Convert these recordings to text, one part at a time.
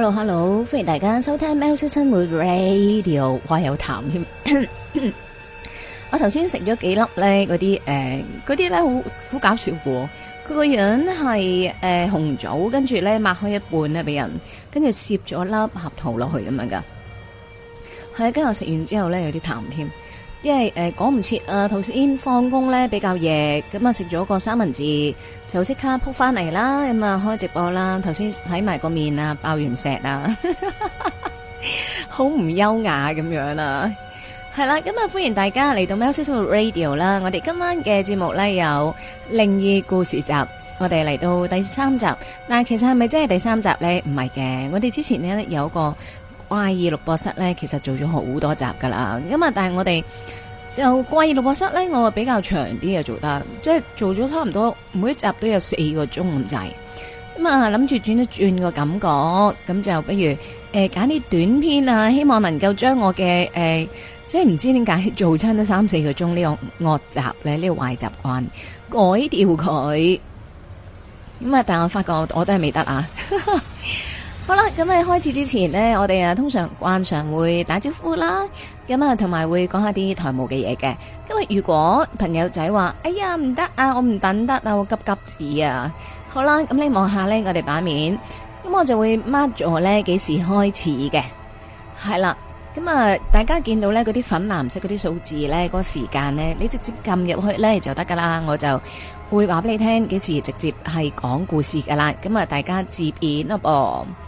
hello hello，歡迎大家收聽《喵式生活 Radio》，哇有痰添！我頭先食咗幾粒咧，嗰啲誒，嗰啲咧好好搞笑嘅，佢個樣係誒紅棗，跟住咧抹開一半咧俾人，跟住攝咗粒合桃落去咁樣噶，係跟住我食完之後咧有啲痰添。因為誒講唔切啊，頭先放工咧比較夜，咁啊食咗個三文治，就即刻撲翻嚟啦，咁啊開直播啦，頭先洗埋個面啊，爆完石呵呵呵啊，好唔優雅咁樣啦。係啦，咁啊歡迎大家嚟到喵式生活 Radio 啦，我哋今晚嘅節目咧有靈異故事集，我哋嚟到第三集，但係其實係咪真係第三集咧？唔係嘅，我哋之前呢，有個。怪異錄播室咧，其實做咗好多集噶啦，咁啊，但係我哋就怪異錄播室咧，我比較長啲又做得，即係做咗差唔多每一集都有四個鐘咁滯，咁啊諗住轉一轉個感覺，咁就不如誒揀啲短篇啊，希望能夠將我嘅誒、呃、即係唔知點解做親都三四個鐘呢個惡習咧呢個壞習慣改掉佢，咁啊，但係我發覺我都係未得啊。 好啦，咁喺開始之前呢，我哋啊通常慣常會打招呼啦，咁啊同埋會講下啲台務嘅嘢嘅。因為如果朋友仔話，哎呀唔得啊，我唔等得啊，我急急耳啊。好啦，咁你望下呢，我哋版面，咁我就會 mark 咗呢幾時開始嘅。係啦，咁啊大家見到呢嗰啲粉藍色嗰啲數字呢，嗰個時間呢，你直接撳入去呢就得噶啦，我就會話俾你聽幾時直接係講故事噶啦。咁啊大家自便咯噃。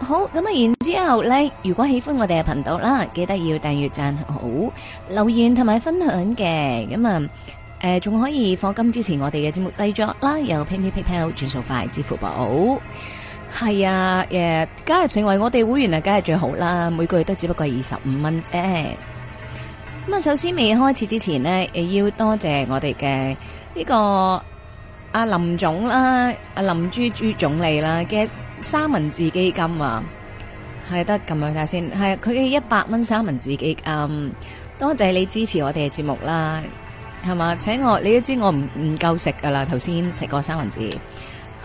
好咁啊！然之後咧，如果喜歡我哋嘅頻道啦，記得要訂閱、讚好、留言同埋分享嘅咁啊！誒、嗯，仲可以課金支持我哋嘅節目製作啦，有 PayPay Pay、PayPal 轉數快、支付寶，係啊！誒、yeah，加入成為我哋會員啊，梗係最好啦！每個月都只不過二十五蚊啫。咁啊，首先未開始之前呢，要多謝我哋嘅呢個阿林總啦，阿林豬豬總理啦嘅。三文治基金啊，係得咁樣睇先。係佢嘅一百蚊三文治基金，多謝你支持我哋嘅節目啦，係嘛？請我，你都知我唔唔夠食噶啦。頭先食過三文治，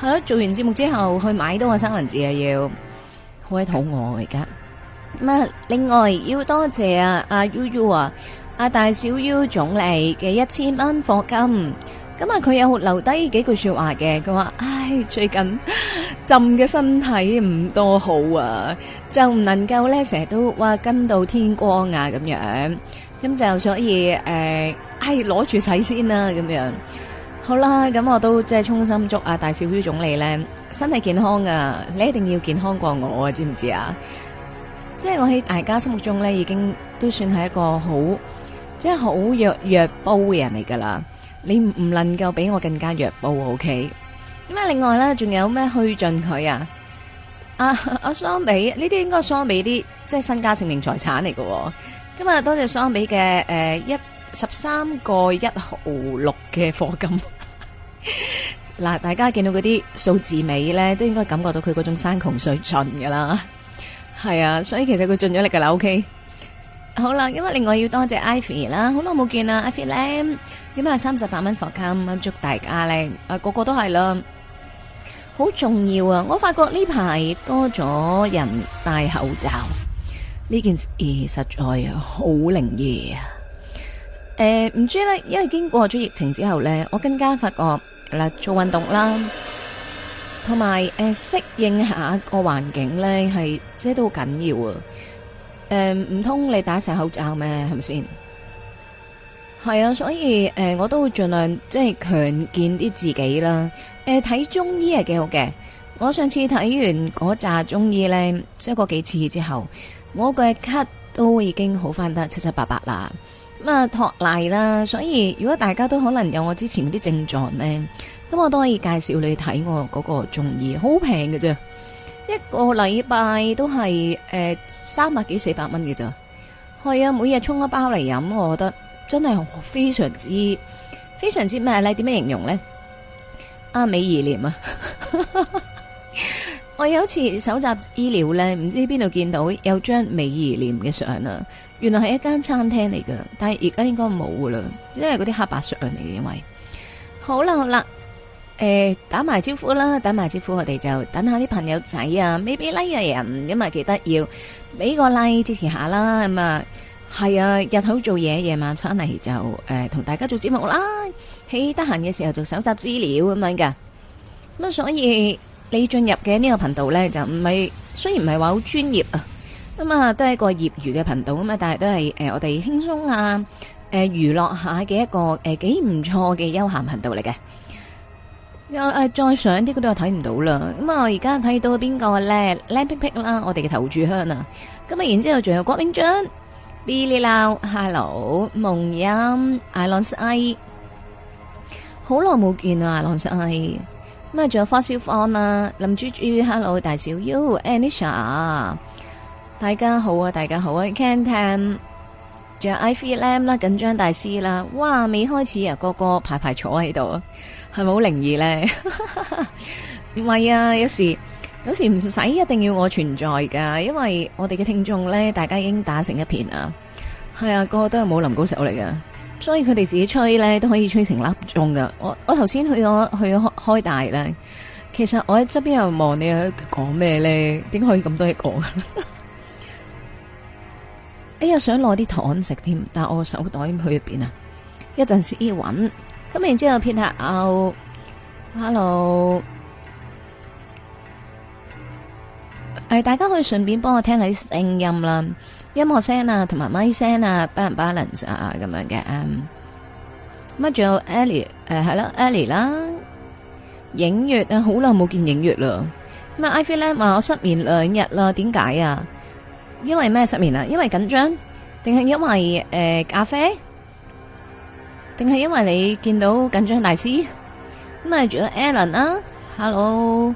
係咯，做完節目之後去買多個三文治啊，要好鬼肚餓而、啊、家。咁另外要多謝啊阿 U U 啊阿、啊啊、大小 U 總理嘅一千蚊課金。咁啊，佢有留低幾句說話嘅。佢話，唉，最近朕嘅身體唔多好啊，就唔能夠咧，成日都哇跟到天光啊，咁樣。咁就所以誒，唉，攞住洗先啦，咁樣。好啦，咁我都即係衷心祝啊，戴少宇總理咧身體健康啊！你一定要健康過我啊，知唔知啊？即係我喺大家心目中咧，已經都算係一個好，即係好弱弱煲嘅人嚟噶啦。你唔能夠比我更加弱爆，O K。咁啊，另外咧，仲有咩虛進佢啊？啊，阿雙美呢啲應該雙美啲，即係身家性命財產嚟噶。今日多謝雙美嘅誒一十三個一毫六嘅課金。嗱，大家見到嗰啲數字尾咧，都應該感覺到佢嗰種山窮水盡噶啦。係啊，所以其實佢盡咗力噶啦，O K。好啦，因為另外要多謝 Ivy 啦，好耐冇見啦，Ivy Lam。點解三十八蚊貨金？祝大家咧，啊，個個都係啦，好重要啊！我發覺呢排多咗人戴口罩，呢件事實在好靈異啊！誒，唔知咧，因為經過咗疫情之後咧，我更加發覺嗱，做運動啦，同埋誒適應下個環境咧，係即係都好緊要啊！誒，唔通你打晒口罩咩？係咪先？係啊，所以誒、呃，我都會盡量即係強健啲自己啦。誒、呃，睇中醫係幾好嘅。我上次睇完嗰扎中醫呢，即過幾次之後，我嘅咳都已經好翻得七七八八啦。咁、嗯、啊，托賴啦。所以如果大家都可能有我之前嗰啲症狀呢，咁我都可以介紹你睇我嗰個中醫，好平嘅啫，一個禮拜都係誒、呃、三百幾四百蚊嘅咋。係啊，每日沖一包嚟飲，我覺得。真係非常之非常之咩咧？點樣形容咧？阿、啊、美而廉啊！ 我有一次搜集資料咧，唔知邊度見到有張美而廉嘅相啊。原來係一間餐廳嚟噶，但係而家應該冇噶啦，因為嗰啲黑白相嚟，因為好啦好啦，誒、欸，打埋招呼啦，打埋招呼我們，我哋就等下啲朋友仔啊，俾俾 like 啊，因為記得要俾個 like 支持下啦，咁啊～係啊！日頭做嘢，夜晚翻嚟就誒同、呃、大家做節目啦。喺得閒嘅時候就搜集資料咁樣㗎。咁啊。所以你進入嘅呢個頻道咧，就唔係雖然唔係話好專業啊，咁啊都係一個業餘嘅頻道咁啊。但係都係誒、呃、我哋輕鬆啊，誒娛樂下嘅一個誒幾唔錯嘅休閒頻道嚟嘅。誒再上啲，佢都係睇唔到啦。咁啊，我而家睇到邊個咧？靚 pick 啦，我哋嘅投注香啊。咁啊，然之後仲有郭名俊。Billy Lau，Hello，蒙音，Irons I，好耐冇見啊，Irons I，咁啊仲有發燒方啊，林珠珠，Hello，大小 U，Anisha，大家好啊，大家好啊，Ken Tam，仲有 I feel lame 啦，緊張大師啦，哇，未開始啊，個個排排坐喺度啊，係咪好靈異咧？唔係啊，有時。有時唔使一定要我存在噶因為我哋嘅聽眾咧大家已經打成一片了啊。係啊，個個都係武林高手嚟噶所以佢哋自己吹咧都可以吹成粒鐘噶我我頭先去咗去咗開大咧，其實我喺側邊又望你喺講咩咧，點可以咁多嘢講？ 哎呀，想攞啲糖食添，但我個手袋去咗邊啊？一陣先搵，咁然之後撇下，oh, hello 誒，大家可以順便幫我聽下啲聲音啦，音樂聲啊，同埋咪聲啊，balance balance 啊咁樣嘅。咁啊，仲有 Ellie，誒係啦，Ellie 啦。影月啊，好耐冇見影月啦。咁啊，Ivan 咧，話我失眠兩日啦，點解啊？因為咩失眠啊？因為緊張？定係因為誒咖啡？定係因為你見到緊張大師？咁啊，仲有 Alan 啊，Hello。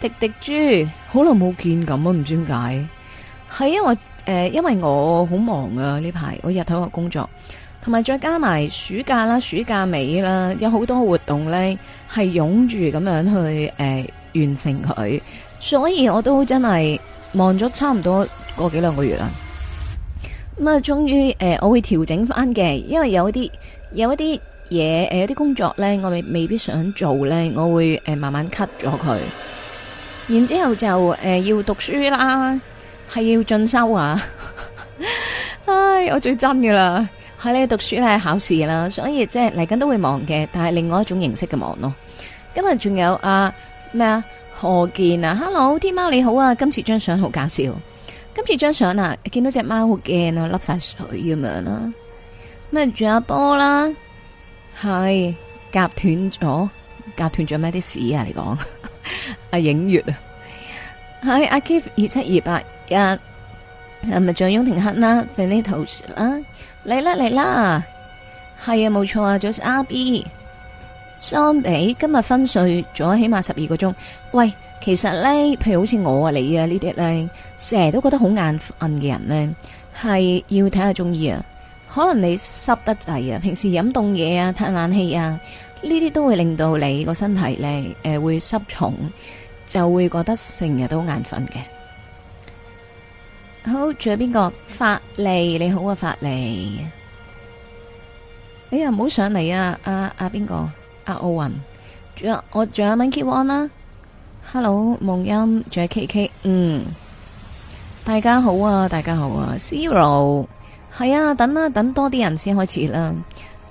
滴滴豬好耐冇見咁啊，唔知點解係因為誒、呃，因為我好忙啊，呢排我日頭嘅工作，同埋再加埋暑假啦，暑假尾啦，有好多活動呢係擁住咁樣去誒、呃、完成佢，所以我都真係忙咗差唔多個幾兩個月啦。咁、嗯、啊，終於誒、呃、我會調整翻嘅，因為有啲有一啲嘢誒，有啲工作呢，我未未必想做呢。我會誒、呃、慢慢 cut 咗佢。然之後就誒、呃、要讀書啦，係要進修啊！ 唉，我最憎噶啦，喺你讀書咧考試啦，所以即係嚟緊都會忙嘅，但係另外一種形式嘅忙咯。今日仲有啊，咩啊何健啊，Hello，天貓你好啊！今次張相好搞笑，今次張相啊，見到隻貓好驚啊，粒晒水咁樣啦。咁啊，仲有波啦，係夾斷咗，夾斷咗咩啲屎啊？你講？阿影月啊，係阿 Kif 二七二八一，係咪仲有霆克啦？剩呢頭啦，嚟啦嚟啦，係啊冇錯啊，Joseph 阿 B，相比今日昏睡咗起碼十二個鐘。喂，其實咧，譬如好似我啊你啊呢啲咧，成日都覺得好眼瞓嘅人咧，係要睇下中醫啊，可能你濕得滯啊，平時飲凍嘢啊，嘆冷氣啊。呢啲都會令到你個身體咧，誒，會濕重，就會覺得成日都眼瞓嘅。好，仲有邊個？法利，你好啊，法利。哎呀，唔好上嚟啊！阿阿邊個？阿奧運。仲有我仲有 Keep on 啦。Hello，夢音，仲有 K K，嗯，大家好啊，大家好啊，Zero，係啊，等啊等多啲人先開始啦。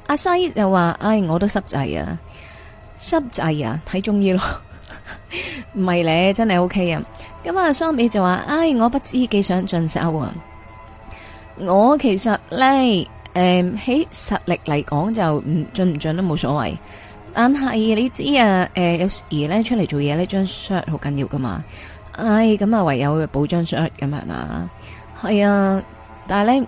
阿西就話：唉、哎，我都濕滯啊，濕滯啊，睇中醫咯，唔係你真係 O K 啊。咁啊，sony 就話：唉、哎，我不知幾想進修啊。我其實咧，誒、嗯，喺實力嚟講就唔進唔進都冇所謂，但係你知啊，誒、呃，有時咧出嚟做嘢呢張 shirt 好緊要噶嘛。唉、哎，咁啊，唯有補張 shirt，咁樣啊？係啊，但係咧。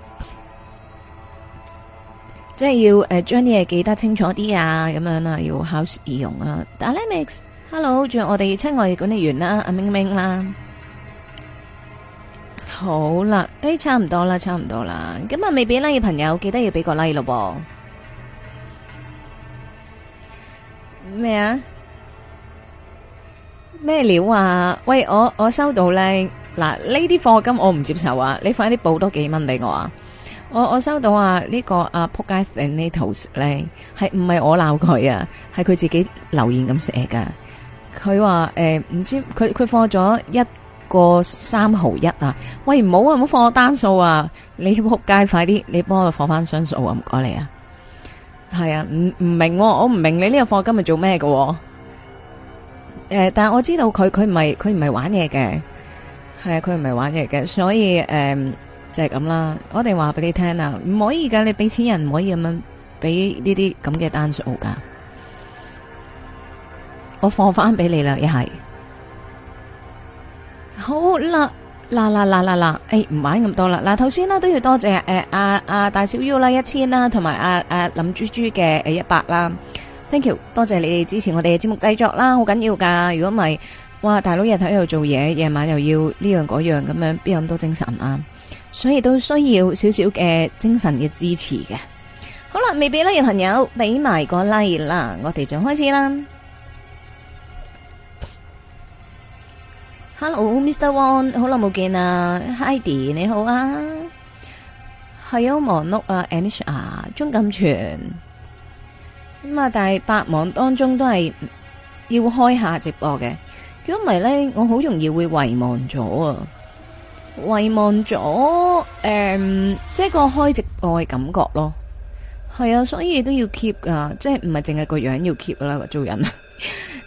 即係要誒，將啲嘢記得清楚啲啊，咁樣啦、啊，要考試易容啊。Dynamic，hello，仲有我哋親愛嘅管理員啦、啊，阿明明啦，好啦，誒、欸，差唔多啦，差唔多啦，咁啊，未俾 like 嘅朋友記得要俾個 like 咯噃。咩啊？咩料啊？喂，我我收到呢、like。嗱，呢啲課金我唔接受啊，你快啲補多幾蚊俾我啊！我我收到啊，呢、這個阿撲街 a 呢條咧係唔係我鬧佢啊？係佢、啊、自己留言咁寫噶。佢話誒唔知佢佢放咗一個三毫一啊？喂，唔好啊，唔好放我單數啊！你撲街快啲，你幫我放翻雙數啊唔該你啊。係啊，唔唔、啊、明、啊、我唔明你呢個貨今日做咩㗎誒，但係我知道佢佢唔係佢唔係玩嘢嘅，係啊佢唔係玩嘢嘅，所以誒。嗯就係咁啦，我哋話俾你聽啊，唔可以噶。你俾錢人唔可以咁樣俾呢啲咁嘅單數噶。我放翻俾你啦，又係好啦，嗱，嗱，嗱，嗱，嗱，誒，唔玩咁多啦。嗱，頭先呢都要多謝誒，阿、呃、阿、啊啊、大小 U 啦、啊，一千啦，同埋阿阿林珠珠嘅一百啦。Thank you，多謝你哋支持我哋嘅節目製作啦，好、啊、緊要噶。如果唔係，哇，大佬日喺度做嘢，夜晚又要呢樣嗰樣咁樣，邊樣都精神唔、啊、啱。所以都需要少少嘅精神嘅支持嘅。好啦，未俾呢位朋友畀埋個 like 啦，我哋就開始啦。Hello，Mr. Wong，好耐冇見啊，Heidi 你好啊，係啊，忙碌啊，Anisha 鍾錦全咁啊，但係百忙當中都係要開一下直播嘅，如果唔係呢，我好容易會遺忘咗啊。遺忘咗誒、即、嗯、係、就是、個開直播嘅感覺咯，係啊，所以都要 keep 啊，即係唔係淨係個樣要 keep 啦，做人，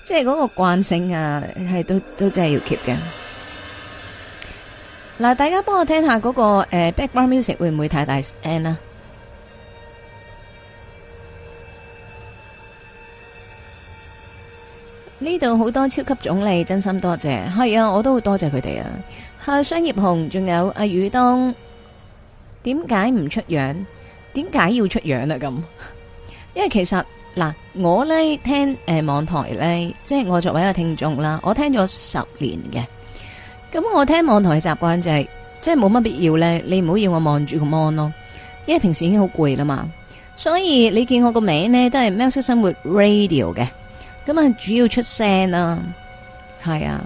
即係嗰個慣性啊，係都都真係要 keep 嘅。嗱，大家幫我聽下嗰、那個誒、呃、background music 會唔會太大聲啊？呢度好多超級總理，真心多謝，係啊，我都好多謝佢哋啊。啊！商業紅，仲有阿宇東，點解唔出樣？點解要出樣啊？咁，因為其實嗱，我咧聽誒、呃、網台咧，即係我作為一個聽眾啦，我聽咗十年嘅。咁我聽網台嘅習慣就係、是，即係冇乜必要咧，你唔好要我望住個 mon 咯，因為平時已經好攰啦嘛。所以你見我個名咧都係喵式生活 radio 嘅，咁啊主要出聲啦，係啊。是啊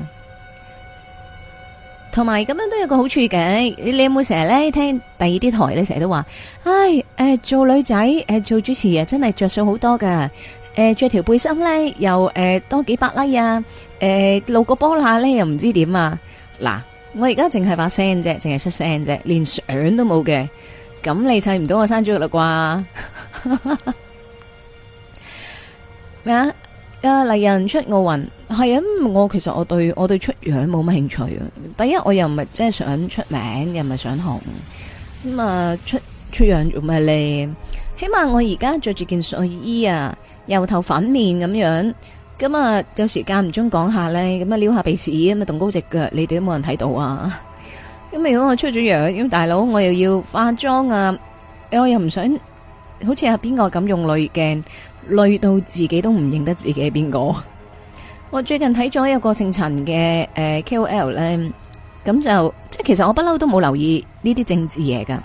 同埋咁樣都有個好處嘅，你你有冇成日咧聽第二啲台咧成日都話，唉誒做女仔誒做主持啊真係着數好多㗎，誒着條背心咧又誒多幾百粒啊，誒露個波啦咧又唔知點啊，嗱我而家淨係把聲啫，淨係出聲啫，連相都冇嘅，咁你砌唔到我生豬肉啦啩咩？啊！嚟人出奧運，係啊！我其實我對我對出樣冇乜興趣啊！第一我又唔係真係想出名，又唔係想紅。咁啊出出樣做咩咧？起碼我而家着住件睡衣啊，油頭粉面咁樣。咁啊有時間唔中講下咧，咁啊撩下鼻屎，咁啊動高隻腳，你哋都冇人睇到啊！咁、啊、如果我出咗樣，咁、啊、大佬我又要化妝啊，我又唔想好似阿邊個咁用濾鏡。累到自己都唔認得自己係邊個。我最近睇咗一個姓陳嘅誒 KOL 咧，咁就即係其實我不嬲都冇留意呢啲政治嘢噶。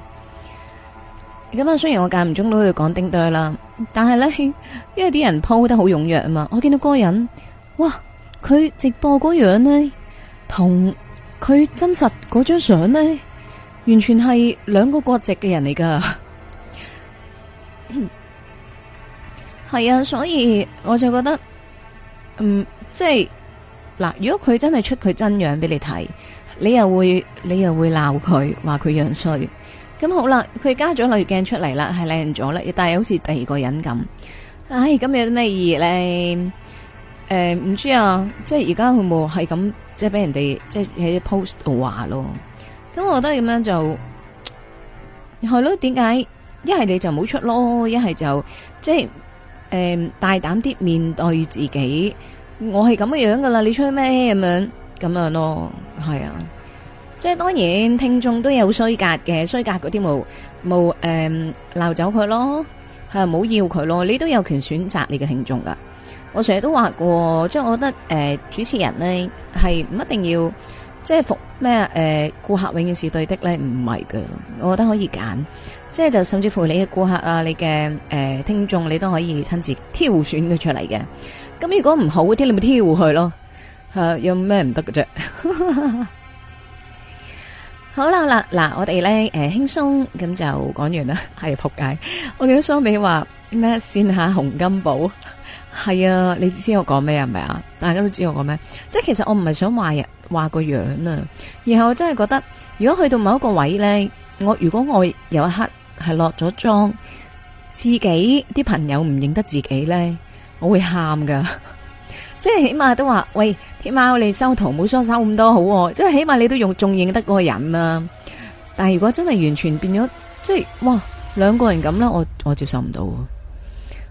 咁啊，雖然我間唔中都去講丁堆啦，但係咧，因為啲人鋪得好踴躍啊嘛，我見到個人，哇，佢直播嗰樣呢，同佢真實嗰張相呢，完全係兩個國籍嘅人嚟噶。係啊，所以我就覺得，嗯，即係嗱，如果佢真係出佢真樣俾你睇，你又會你又會鬧佢，話佢樣衰。咁好啦，佢加咗濾鏡出嚟啦，係靚咗啦，但係好似第二個人咁。唉、哎，咁有啲咩意義咧？誒、呃，唔知啊，即係而家佢冇係咁，即係俾人哋即係喺啲 post 度話咯。咁我覺得咁樣就係咯。點解一係你就唔好出咯，一係就即係。誒、嗯，大膽啲面對自己，我係咁嘅樣噶啦，你吹咩咁樣咁樣咯，係啊，即係當然聽眾都有衰格嘅，衰格嗰啲冇冇誒鬧走佢咯，吓冇、啊、要佢咯，你都有權選擇你嘅聽眾噶，我成日都話過，即係我覺得誒、呃、主持人呢，係唔一定要即係服咩誒顧客永遠是對的呢，唔係噶，我覺得可以揀。即係就甚至乎你嘅顧客啊，你嘅誒、呃、聽眾，你都可以親自挑選佢出嚟嘅。咁如果唔好嗰啲，你咪挑佢咯，啊。有咩唔得嘅啫？好啦啦，嗱，我哋咧誒輕鬆咁就講完啦，係 仆街。我記得相比話咩線下紅金寶係 啊，你知我講咩啊？係咪啊，大家都知我講咩？即係其實我唔係想話話個樣啊，然後我真係覺得，如果去到某一個位咧，我如果我有一刻。.係落咗妝，自己啲朋友唔認得自己呢，我會喊噶，即 係起碼都話喂，天喵你修圖冇修瘦咁多好、啊，即係起碼你都用仲認得個人啊！但係如果真係完全變咗，即係哇兩個人咁啦，我我接受唔到，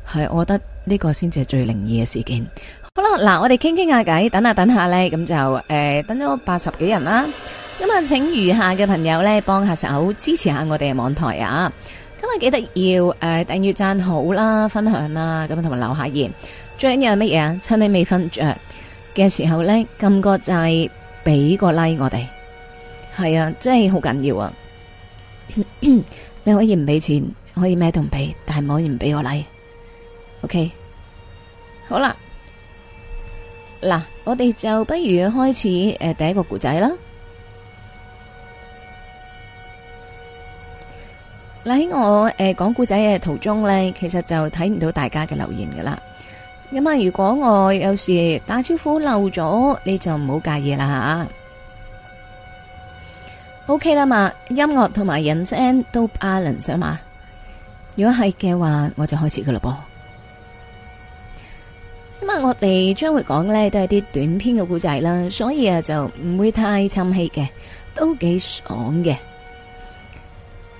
係我覺得呢個先至係最靈異嘅事件。好啦，嗱，我哋傾傾下偈，等下等下呢，咁、嗯、就誒、嗯，等咗八十幾人啦。咁、嗯、啊，請餘下嘅朋友呢，幫下手支持下我哋嘅網台啊。今、嗯、日、嗯、記得要誒訂閱讚好啦，分享啦，咁、嗯、啊，同埋留下言。最緊要係乜嘢啊？趁你未瞓着嘅時候呢，撳個掣俾個 like 我哋。係啊，真係好緊要啊！ 你可以唔俾錢，可以咩都唔俾，但係唔可以唔俾我 like。OK，好啦。嗱，我哋就不如開始誒第一個故仔啦。嗱，喺我誒講故仔嘅途中呢，其實就睇唔到大家嘅留言噶啦。咁啊，如果我有時打招呼漏咗，你就唔好介意啦吓。OK 啦嘛，音樂同埋人聲都 balance 嘛。如果係嘅話，我就開始噶啦噃。咁啊，我哋將會講咧都係啲短篇嘅故仔啦，所以啊就唔會太侵氣嘅，都幾爽嘅。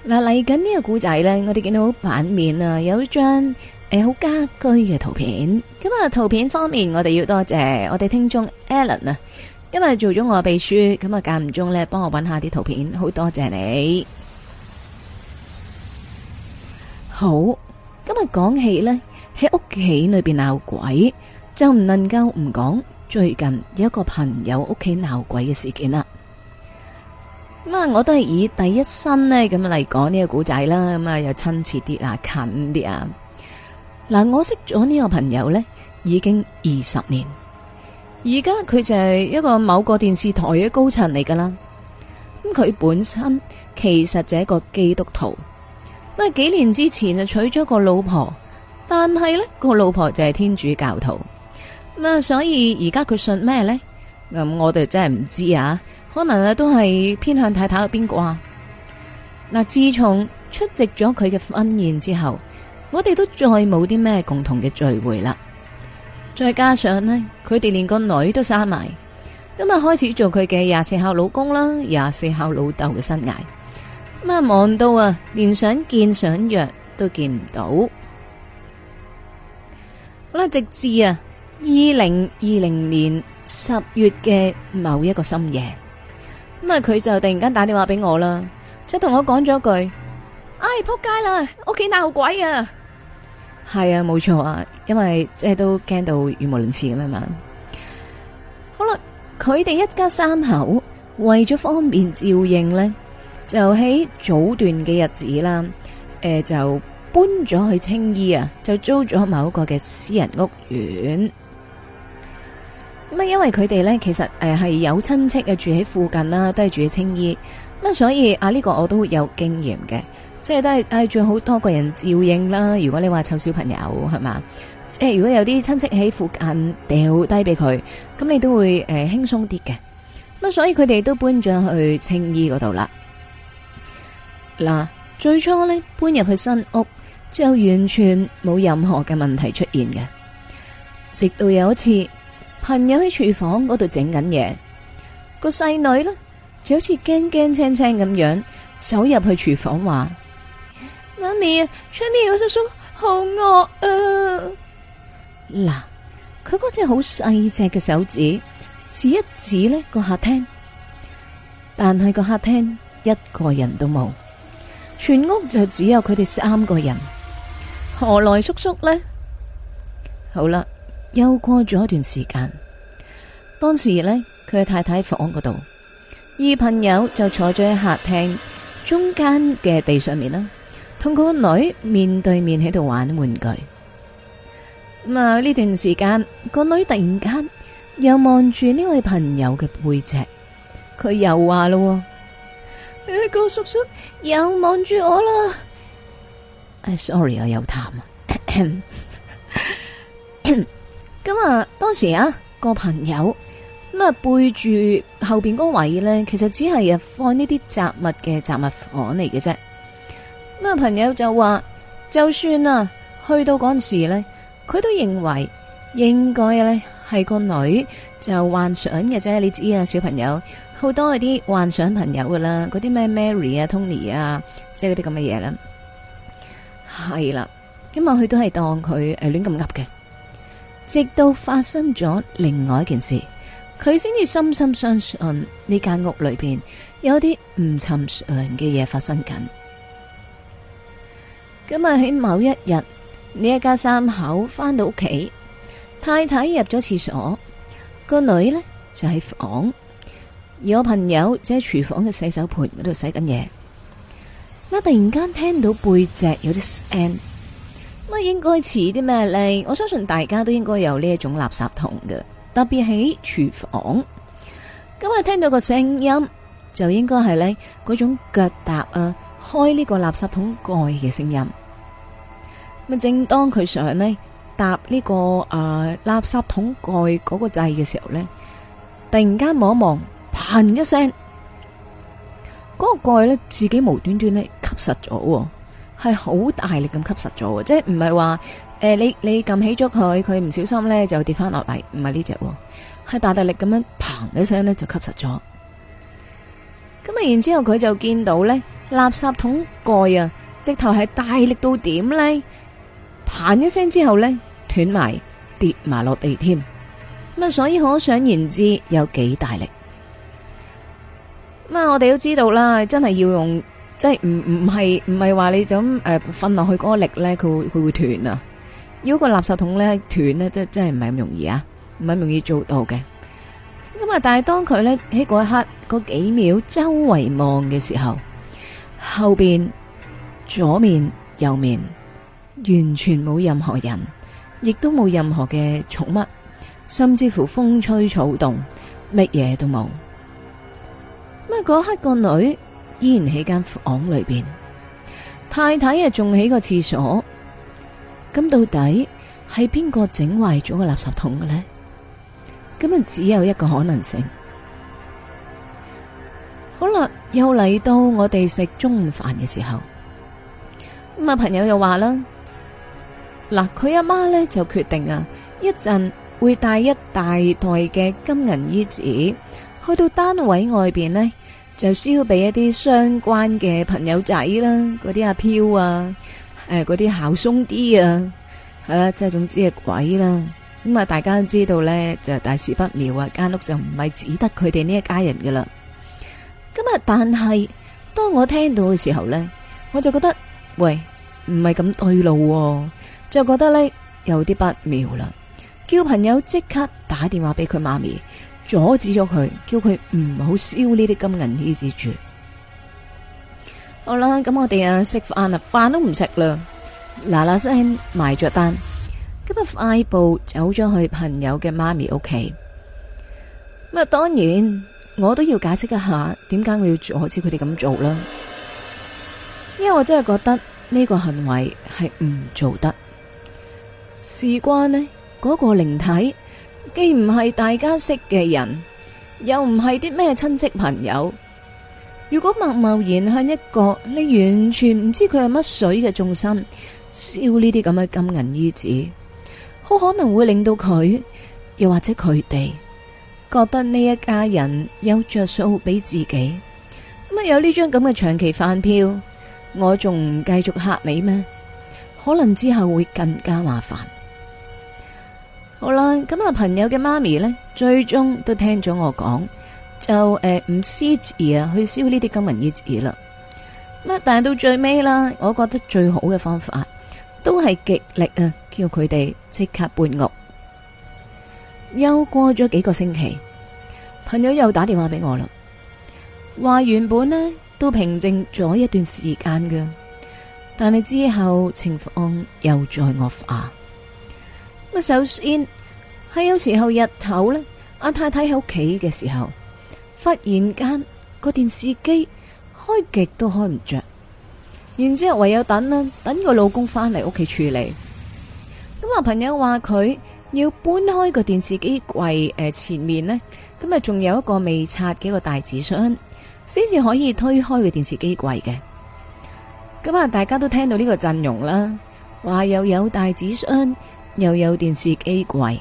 嗱，嚟緊呢個故仔呢，我哋見到版面啊有一張誒好家居嘅圖片。咁啊，圖片方面我哋要多謝我哋聽眾 Alan 啊，因為做咗我嘅秘書，咁啊間唔中呢，幫我揾下啲圖片，好多謝你。好，今日講起呢。喺屋企裏邊鬧鬼，就唔能夠唔講最近有一個朋友屋企鬧鬼嘅事件啦。咁啊，我都係以第一身呢咁嚟講呢個古仔啦，咁啊又親切啲啊，近啲啊。嗱，我識咗呢個朋友呢已經二十年，而家佢就係一個某個電視台嘅高層嚟噶啦。咁佢本身其實就係一個基督徒，咁啊幾年之前就娶咗個老婆。但係呢個老婆就係天主教徒咁，所以而家佢信咩呢？咁我哋真係唔知啊。可能啊，都係偏向太太邊個啊？嗱，自從出席咗佢嘅婚宴之後，我哋都再冇啲咩共同嘅聚會啦。再加上呢，佢哋連個女都生埋，咁啊開始做佢嘅廿四孝老公啦，廿四孝老豆嘅生涯咁啊，忙到啊，連想見想約都見唔到。直至啊，二零二零年十月嘅某一個深夜，咁啊佢就突然間打電話俾我啦，即係同我講咗句：，唉、哎，撲街啦，屋企鬧鬼啊！係啊，冇錯啊，因為即係都驚到語無倫次咁樣嘛。好啦、啊，佢哋一家三口為咗方便照應呢，就喺早段嘅日子啦，誒、呃、就。搬咗去青衣啊，就租咗某一個嘅私人屋苑。咁啊，因為佢哋呢，其實誒係有親戚啊住喺附近啦，都係住喺青衣。咁所以啊呢、呢個我都會有經驗嘅，即係都係誒最好多個人照應啦。如果你話湊小朋友係嘛？即係如果有啲親戚喺附近掉低俾佢，咁你都會誒、呃、輕鬆啲嘅。咁所以佢哋都搬咗去青衣嗰度啦。嗱，最初呢，搬入去新屋。就完全冇任何嘅問題出現嘅，直到有一次朋友喺廚房嗰度整緊嘢，個細女咧就好似驚驚青青咁樣走入去廚房話：媽咪啊，出面有叔叔好餓啊！嗱，佢嗰隻好細隻嘅手指指一指咧個客廳，但係個客廳一個人都冇，全屋就只有佢哋三個人。何來叔叔呢？好啦，又過咗一段時間，當時呢，佢嘅太太喺房嗰度，而朋友就坐咗喺客廳中間嘅地上面啦，同個女面對面喺度玩玩具。咁啊，呢段時間個女突然間又望住呢位朋友嘅背脊，佢又話咯：呢個叔叔又望住我啦。Sorry 啊，有痰啊。咁 啊，當時啊，個朋友咁啊背住後邊嗰位咧，其實只係入放呢啲雜物嘅雜物房嚟嘅啫。咁啊，朋友就話，就算啊去到嗰陣時咧，佢都認為應該咧係個女就幻想嘅啫。你知啊，小朋友好多嗰啲幻想朋友噶啦，嗰啲咩 Mary 啊、Tony 啊，即係嗰啲咁嘅嘢啦。係啦，今日佢都係當佢誒亂咁噏嘅，直到發生咗另外一件事，佢先至深深相信呢間屋裏邊有啲唔尋常嘅嘢發生緊。今日喺某一日，呢一家三口翻到屋企，太太入咗廁所，個女呢就喺房，而我朋友就喺廚房嘅洗手盆嗰度洗緊嘢。乜突然間聽到背脊有啲聲，乜應該似啲咩咧？我相信大家都應該有呢一種垃圾桶嘅，特別喺廚房。咁啊，聽到個聲音就應該係咧嗰種腳踏啊開呢個垃圾桶蓋嘅聲音。咁正當佢想搭呢個啊垃圾桶蓋嗰個掣嘅時候呢，突然間望一望，砰一聲。嗰個蓋咧，自己無端端咧吸實咗，係好大力咁吸實咗，即係唔係話誒，你你撳起咗佢，佢唔小心咧就跌翻落嚟，唔係呢隻，係大大力咁樣嘭一聲咧就吸實咗。咁啊，然之後佢就見到咧，垃圾桶蓋啊，直頭係大力到點咧，砰一聲之後咧斷埋跌埋落地添。咁啊，所以可想而知，有幾大力。咁、嗯、啊，我哋都知道啦，真係要用，即係唔唔唔係唔係話你就咁誒，瞓、呃、落去嗰個力咧，佢會佢會斷啊！如果個垃圾桶咧斷咧，真真係唔係咁容易啊，唔係咁容易做到嘅。咁、嗯、啊，但係當佢咧喺嗰一刻嗰幾秒周圍望嘅時候，後邊、左面、右面，完全冇任何人，亦都冇任何嘅寵物，甚至乎風吹草動，乜嘢都冇。咁嗰刻個女依然喺間房裏邊，太太啊，仲喺個廁所。咁到底係邊個整壞咗個垃圾桶嘅呢？咁啊，只有一個可能性。好啦，又嚟到我哋食中午飯嘅時候。咁啊，朋友又話啦，嗱，佢阿媽咧就決定啊，一陣會帶一大袋嘅金銀衣紙。去到單位外邊呢，就燒俾一啲相關嘅朋友仔啦，嗰啲阿飄啊，誒、呃，嗰啲孝松啲啊，啦，即係總之係鬼啦。咁啊，大家都知道呢，就大事不妙啊，間屋就唔係只得佢哋呢一家人噶啦。今日但係當我聽到嘅時候呢，我就覺得喂，唔係咁對路，啊，就覺得呢，有啲不妙啦。叫朋友即刻打電話俾佢媽咪。阻止咗佢，叫佢唔好燒呢啲金銀衣紙住。好啦，咁我哋啊食飯啦，飯都唔食啦，嗱嗱聲埋咗單，今日快步走咗去朋友嘅媽咪屋企。咁啊，當然我都要解釋一下，點解我要阻止佢哋咁做啦？因為我真係覺得呢個行為係唔做得，事關呢嗰個靈體。既唔係大家識嘅人，又唔係啲咩親戚朋友。如果貿貿然向一個你完全唔知佢係乜水嘅眾生，燒呢啲咁嘅金銀衣紙，好可能會令到佢，又或者佢哋覺得呢一家人有着數俾自己。乜有呢張咁嘅長期飯票，我仲唔繼續吓你咩？可能之後會更加麻煩。好啦，咁啊，朋友嘅媽咪呢，最終都聽咗我講，就誒唔、呃、私自啊去燒呢啲金銀衣紙啦。咁但係到最尾啦，我覺得最好嘅方法都係極力啊叫佢哋即刻搬屋。又過咗幾個星期，朋友又打電話俾我啦，話原本呢都平靜咗一段時間㗎，但係之後情況又再惡化。首先係有時候日頭呢，阿太太喺屋企嘅時候，忽然間個電視機開極都開唔着，然之後唯有等啦，等個老公翻嚟屋企處理。咁啊，朋友話佢要搬開個電視機櫃誒，前面呢，咁啊，仲有一個未拆嘅個大紙箱，先至可以推開個電視機櫃嘅。咁啊，大家都聽到呢個陣容啦，話又有大紙箱。又有電視機櫃，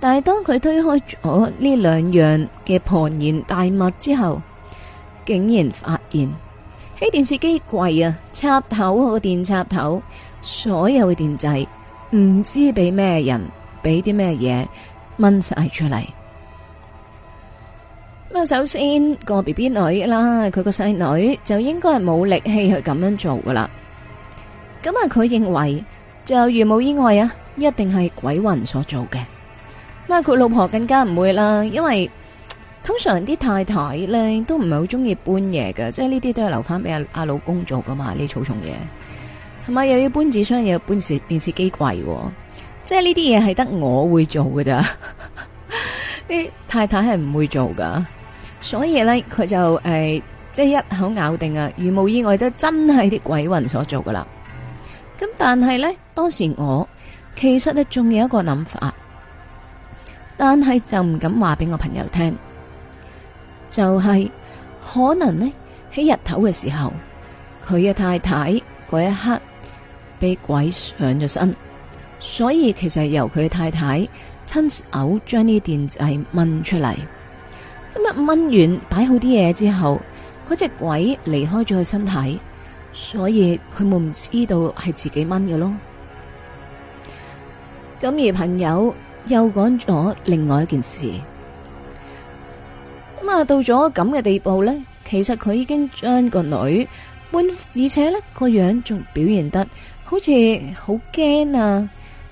但係當佢推開咗呢兩樣嘅龐然大物之後，竟然發現喺電視機櫃啊插頭個電插頭，所有嘅電掣唔知俾咩人俾啲咩嘢掹晒出嚟。咁啊，首先個 BB 女啦，佢個細女就應該係冇力氣去咁樣做噶啦。咁啊，佢認為。就如冇意外啊，一定係鬼魂所做嘅。不過佢老婆更加唔會啦，因為通常啲太太咧都唔係好中意搬嘢嘅，即係呢啲都係留翻俾阿阿老公做噶嘛。呢草叢嘢係咪又要搬紙箱嘢，又要搬視電視機櫃？即係呢啲嘢係得我會做嘅咋？啲 太太係唔會做噶，所以咧佢就誒，即係一口咬定啊，如冇意外即真係啲鬼魂所做噶啦。咁但係咧，當時我其實咧仲有一個諗法，但係就唔敢話俾我朋友聽，就係可能咧喺日頭嘅時候，佢嘅太太嗰一刻俾鬼上咗身，所以其實由佢嘅太太親手將呢啲電掣掹出嚟，咁一掹完擺好啲嘢之後，嗰隻鬼離開咗佢身體。所以佢冇唔知道係自己掹嘅咯，咁而朋友又講咗另外一件事。咁啊到咗咁嘅地步呢，其實佢已經將個女，而且呢個樣仲表現得好似好驚啊，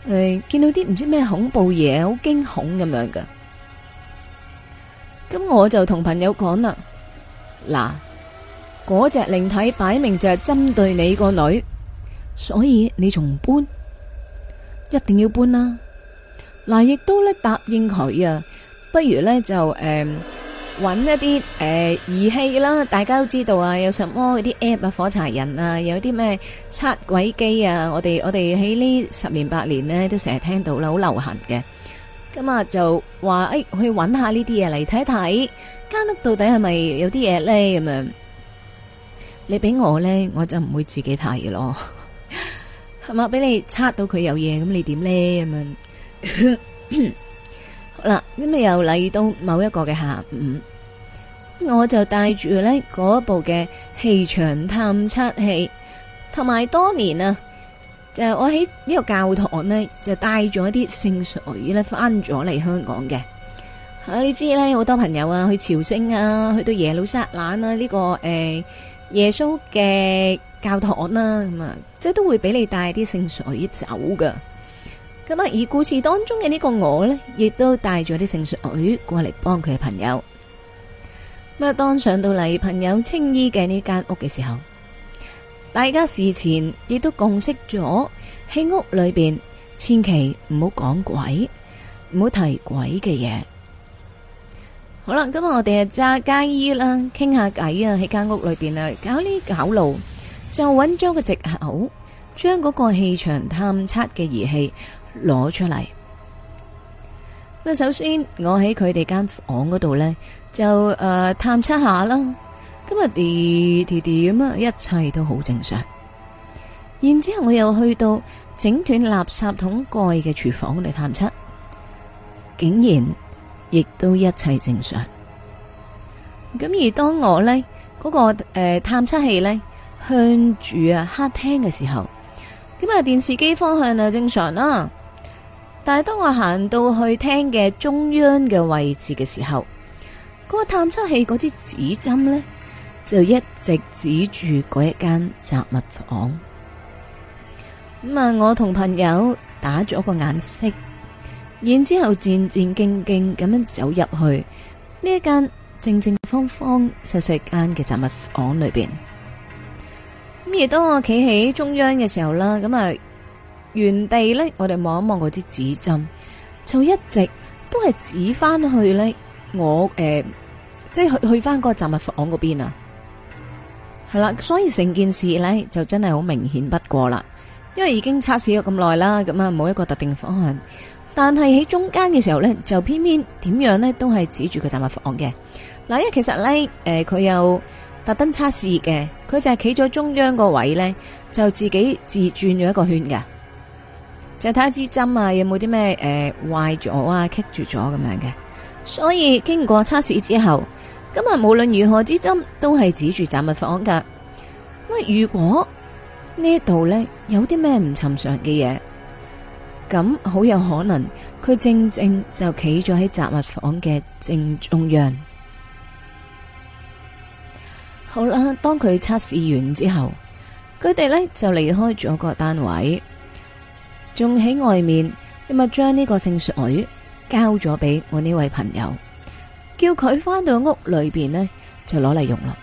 誒、呃、見到啲唔知咩恐怖嘢，好驚恐咁樣㗎。咁我就同朋友講啦，嗱。嗰隻靈體擺明就係針對你個女，所以你仲唔搬，一定要搬啦、啊。嗱，亦都咧答應佢啊，不如咧就誒揾、呃、一啲誒儀器啦。大家都知道啊，有什麼嗰啲 app 啊，火柴人啊，有啲咩測鬼機啊。我哋我哋喺呢十年八年、哎、看看是是呢，都成日聽到啦，好流行嘅。咁啊就話誒去揾下呢啲嘢嚟睇睇，間屋到底係咪有啲嘢咧咁樣？你俾我咧，我就唔會自己睇咯，係咪？俾你測到佢有嘢，咁你點咧咁樣呢？ 好啦，咁咪又嚟到某一個嘅下午，我就帶住咧嗰部嘅氣場探測器，同埋當年啊，就是、我喺呢個教堂咧，就帶咗啲聖水咧翻咗嚟香港嘅。你知咧，好多朋友啊，去朝聖啊，去到耶路撒冷啊，呢、這個誒。欸耶穌嘅教堂啦，咁啊，即係都會俾你帶啲聖水走噶。咁啊，而故事當中嘅呢個我呢，亦都帶咗啲聖水過嚟幫佢嘅朋友。咁啊，當上到嚟朋友青衣嘅呢間屋嘅時候，大家事前亦都共識咗，喺屋裏邊千祈唔好講鬼，唔好提鬼嘅嘢。好啦，呃，今日我哋啊揸街衣啦，傾下偈啊，喺間屋裏邊啊搞呢搞路，就揾咗個借口，將嗰個氣場探測嘅儀器攞出嚟。咁首先我喺佢哋間房嗰度呢，就誒探測下啦。今日點點點啊，一切都好正常。然之後我又去到整斷垃圾桶蓋嘅廚房嚟探測，竟然。亦都一切正常。咁而當我呢嗰、那個誒、呃、探測器呢向住啊客廳嘅時候，咁啊電視機方向啊正常啦。但係當我行到去廳嘅中央嘅位置嘅時候，嗰、那個探測器嗰支指針呢，就一直指住嗰一間雜物房。咁啊，我同朋友打咗個眼色。然之後戰戰兢兢咁樣走入去呢一間正正方方細細間嘅雜物房裏邊。咁而當我企喺中央嘅時候啦，咁啊原地呢，我哋望一望嗰支指針，就一直都係指翻去呢。我、呃、誒，即係去去翻嗰個雜物房嗰邊啊，係啦。所以成件事呢，就真係好明顯不過啦，因為已經測試咗咁耐啦，咁啊冇一個特定嘅方向。但係喺中間嘅時候呢，就偏偏點樣呢？都係指住個雜物房嘅。嗱，因為其實呢，誒、呃，佢有特登測試嘅，佢就係企咗中央個位呢，就自己自轉咗一個圈嘅，就睇下支針啊有冇啲咩誒，壞咗啊棘住咗咁樣嘅。所以經過測試之後，今日無論如何支針都係指住雜物房噶。咁如果呢度呢，有啲咩唔尋常嘅嘢？咁好有可能，佢正正就企咗喺雜物房嘅正中央。好啦，當佢測試完之後，佢哋呢就離開咗個單位，仲喺外面，咁啊將呢個聖水交咗俾我呢位朋友，叫佢翻到屋裏邊呢就攞嚟用咯。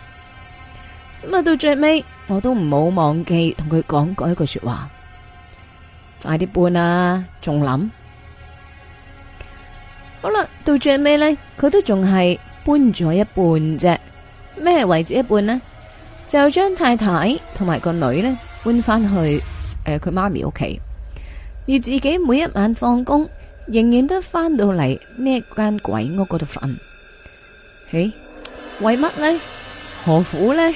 咁啊到最尾，我都唔好忘記同佢講過一句說話。快啲搬吖！仲諗好啦，到最尾咧，佢都仲係搬咗一半啫。咩位置一半咧？就將太太同埋個女咧搬翻去誒佢媽咪屋企，而自己每一晚放工，仍然都翻到嚟呢間鬼屋嗰度瞓。誒，為乜咧？何苦咧？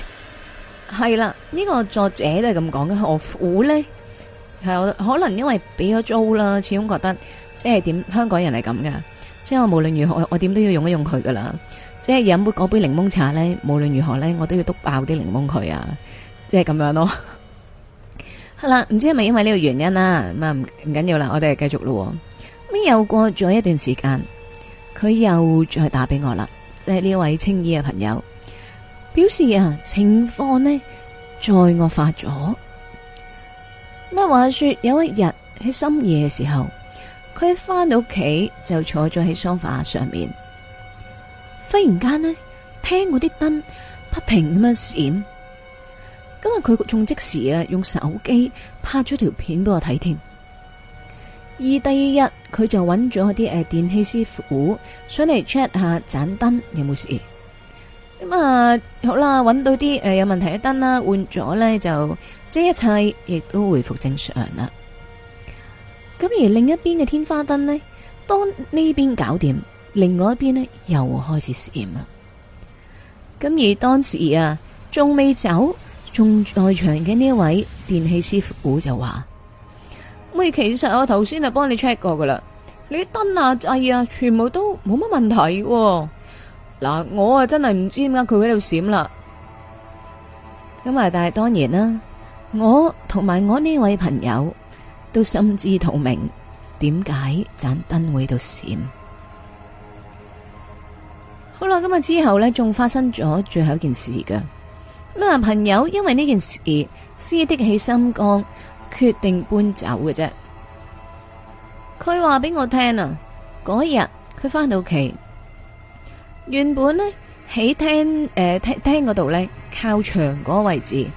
係啦，呢個作者都係咁講嘅，何苦咧？係可能因為俾咗租啦，始終覺得即係點？香港人係咁噶，即係我無論如何，我點都要用一用佢噶啦。即係飲杯嗰杯檸檬茶咧，無論如何咧，我都要篤爆啲檸檬佢啊！即係咁樣咯。 好啦，唔知係咪因為呢個原因啦？咁啊唔唔緊要啦，我哋繼續咯。咁又過咗一段時間，佢又再打俾我啦，即係呢位青衣嘅朋友表示啊，情況呢，再惡化咗。乜話說有一日喺深夜嘅時候，佢翻到屋企就坐咗喺梳化上面。忽然間呢，聽嗰啲燈不停咁樣閃。咁啊，佢仲即時啊，用手機拍咗條片俾我睇添。而第二日，佢就揾咗啲誒電器師傅，上嚟 check 下盞燈有冇事。咁、嗯、啊，好啦，揾到啲誒、呃、有問題嘅燈啦，換咗咧就。這一切亦都回復正常啦。咁而另一邊嘅天花燈呢，當呢邊搞掂，另外一邊呢又開始閃啦。咁而當時啊，仲未走，仲在場嘅呢一位電器師傅就話：喂，其實我頭先就幫你 check 過噶啦，你燈啊，哎呀，全部都冇乜問題。嗱，我啊真係唔知點解佢喺度閃啦。咁啊，但係當然啦。我同埋我呢位朋友都心知肚明，點解盞燈會度閃。好啦，咁啊之後呢，仲發生咗最後一件事噶。咁啊，朋友因為呢件事，私的起心肝，決定搬走嘅啫。佢話俾我聽啊，嗰日佢返到屋企，原本呢，喺廳誒廳廳嗰度呢，靠牆嗰個位置，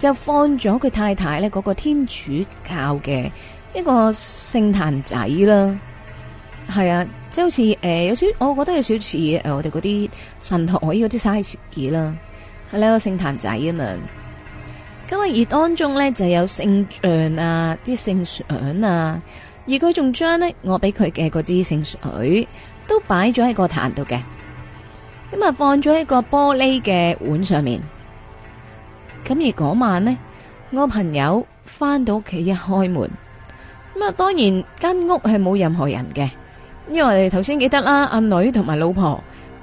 就放咗佢太太咧嗰、那個天主教嘅一個聖壇仔啦，係啊，即係好似誒、呃、有少，我覺得有少似誒、呃、我哋嗰啲神台嗰啲 size 啦，係呢個聖壇仔啊嘛。咁啊，而當中咧就有聖像啊，啲聖像啊，而佢仲將咧我俾佢嘅嗰支聖水都擺咗喺個壇度嘅，咁啊放咗喺個玻璃嘅碗上面。咁而嗰晚呢，我朋友翻到屋企一開門，咁啊當然間屋係冇任何人嘅，因為我哋頭先記得啦，阿女同埋老婆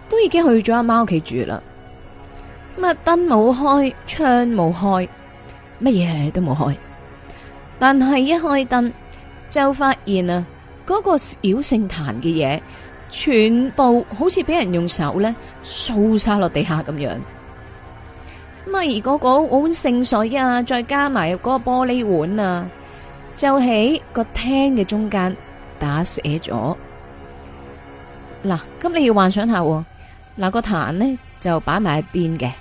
都已經去咗阿媽屋企住啦。咁啊燈冇開，窗冇開，乜嘢都冇開。但係一開燈就發現啊，嗰個小聖壇嘅嘢全部好似俾人用手咧掃晒落地下咁樣。咪而嗰個碗聖水啊，再加埋嗰個玻璃碗啊，就喺個廳嘅中間打碎咗。嗱，咁你要幻想下、啊，嗱、個壇呢，就擺埋喺邊嘅，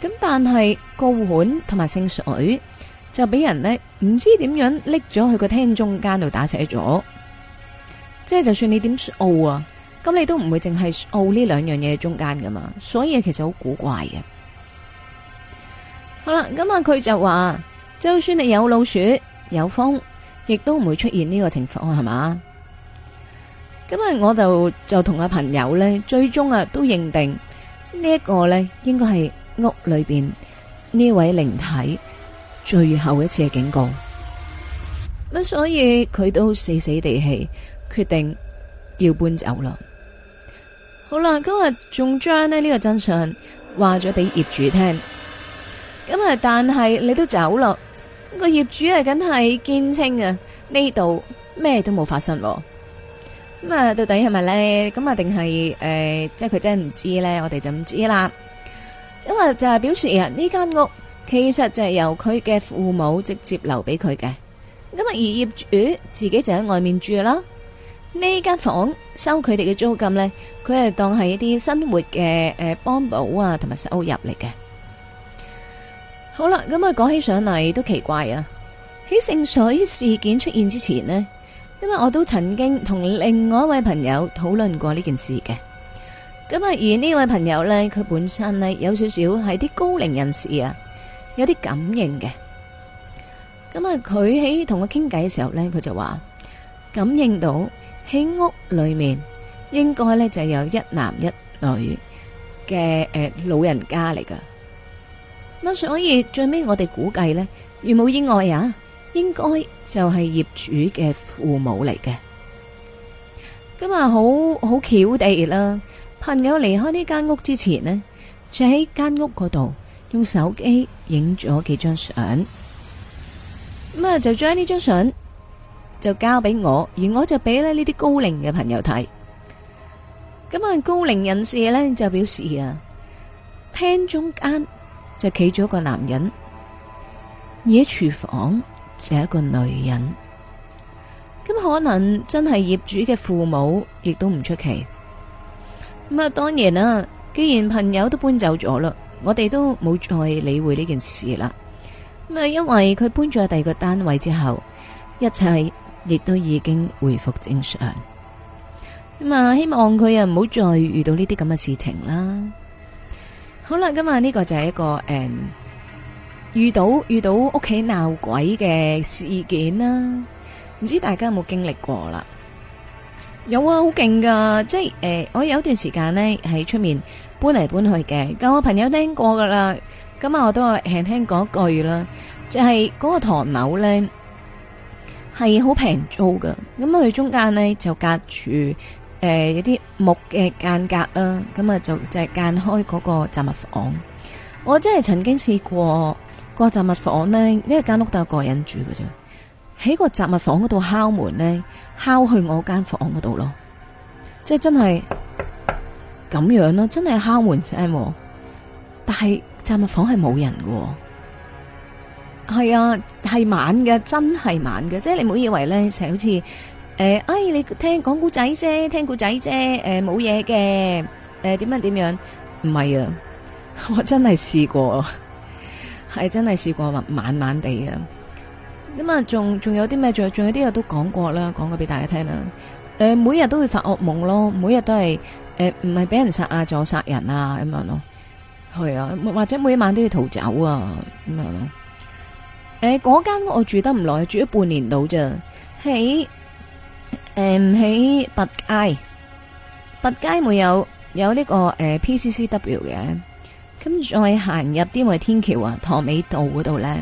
咁但係個碗同埋聖水就俾人呢，唔知點樣拎咗去個廳中間度打碎咗。即係就算你點拗啊，咁你都唔會淨係拗呢兩樣嘢中間噶嘛，所以其實好古怪嘅。好啦，咁啊，佢就話，就算你有老鼠、有風，亦都唔會出現呢個情況，係嘛？咁啊，我就就同阿朋友呢，最終啊，都認定呢一個呢應該係屋裏邊呢位靈體最後一次嘅警告。咁所以佢都死死地氣，決定要搬走啦。好啦，今日仲將呢呢個真相話咗俾業主聽。咁啊！但係你都走咯，個業主係，梗係堅稱啊，呢度咩都冇發生。咁啊，到底係咪咧？咁啊，定係誒，即係佢真係唔知咧？我哋就唔知啦。咁啊就係表示啊，呢間屋其實就係由佢嘅父母直接留俾佢嘅。咁啊，而業主自己就喺外面住啦。呢間房收佢哋嘅租金咧，佢係當係一啲生活嘅誒幫補啊，同埋收入嚟嘅。好啦，咁啊，講起上嚟都奇怪啊！喺聖水事件出現之前呢，因為我都曾經同另外一位朋友討論過呢件事嘅。咁啊，而呢位朋友呢，佢本身呢，有少少係啲高齡人士啊，有啲感應嘅。咁啊，佢喺同我傾偈嘅時候呢，佢就話感應到喺屋裏面應該呢，就有一男一女嘅誒老人家嚟噶。咁所以最尾我哋估計呢，如冇意外啊，應該就係業主嘅父母嚟嘅。咁啊，好好巧地啦，朋友離開呢間屋之前呢，就喺間屋嗰度，用手機影咗幾張相。咁啊，就將呢張相就交俾我，而我就俾呢呢啲高齡嘅朋友睇。咁啊，高齡人士呢，就表示啊，廳中間。就企咗個男人，而喺廚房就一個女人。咁可能真係業主嘅父母，亦都唔出奇。咁啊，當然啦，既然朋友都搬走咗啦，我哋都冇再理會呢件事啦。咁啊，因為佢搬咗第二個單位之後，一切亦都已經回復正常。咁啊，希望佢啊唔好再遇到呢啲咁嘅事情啦。好啦，今日呢個就係一個誒、嗯，遇到遇到屋企鬧鬼嘅事件啦，唔知大家有冇經歷過啦？有啊，好勁噶，即係誒、呃，我有段時間呢喺出面搬嚟搬去嘅，但我朋友聽過噶啦。咁我都係輕輕講一句啦，就係、是、嗰個唐樓咧係好平租噶，咁佢中間呢就隔住。誒、呃，有啲木嘅間隔啦，咁啊就就係間開嗰個雜物房。我真係曾經試過，嗰個雜物房咧，呢個房有一間屋得個人住嘅啫。喺個雜物房嗰度敲門咧，敲去我間房嗰度咯。即係真係咁樣咯，真係敲門聲。但係雜物房係冇人嘅，係啊，係晚嘅，真係晚嘅。即係你唔好以為咧，成日好似。誒，哎，你聽講古仔啫，聽古仔啫，誒，冇嘢嘅，誒，點樣點樣？唔係啊，我真係試過，係真係試過，晚晚晚地啊。咁啊，仲仲有啲咩？仲仲有啲嘢都講過啦，講過俾大家聽啦。誒，每日都會發惡夢咯，每日都係誒，唔係俾人殺啊咗殺人啊咁樣咯。係啊，或者每一晚都要逃走啊咁樣咯。誒，嗰間我住得唔耐，住咗半年到啫，喺。誒、嗯，喺百佳，百佳會有有呢、這個誒、呃、PCCW 嘅，咁再行入啲咪天橋啊，唐美道嗰度咧，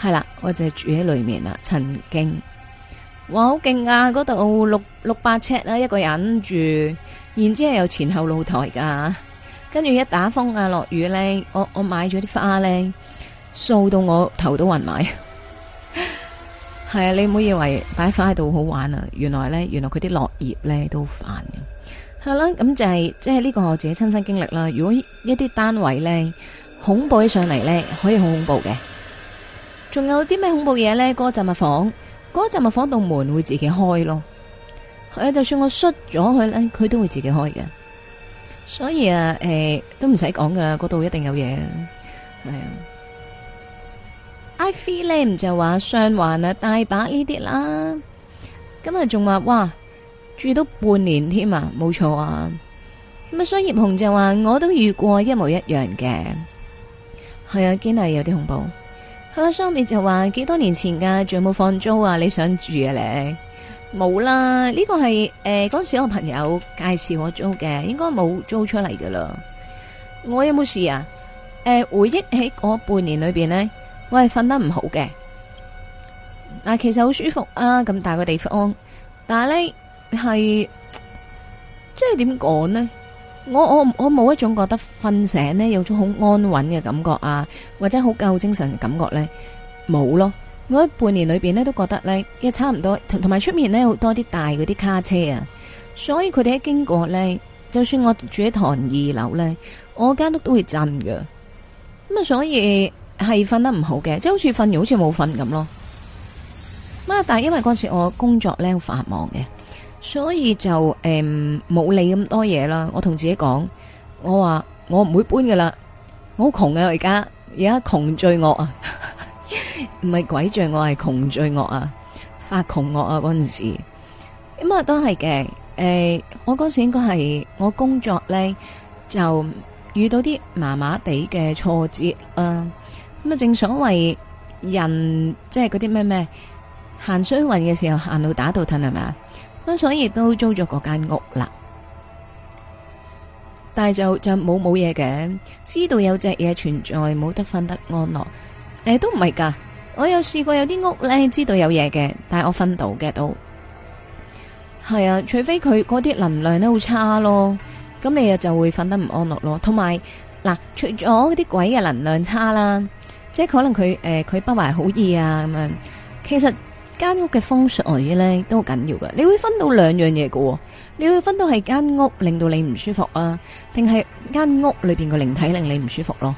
係啦，我就住喺裏面啦，曾經，哇，好勁啊，嗰度六六百尺啦、啊，一個人住，然之後有前後露台噶，跟住一打風啊，落雨咧，我我買咗啲花咧，掃到我頭都暈埋。 係啊，你唔好以為擺返喺度好玩啊！原來咧，原來佢啲落葉咧都煩嘅。係啦，咁就係、係、即係呢個我自己親身經歷啦。如果一啲單位咧恐怖起上嚟咧，可以好恐怖嘅。仲有啲咩恐怖嘢咧？嗰、嗰個雜物房，嗰、嗰個雜物房，度門會自己開咯。誒，就算我閂咗佢咧，佢都會自己開嘅。所以啊，誒、欸，都唔使講㗎啦，嗰度一定有嘢，係啊。I feel name 就話上環啊、大把呢啲啦。今日仲話哇，住到半年添啊，冇錯啊。咁啊，蘇葉紅就話我都遇過一模一樣嘅，係啊，堅係有啲恐怖。係啊，蘇美就話幾多年前噶，仲有冇放租啊？你想住啊？你，冇啦，呢個係誒嗰陣時我朋友介紹我租嘅，應該冇租出嚟噶啦。我有冇事啊？誒、呃，回憶喺嗰半年裏邊咧，我係，瞓得唔好嘅，啊，其實好舒服啊，咁大個地方，但係呢，係，即係點講呢？我我我冇一種覺得瞓醒呢，有種好安穩嘅感覺啊，或者好夠精神嘅感覺呢。冇咯。我喺半年裏邊呢，都覺得呢，亦差唔多，同埋出面呢，好多啲大嗰啲卡車啊，所以佢哋一經過呢，就算我住喺唐二樓呢，我間屋都會震㗎，咁啊，所以。係瞓得唔好嘅，即係好似瞓完好似冇瞓咁咯。咁啊，但係因為嗰時我工作咧好繁忙嘅，所以就誒冇理咁多嘢啦。我同自己講，我話我唔會搬噶啦，我好窮啊而家，而家窮罪惡啊，唔係鬼罪惡，係窮罪惡啊，發窮惡啊嗰陣時。咁啊都係嘅，誒我嗰時應該係我工作咧就遇到啲麻麻地嘅挫折啊。咁啊，正所謂人即係嗰啲咩咩行衰運嘅時候，行路打倒褪係咪啊？咁所以都租咗嗰間屋啦，但係就就冇冇嘢嘅，知道有隻嘢存在，冇得瞓得安樂。誒、欸，都唔係噶，我有試過有啲屋咧，知道有嘢嘅，但係我瞓到嘅都係啊，除非佢嗰啲能量都好差咯，咁你啊就會瞓得唔安樂咯。同埋嗱，除咗嗰啲鬼嘅能量差啦。即係可能佢，誒，佢、呃、不懷好意啊咁樣。其實間屋嘅風水外咧都好緊要㗎。你會分到兩樣嘢喎、哦。你會分到係間屋令到你唔舒服啊，定係間屋裏邊個靈體令你唔舒服咯？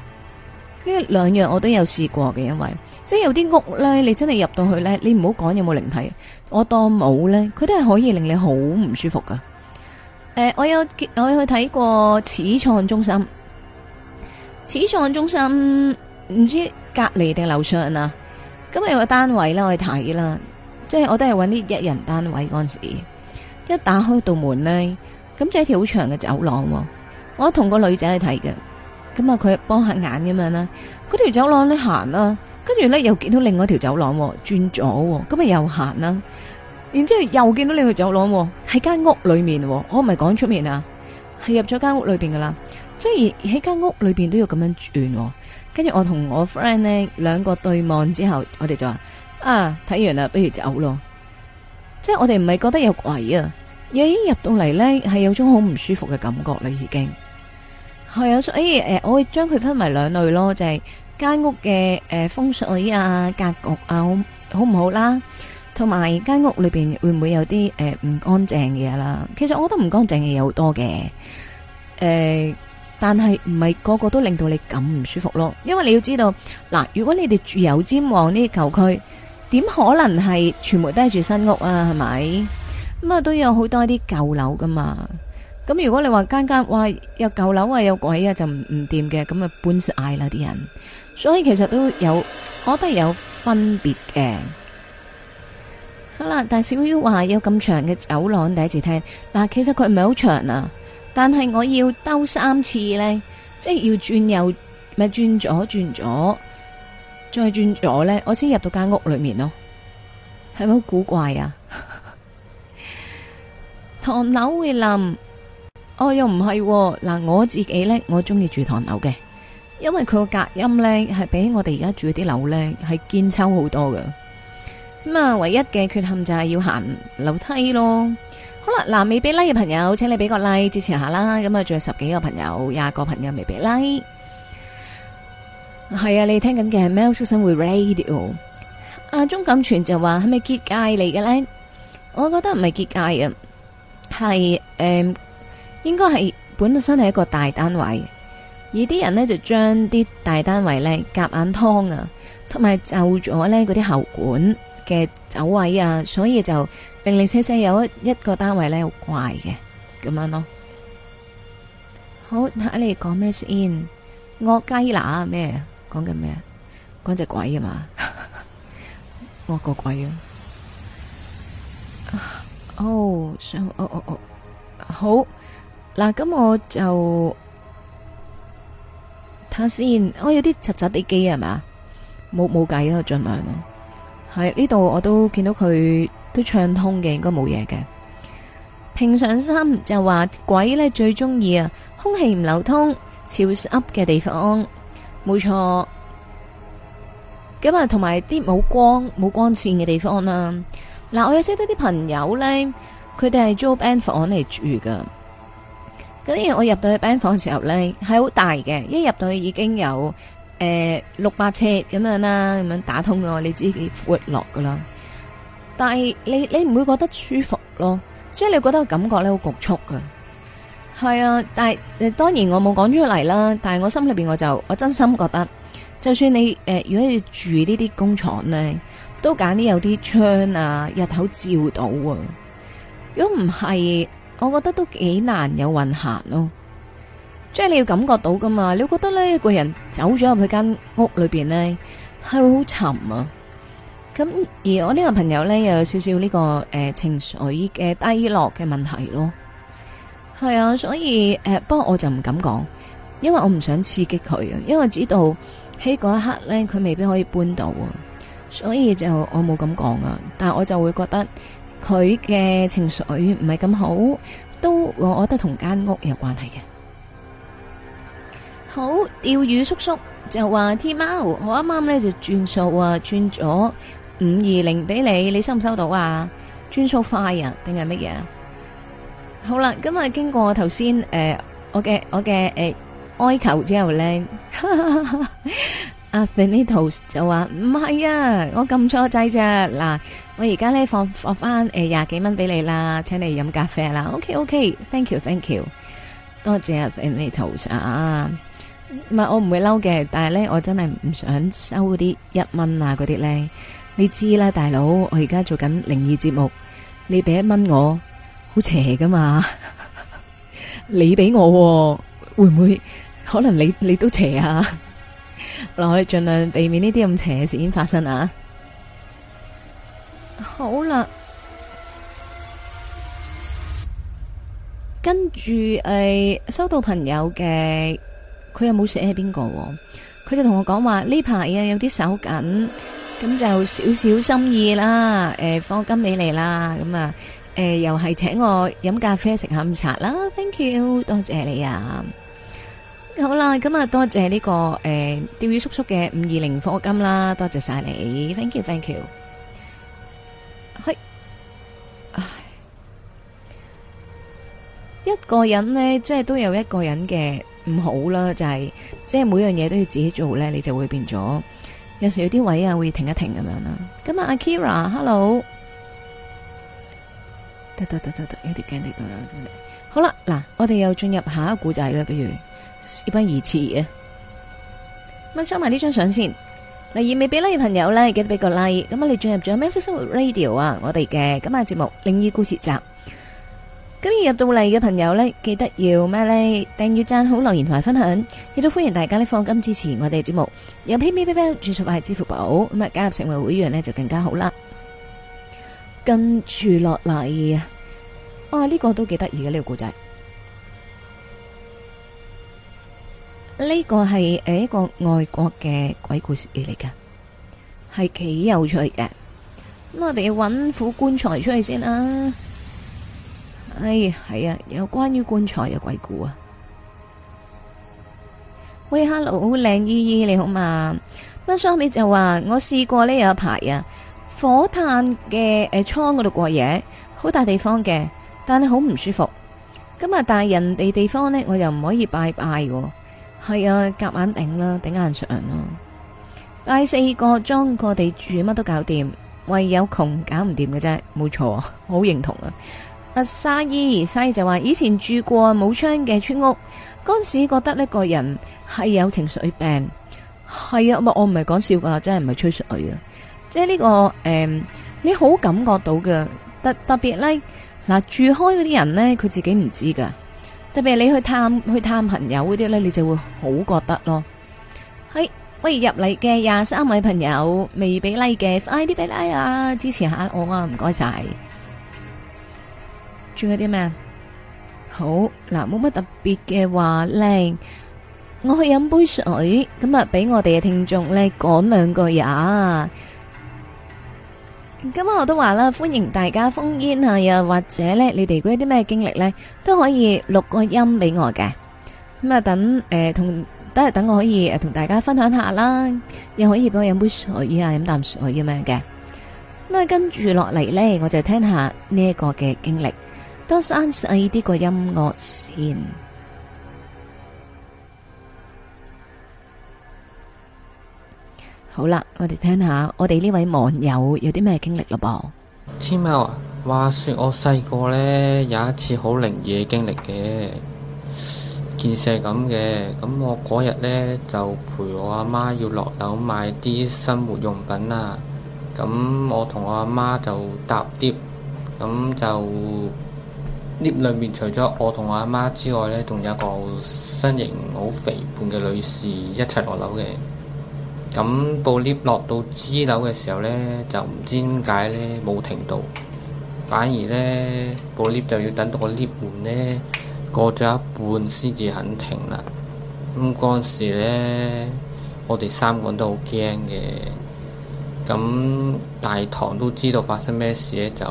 呢兩樣我都有試過嘅，因為即係有啲屋咧，你真係入到去咧，你唔好講有冇靈體，我當冇咧，佢都係可以令你好唔舒服噶。誒、呃，我有我有去睇過始創中心，始創中心唔知。隔離定樓上啊！咁啊有個單位啦，我睇啦，即係我都係揾啲一人單位嗰陣時候，一打開道門咧，咁就係一條好長嘅走廊。我同個女仔去睇嘅，咁啊佢幫下眼咁樣啦。嗰條走廊你行啦，跟住咧又見到另外一條走廊轉咗，咁啊又行啦，然之後又見到另外走廊喺間屋裏面，我唔係講出面啊，係入咗間屋裏邊噶啦，即係喺間屋裏邊都要咁樣轉。跟住我同我 friend 咧兩個對望之後，我哋就話啊睇完啦，不如走咯。即係我哋唔係覺得有鬼啊，而係一入到嚟咧係有種好唔舒服嘅感覺啦，已經係啊。所以誒我會將佢分為兩類咯，就係間屋嘅誒風水啊格局啊好好唔好啦，同埋間屋裏邊會唔會有啲誒唔乾淨嘅嘢啦？其實我覺得唔乾淨嘅嘢有好多嘅誒。但係唔係個個都令到你咁唔舒服咯，因為你要知道嗱，如果你哋住油尖旺呢舊區，點可能係全部都係住新屋啊？係咪咁啊？都有好多啲舊樓噶嘛。咁如果你話間間話有舊樓啊有鬼啊就唔唔掂嘅，咁啊搬晒啦啲人。所以其實都有，我覺得有分別嘅。好啦，但小於話有咁長嘅走廊，第一次聽嗱，其實佢唔係好長啊。但係我要兜三次呢，即係要轉右，咪轉左轉左再轉左呢。我先入到間屋裏面咯，係咪好古怪啊？唐 樓會冧，我、哦、又唔係嗱，我自己呢，我中意住唐樓嘅，因為佢個隔音呢，係比我哋而家住啲樓呢，係堅秋好多噶，咁啊，唯一嘅缺陷就係要行樓梯咯。好啦，嗱，未俾 like 嘅朋友，請你俾個 like 支持下啦。咁啊，仲有十幾個朋友，廿個朋友未俾 like。係啊，你聽緊嘅係喵式生活 Radio。阿鐘錦全就話係咪結界嚟嘅呢？我覺得唔係結界啊，係誒、呃，應該係本身係一個大單位，而啲人呢就將啲大單位呢夾硬劏啊，同埋就咗呢嗰啲喉管嘅走位啊，所以就。零零四四有一一個單位咧，好怪嘅咁樣咯。好，睇你講咩先？惡雞乸咩？講緊咩？講隻鬼啊嘛？惡個鬼啊！哦，想哦哦哦，好嗱，咁我就睇下先。我有啲窒窒啲機係咪，冇冇計咯，盡量咯。喺呢度我都見到佢。都暢通嘅，應該冇嘢嘅。平常心就話鬼呢最鍾意啊，空氣唔流通、潮濕嘅地方，冇錯。咁啊，同埋啲冇光冇光綫嘅地方啦。嗱、啊，我有識得啲朋友呢，佢哋係租 band 房嚟住噶。咁而我入到去 band 房嘅時候呢，係好大嘅，一入到去已經有誒六百尺咁樣啦，咁樣打通嘅，你知幾闊落噶啦。但係你你唔會覺得舒服咯？即係你覺得個感覺咧好局促噶係啊！但係誒，當然我冇講出嚟啦。但係我心裏邊我就我真心覺得，就算你誒、呃，如果要住呢啲工廠呢，都揀啲有啲窗啊，日頭照到啊。如果唔係，我覺得都幾難有運行咯。即係你要感覺到噶嘛？你會覺得咧，一個人走咗入去間屋裏邊呢，係會好沉啊？咁而我呢個朋友呢，又有少少呢、呢個誒、呃、情緒嘅低落嘅問題咯，係啊，所以誒、呃，不過我就唔敢講，因為我唔想刺激佢啊，因為知道喺嗰一刻呢，佢未必可以搬到啊，所以就我冇咁講啊。但係我就會覺得佢嘅情緒唔係咁好，都我覺得同間屋有關係嘅。好，釣魚叔叔就話天喵，我啱啱呢就轉數啊，轉咗。五二零俾你，你收唔收到啊？轉數快啊，定係乜嘢啊？好啦，咁啊，經過頭先誒，我嘅我嘅誒哀求之後咧，阿 Finitos 就話唔係啊，我撳錯掣啫。嗱，我而家咧放放翻誒廿幾蚊俾你啦，請你飲咖啡啦。OK OK，Thank you Thank you，多謝阿 Finitos 啊，唔係我唔會嬲嘅，但係咧我真係唔想收嗰啲一蚊啊嗰啲咧。你知啦，大佬，我而家做緊靈異節目，你俾一蚊我，好邪噶嘛？ 你俾我，會唔會可能你你都邪啊？ 嗱，我哋盡量避免呢啲咁邪嘅事件發生啊！好啦，跟住誒，收到朋友嘅，佢有冇寫喺邊個，佢就同我講話呢排呀有啲手緊。咁就少少心意啦，誒，課金俾你啦，咁啊，誒，又係請我飲咖啡食下午茶啦，thank you，多謝你啊，好啦，咁啊，多謝呢個誒，釣魚叔叔嘅五二零課金啦，多謝晒你，thank you，thank you，係，唉，一個人呢，即係都有一個人嘅唔好啦，就係即係每樣嘢都要自己做呢，你就會變咗。有時有啲位啊，會停一停咁樣啦。咁啊，Akira，Hello，得得得得得，有啲驚啲咁樣。好啦，嗱，我哋又進入下一個故仔啦。不如事不宜遲啊。咁收埋呢張相先。嗱，而未俾啦，朋友咧，記得俾個 like。咁啊，你進入咗喵式生活 Radio 啊？我哋嘅今晚節目《靈異故事集》。今日入到嚟嘅朋友呢，記得要咩呢？訂閱、讚好、留言同埋分享，亦都歡迎大家呢放金支持我哋嘅節目。有 p 嗶嗶嗶，註冊係支付寶咁啊，加入成為會員呢，就更加好啦。跟住落嚟啊，哇、這個！呢個都幾得意嘅，呢個故仔，呢、這個係誒一個外國嘅鬼故事嚟㗎，係幾有趣嘅。咁我哋要揾副棺材出去先啊！哎，係啊，有關於棺材嘅鬼故啊！喂，hello，靚姨姨你好嘛？乜上邊就話我試過呢，有一排啊，火炭嘅誒倉嗰度過夜，好大地方嘅，但係好唔舒服。咁啊，但係人哋地方呢，我又唔可以拜拜嘅，係啊，夾、啊、硬頂啦，頂硬上啦，拜四個莊個地主乜都搞掂，唯有窮搞唔掂嘅啫，冇錯，好認同啊！阿沙姨，沙姨就話以前住過武昌嘅村屋，嗰陣時覺得呢個人係有情緒病。係啊，我唔係講笑噶，真係唔係吹水啊！即係呢個誒，嗯，你好感覺到嘅特特別咧，嗱住開嗰啲人咧，佢自己唔知噶。特別你去探去探朋友嗰啲咧，你就會好覺得咯。係喂入嚟嘅廿三位朋友未俾 like 嘅，快啲俾 like 啊！支持下我啊，唔該晒。仲有啲咩？好嗱，冇乜特別嘅話咧，我去飲杯水。咁啊，俾我哋嘅聽眾咧講兩句啊。咁我都話啦，歡迎大家封煙啊，又或者咧，你哋嗰啲咩經歷咧，都可以錄個音俾我嘅。咁啊，等誒同等係等我可以誒同大家分享下啦。又可以俾我飲杯水啊，飲啖水咁樣嘅。咁啊，跟住落嚟咧，我就聽下呢一個嘅經歷。多刪細啲個音樂先。好啦，我哋聽下我哋呢位網友有啲咩經歷咯？噃，天喵啊，話說我細個呢，有一次好靈嘢經歷嘅，件事係咁嘅。咁我嗰日呢，就陪我阿媽要落樓買啲生活用品啊。咁我同我阿媽就搭 lift，咁就。lift 裏面除咗我同我阿媽之外咧，仲有一個身形好肥胖嘅女士一齊落樓嘅。咁部 lift 落到 G 樓嘅時候咧，就唔知點解咧冇停到，反而咧部 lift 就要等到個 lift 門咧過咗一半先至肯停啦。咁嗰陣時咧，我哋三個人都好驚嘅。咁大堂都知道發生咩事咧，就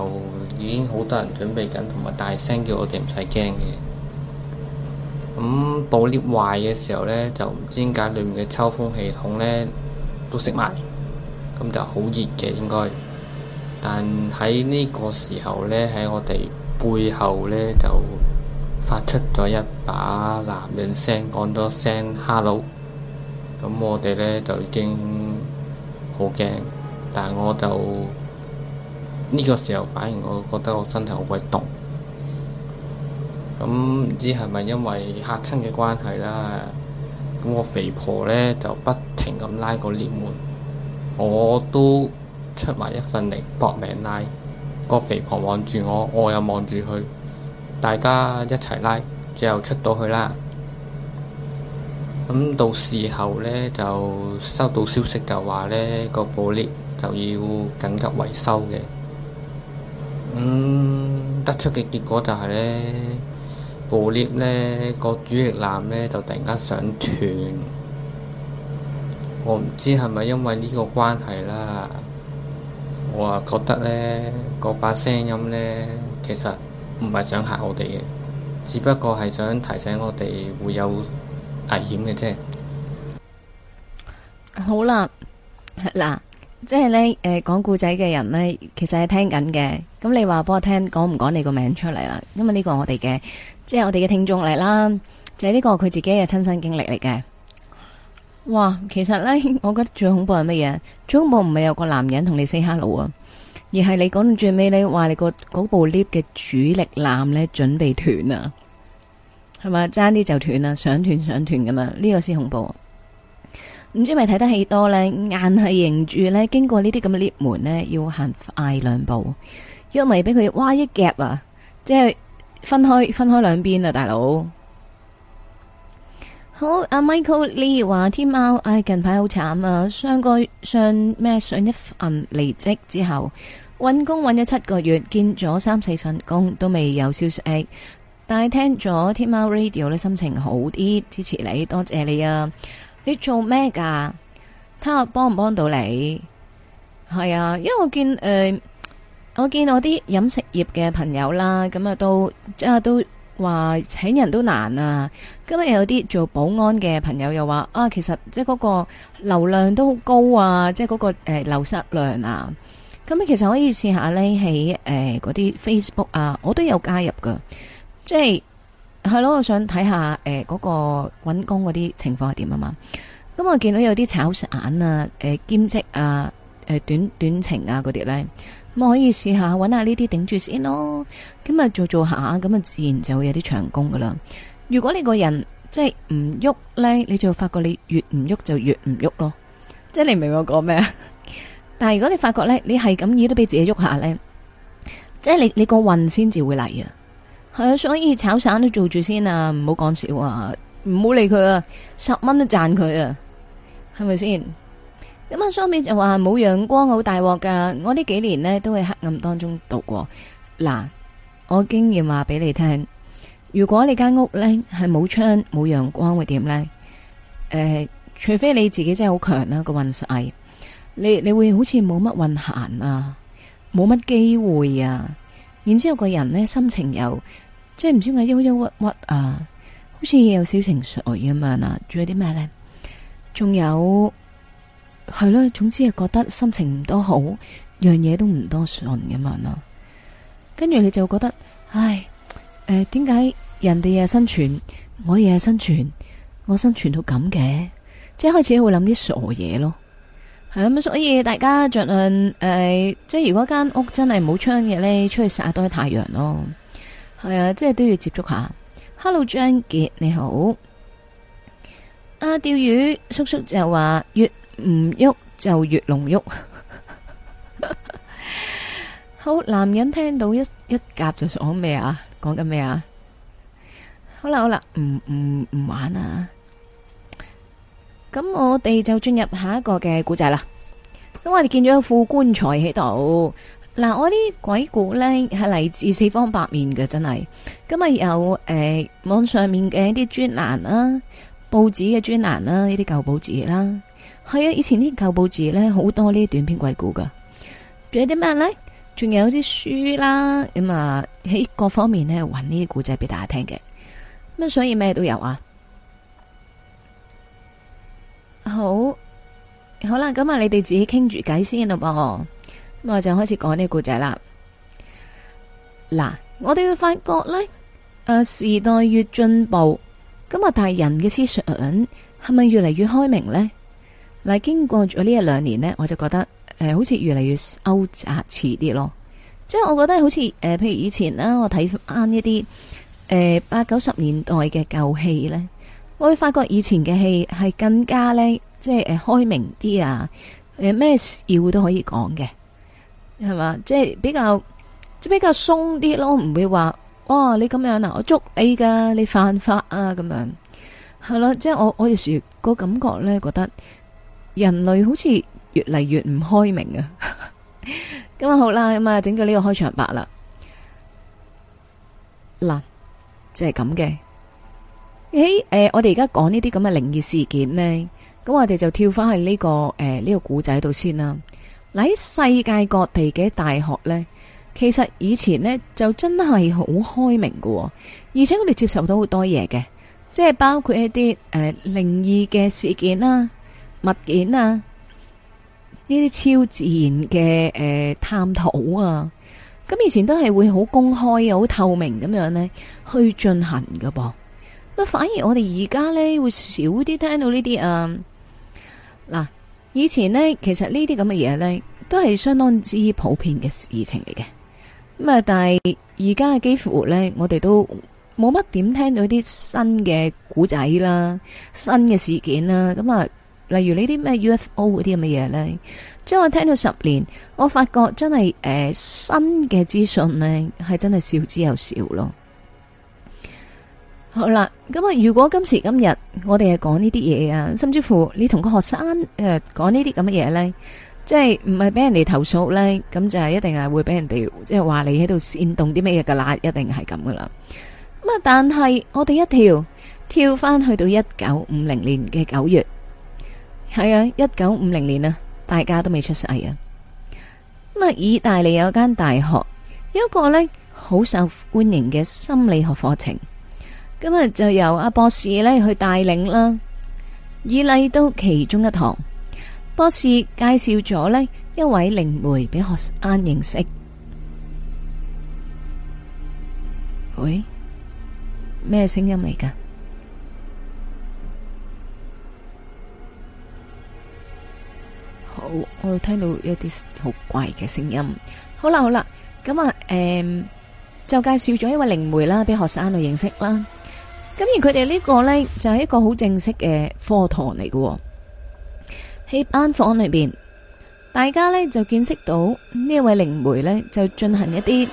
已經好多人準備緊，同埋大聲叫我哋唔使驚嘅。咁部 lift 壞嘅時候咧，就唔知點解裏面嘅抽風系統咧都熄埋，咁就好熱嘅應該。但喺呢個時候咧，喺我哋背後咧就發出咗一把男人聲，講咗聲 Hello，咁我哋咧就已經好驚。但我就呢、這個時候，反而我覺得我身體好鬼凍，咁、嗯、唔知係咪因為嚇親嘅關係啦？咁我肥婆呢就不停咁拉個 𨋢 門，我都出埋一份力，搏命拉。個肥婆望住我，我又望住佢，大家一齊拉，最後出到去啦。咁到時候呢，就收到消息就話呢、那個部 𨋢。就要緊急維修嘅，咁、嗯、得出嘅結果就係、是、咧，部 lift 呢個主力纜呢，就突然間想斷，我唔知係咪因為呢個關係啦。我啊覺得呢嗰把聲音呢，其實唔係想嚇我哋嘅，只不過係想提醒我哋會有危險嘅啫。好啦，嗱。即係呢，誒，講故仔嘅人呢，其實係聽緊嘅。咁你話幫我聽，講唔講你個名出嚟啦？因為呢個我哋嘅，即係我哋嘅聽眾嚟啦，就係呢個佢自己嘅親身經歷嚟嘅。哇，其實呢，我覺得最恐怖係乜嘢？最恐怖唔係有個男人同你 say hello 啊，而係你講到最尾呢，話你個嗰部 lift 嘅主力纜呢，準備斷啊，係咪？爭啲就斷啊，想斷想斷㗎嘛，呢個先恐怖。唔知咪睇得戲多呢？硬係迎住呢經過呢啲咁嘅 lift 門呢要行快兩步，若咪俾佢哇一夾啊，即係分開分開兩邊啊，大佬。好，阿 Michael Lee 話：天喵，唉，近排好慘啊！上個上咩上一份離職之後，揾工揾咗七個月，見咗三四份工都未有消息，但係聽咗天喵 Radio 呢心情好啲，支持你，多謝你啊！你做咩噶？睇下幫唔幫到你？係啊，因為我見誒、呃，我見我啲飲食業嘅朋友啦，咁啊都即係都話請人都難啊。今日有啲做保安嘅朋友又話啊，其實即係嗰個流量都好高啊，即係嗰個誒、呃、流失量啊。咁啊，其實可以試下呢喺誒嗰啲 Facebook 啊，我都有加入噶，即係。係咯，我想睇下誒嗰個搵工嗰啲情況係點啊嘛。咁我見到有啲炒散啊、誒、呃、兼職啊、誒、呃、短短程啊嗰啲呢，咁可以試下搵下呢啲頂住先咯。咁啊做做下，咁啊自然就會有啲長工噶啦。如果你個人即係唔喐呢，你就發覺你越唔喐就越唔喐咯。 即係你明我講咩？但係如果你發覺呢，你係咁易都俾自己喐下呢，即係你你個運先至會嚟啊！係、嗯、啊，所以炒散都做住先啊，唔好講笑啊，唔好理佢啊，十蚊都賺佢啊，係咪先？咁啊，上面就話冇陽光好大鑊噶，我呢幾年呢都喺黑暗當中度過。嗱，我經驗話俾你聽，如果你間屋呢係冇窗冇陽光，會點呢？誒、呃，除非你自己真係好強啦個運勢，你你會好似冇乜運行啊，冇乜機會啊，然之後個人呢，心情又～即係唔知點解，憂憂鬱鬱啊，好似有少情緒咁樣啊。仲有啲咩呢？仲有係咯，總之係覺得心情唔多好，樣嘢都唔多順咁樣咯。跟住你就覺得，唉，誒、呃，點解人哋嘢生存，我亦係生，生存，我生存到咁嘅，即係開始會諗啲傻嘢咯。係、嗯、咁，所以大家盡量誒、呃，即係如果間屋真係冇窗嘅呢，出去曬多啲太陽咯。係啊，即係都要接觸下。Hello，張傑你好。啊，釣魚叔叔就話越唔郁就越濃郁。 好，男人聽到一一夾就講咩啊？講緊咩啊？好啦，好啦，唔唔唔玩啦。咁我哋就進入下一個嘅古仔啦。咁我哋見咗一副棺材喺度。嗱，我啲鬼故咧係嚟自四方八面嘅，真係咁啊，有誒、呃、網上面嘅一啲專欄啦，報紙嘅專欄啦，呢啲舊報紙啦，係啊，以前啲舊報紙咧好多呢啲短篇鬼故噶，仲有啲咩咧？仲有啲書啦，咁啊喺各方面咧揾呢啲古仔俾大家聽嘅，咁所以咩都有啊，好好啦，咁啊，你哋自己傾住偈先咯。咁我就開始講呢個故仔啦。嗱，我哋會發覺呢誒，時代越進步，咁啊，大人嘅思想係咪越嚟越開明呢？嗱，經過咗呢一兩年呢，我就覺得誒、呃，好似越嚟越歐扎遲啲咯。即係我覺得好似誒、呃，譬如以前啦，我睇翻一啲誒八九十年代嘅舊戲呢，我會發覺以前嘅戲係更加呢，即係誒開明啲啊，誒咩嘢都可以講嘅。係嘛，即係比較即比較鬆啲咯，唔會話哇你咁樣啊，我捉你噶，你犯法啊咁樣，係咯。即係我我有時個感覺咧，覺得人類好似越嚟越唔開明啊。咁 啊、嗯、好啦，咁啊整咗呢個開場白啦，嗱就係咁嘅。誒、呃、我哋而家講呢啲咁嘅靈異事件呢，咁我哋就跳翻去呢個誒呢、呃呢個古仔度先啦。喺世界各地嘅大學呢，其實以前呢就真係好開明㗎，而且我哋接受到好多嘢嘅，即係包括一啲誒靈異嘅事件啦、啊、物件啦、啊，呢啲超自然嘅誒、呃、探討啊，咁以前都係會好公開、好透明咁樣呢去進行㗎噃。反而我哋而家呢，會少啲聽到呢啲啊，嗱、啊。以前呢，其實呢啲咁嘅嘢呢，都係相當之普遍嘅事情嚟嘅。咁啊，但係而家幾乎呢，我哋都冇乜點聽到啲新嘅古仔啦、新嘅事件啦。咁啊，例如呢啲咩 UFO 嗰啲咁嘅嘢呢，將我聽到十年，我發覺真係誒、呃、新嘅資訊呢，係真係少之又少咯。好啦，咁啊，如果今時今日我哋係講呢啲嘢啊，甚至乎你同個學生誒，講呢啲咁嘅嘢咧，即係唔係俾人哋投訴咧，咁就係一定係會俾人哋即係話你喺度煽動啲咩嘢噶啦，一定係咁噶啦。咁啊，但係我哋一跳跳翻去到一九五零年嘅九月，係啊，一九五零年啊，大家都未出世啊。咁啊，意大利有間大學有一個咧好受歡迎嘅心理學課程。今日就由阿博士呢去帶領啦，以嚟到其中一堂，博士介紹咗呢一位靈媒俾學生認識。喂，咩聲音嚟噶？好，我聽到有啲好怪嘅聲音。好啦，好啦，咁啊，誒，就介紹咗一位靈媒啦，俾學生去認識啦。咁而佢哋呢個咧，就係一個好正式嘅課堂嚟嘅喎，喺班房裏邊，大家咧就見識到呢一位靈媒咧就進行一啲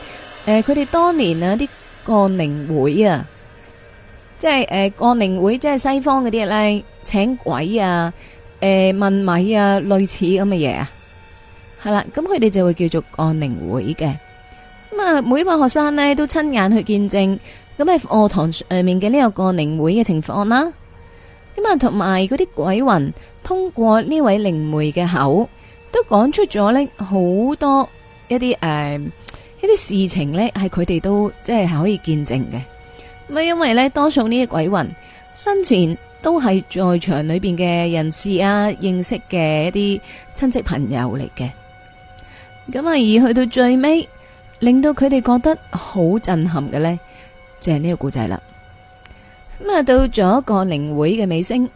誒，佢哋當年啊啲降靈會啊，即係誒降靈會，即係西方嗰啲咧請鬼啊，誒問米啊，類似咁嘅嘢啊，係啦，咁佢哋就會叫做降靈會嘅。咁啊，每一個學生咧都親眼去見證。咁喺課堂上面嘅呢個個靈媒嘅情況啦，咁啊同埋嗰啲鬼魂通過呢位靈媒嘅口，都講出咗呢好多一啲誒、呃、一啲事情呢係佢哋都即係可以見證嘅。咁因為呢多數呢啲鬼魂生前都係在場裏邊嘅人士啊，認識嘅一啲親戚朋友嚟嘅。咁啊，而去到最尾，令到佢哋覺得好震撼嘅呢。係呢個故仔啦，咁啊到咗個靈會嘅尾聲，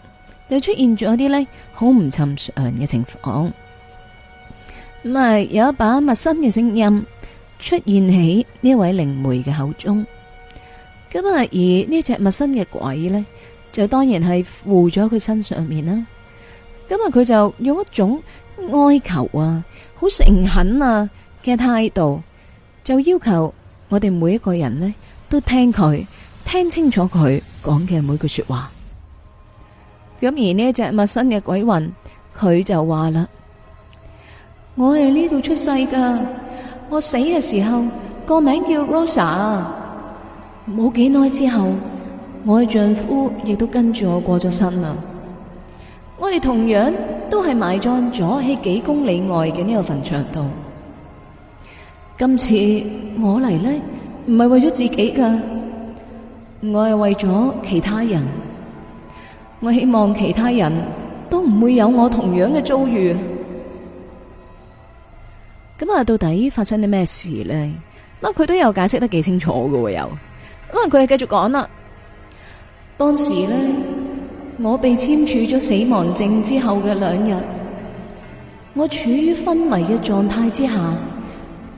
就出現咗啲呢好唔尋常嘅情況，咁啊有一把陌生嘅聲音出現喺呢位靈媒嘅口中，咁啊而呢隻陌生嘅鬼呢就當然係附咗佢身上面啦。咁啊佢就用一種哀求啊、好誠懇啊嘅態度，就要求我哋每一個人呢。都聽佢，聽清楚佢講嘅每句說話。咁而呢隻隻陌生嘅鬼魂，佢就話啦：， 我係呢度出世噶，我死嘅時候個名叫 Rosa。冇幾耐之後，我嘅丈夫亦都跟住我過咗身啦。我哋同樣都係埋葬咗喺幾公里外嘅呢個墳場度。今次我嚟呢。」唔係為咗自己噶，我係為咗其他人。我希望其他人都唔會有我同樣嘅遭遇。咁啊，到底發生啲咩事咧？乜佢都有解釋得幾清楚噶。又咁啊，佢係繼續講啦。當時咧，我被簽署咗死亡證之後嘅兩日，我處於昏迷嘅狀態之下。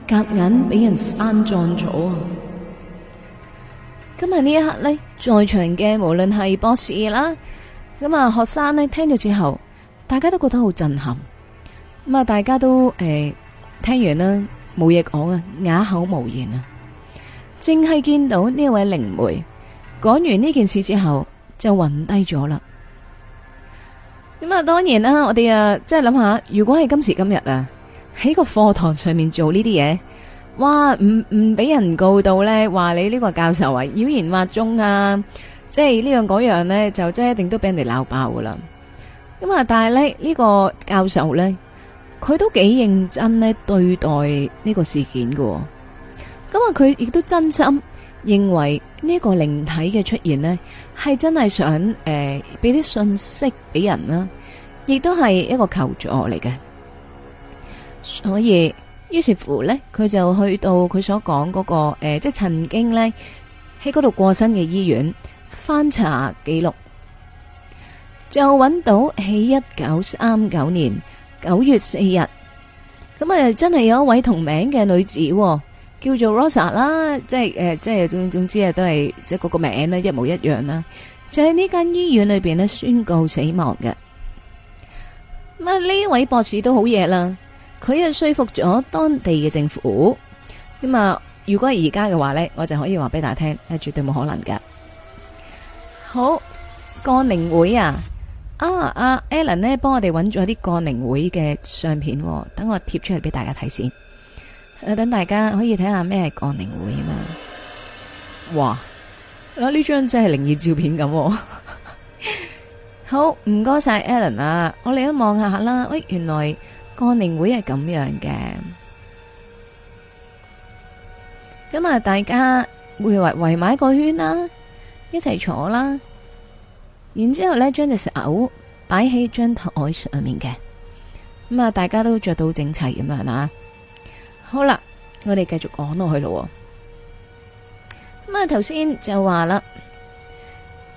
夾硬俾人散葬咗啊！今日呢一刻呢，在場嘅無論係博士啦，咁啊學生呢聽咗之後，大家都覺得好震撼。咁啊，大家都誒、欸、聽完啦，冇嘢講啊，啞口無言啊，淨係見到呢位靈媒講完呢件事之後，就暈低咗啦。咁啊，當然啦，我哋啊，即係諗下，如果係今時今日啊。喺個課堂上面做呢啲嘢，哇！唔唔俾人告到呢？話你呢個教授話妖言惑眾啊，即係呢樣嗰樣呢，就即係一定都俾人哋鬧爆噶啦。咁啊，但係咧呢呢個教授呢，佢都幾認真呢對待呢個事件噶。咁啊，佢亦都真心認為呢個靈體嘅出現呢，係真係想誒俾啲信息俾人啦，亦都係一個求助嚟嘅。所以，於是乎呢，佢就去到佢所講嗰、那個誒、呃，即係曾經呢，喺嗰度過身嘅醫院翻查記錄，就揾到喺一九三九年九月四日，咁啊，真係有一位同名嘅女子叫做 Rosa 啦、呃，即係誒，即係總總之啊，都係即係嗰個名呢一模一樣啦，就喺呢間醫院裏邊呢宣告死亡嘅。咁啊，呢位博士都好嘢啦。佢又說服咗當地嘅政府，咁啊，如果係而家嘅話呢，我就可以話俾大家聽，係絕對冇可能㗎。好，降靈會啊，啊阿 Alan 呢幫我哋揾咗啲降靈會嘅相片，等我貼出嚟俾大家睇先。等大家可以睇下咩係降靈會啊嘛。哇，嗱呢張真係靈異照片咁。 好，唔該晒 Alan 啊，我嚟一望下啦，喂，原來。過年會係咁樣嘅，咁啊大家會圍圍埋一個圈啦，一齊坐啦，然之後呢將隻石偶擺喺張台上面嘅，咁啊大家都着到整齊咁樣啊，好啦，我哋繼續講落去咯，咁啊頭先就話啦。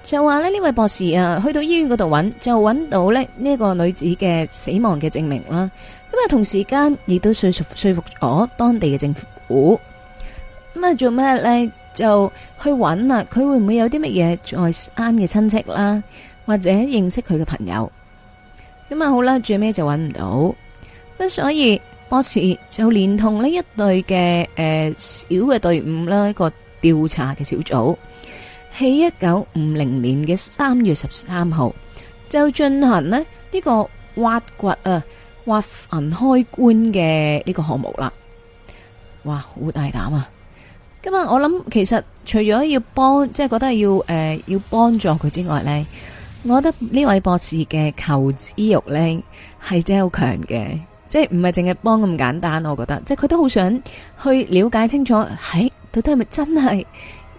就話呢，呢位博士啊，去到醫院嗰度揾，就揾到呢，呢個女子嘅死亡嘅證明啦。咁啊同時間亦都說服說服咗當地嘅政府。咁啊做咩呢？就去揾啊，佢會唔會有啲乜嘢在生嘅親戚啦，或者認識佢嘅朋友？咁啊好啦，最尾就揾唔到。咁所以博士就連同呢一隊嘅誒小嘅隊伍啦，一個調查嘅小組。喺一九五零年嘅三月十三號，就進行咗呢個挖掘啊挖墳開棺嘅呢個項目啦。哇，好大膽啊！咁啊，我諗其實除咗要幫，即係覺得要誒、呃、要幫助佢之外呢，我覺得呢位博士嘅求知欲呢係真係好強嘅，即係唔係淨係幫咁簡單。我覺得，即係佢都好想去了解清楚，係、哎、到底係咪真係？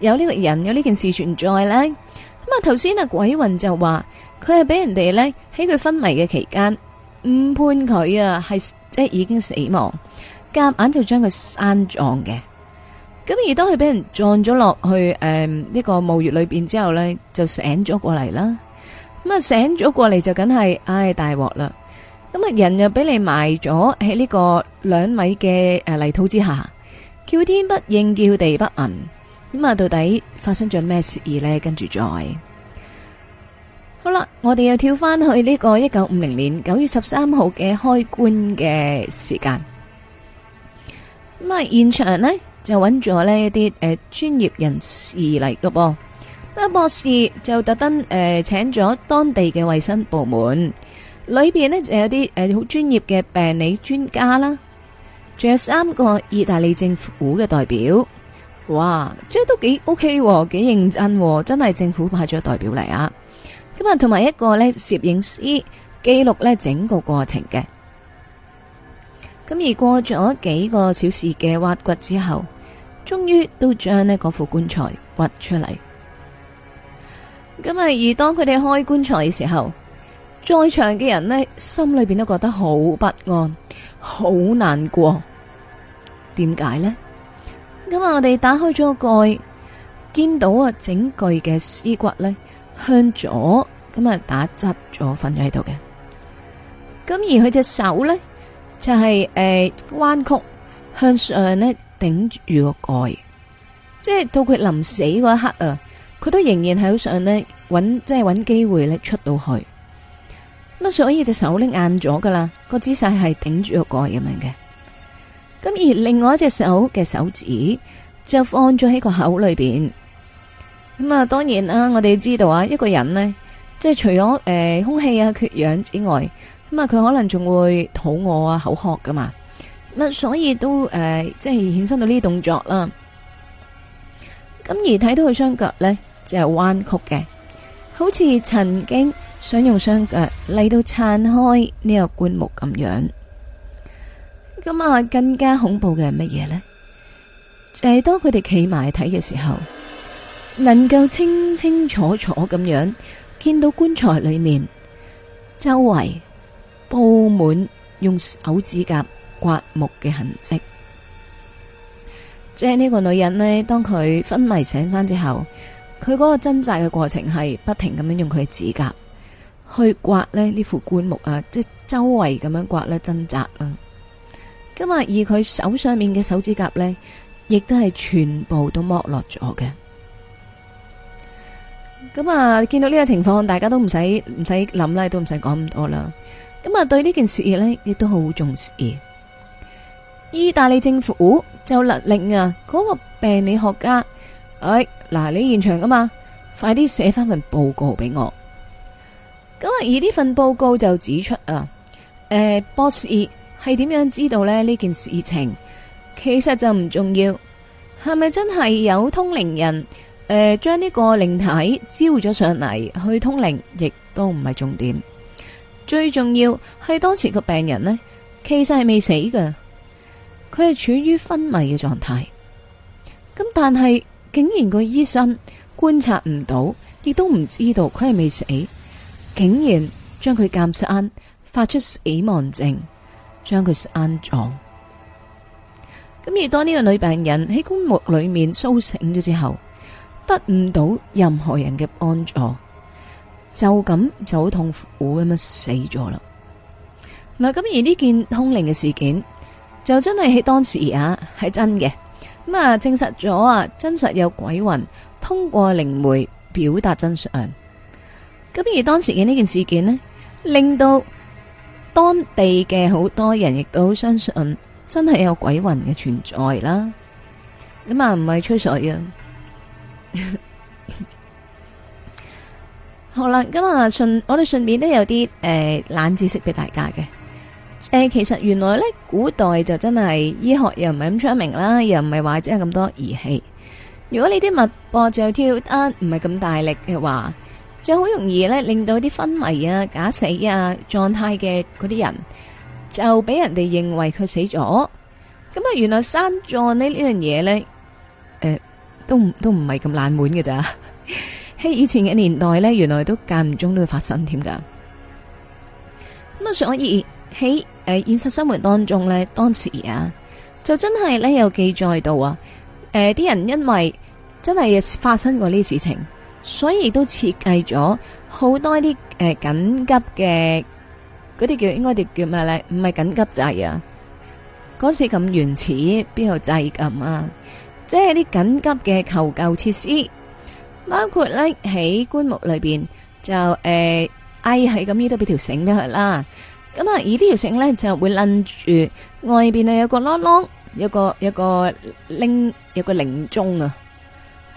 有呢個人有呢件事存在咧。咁啊，頭先啊鬼魂就話佢係俾人哋咧，喺佢昏迷嘅期間誤判佢啊，係即係已經死亡，夾硬就將佢山葬嘅。咁而當佢俾人撞咗落去誒，呢個墓穴裏邊之後咧，就醒咗過嚟啦。咁啊醒咗過嚟就梗係唉大鑊啦。咁啊人又俾你埋咗喺呢個兩米嘅誒泥土之下，叫天不應叫地不聞。咁啊，到底發生咗咩事呢？跟住再好啦，我哋又跳翻去呢個一九五零年九月十三號嘅開棺嘅時間。咁啊，現場呢就揾咗呢一啲誒專業人士嚟噶噃。阿博士就特登誒、呃、請咗當地嘅衛生部門，裏邊呢就有啲誒好專業嘅病理專家啦，仲有三個意大利政府嘅代表。哇，即係都幾 OK，幾認真，真係政府派咗代表嚟啊！咁啊，同埋一個呢攝影師記錄呢整個過程嘅。咁而過咗幾個小時嘅挖掘之後，終於都將呢嗰副棺材掘出嚟。咁啊，而當佢哋開棺材嘅時候，在場嘅人呢，心裏邊都覺得好不安，好難過。點解呢？咁我哋打開咗個蓋，見到啊整具嘅屍骨咧向左，咁啊打側咗瞓咗喺度嘅。咁而佢隻手咧就係誒彎曲向上咧頂住個蓋，即係到佢臨死嗰一刻啊，佢都仍然係好想咧搵，即係搵機會咧出到去。咁所以隻手呢硬咗噶啦，個姿勢係頂住個蓋咁樣嘅。咁而另外一隻手嘅手指就放咗喺個口裏邊，咁啊，當然啦，我哋知道啊，一個人呢，即係除咗誒空氣啊缺氧之外，咁啊，佢可能仲會肚餓啊口渴噶嘛，咁所以都誒，即係衍生到呢啲動作啦。咁而睇到佢雙腳呢就係彎曲嘅，好似曾經想用雙腳嚟到撐開呢個棺木咁樣。咁啊，更加恐怖嘅係乜嘢呢？就係、是、當佢哋企埋睇嘅時候，能夠清清楚楚咁樣見到棺材裏面周圍布滿用手指甲刮木嘅痕跡。即係呢個女人呢，當佢昏迷醒翻之後，佢嗰個掙扎嘅過程係不停咁樣用佢嘅指甲去刮呢副棺木啊，即係周圍咁樣刮咧掙扎。咁啊，而佢手上面嘅手指甲呢，亦都係全部都剝落咗嘅。咁啊，見到呢個情況，大家都唔使唔使諗啦，都唔使講咁多啦。咁啊，對呢件事呢，亦都好重視。意大利政府就勒令啊，嗰個病理學家，哎嗱，你現場噶嘛，快啲寫翻份報告俾我。咁啊，而呢份報告就指出啊，誒博士。係點樣知道呢？呢件事情其實就唔重要，係咪真係有通靈人？誒、呃，將呢個靈體召咗上嚟去通靈，亦都唔係重點。最重要係當時個病人呢，其實係未死㗎。佢係處於昏迷嘅狀態。咁但係竟然個醫生觀察唔到，亦都唔知道佢係未死，竟然將佢監生發出死亡證，將佢安葬，咁而當呢個女病人喺棺木裏面甦醒咗之後，得唔到任何人嘅幫助，就咁就好痛苦咁樣死咗啦。嗱，咁而呢件通靈嘅事件就真係喺當時啊係真嘅，咁啊證實咗啊真實有鬼魂通過靈媒表達真相。咁而當時嘅呢件事件呢，令到。當地嘅好多人亦都相信，真係有鬼魂嘅存在啦。咁啊，唔係吹水啊。好啦，咁啊順，我哋順便都有啲誒、呃、冷知識俾大家嘅。誒、呃，其實原來呢，古代就真係醫學又唔係咁出名啦，又唔係話真係咁多儀器。如果你啲脈搏就跳得唔係咁大力嘅話。就好容易咧，令到啲昏迷啊、假死啊、狀態嘅嗰啲人，就俾人哋認為佢死咗。咁啊，原來生葬呢呢樣嘢咧，誒，都唔都唔係咁冷門嘅咋？喺以前嘅年代咧，原來都間唔中都會發生添噶。咁啊，所以我而喺誒現實生活當中咧，當時啊，就真係咧有記載到啊，誒啲人因為真係發生過呢事情。所以都設計咗好多啲誒緊急嘅嗰啲叫應該叫叫咩咧？唔係緊急掣啊！嗰時咁原始，邊度掣咁啊？即係啲緊急嘅求救設施，包括咧喺棺木裏邊就誒，喺咁呢度俾條繩出去啦。咁啊，而呢條繩咧就會拎住外邊啊有個啷啷，有個有個拎有個鈴鐘啊，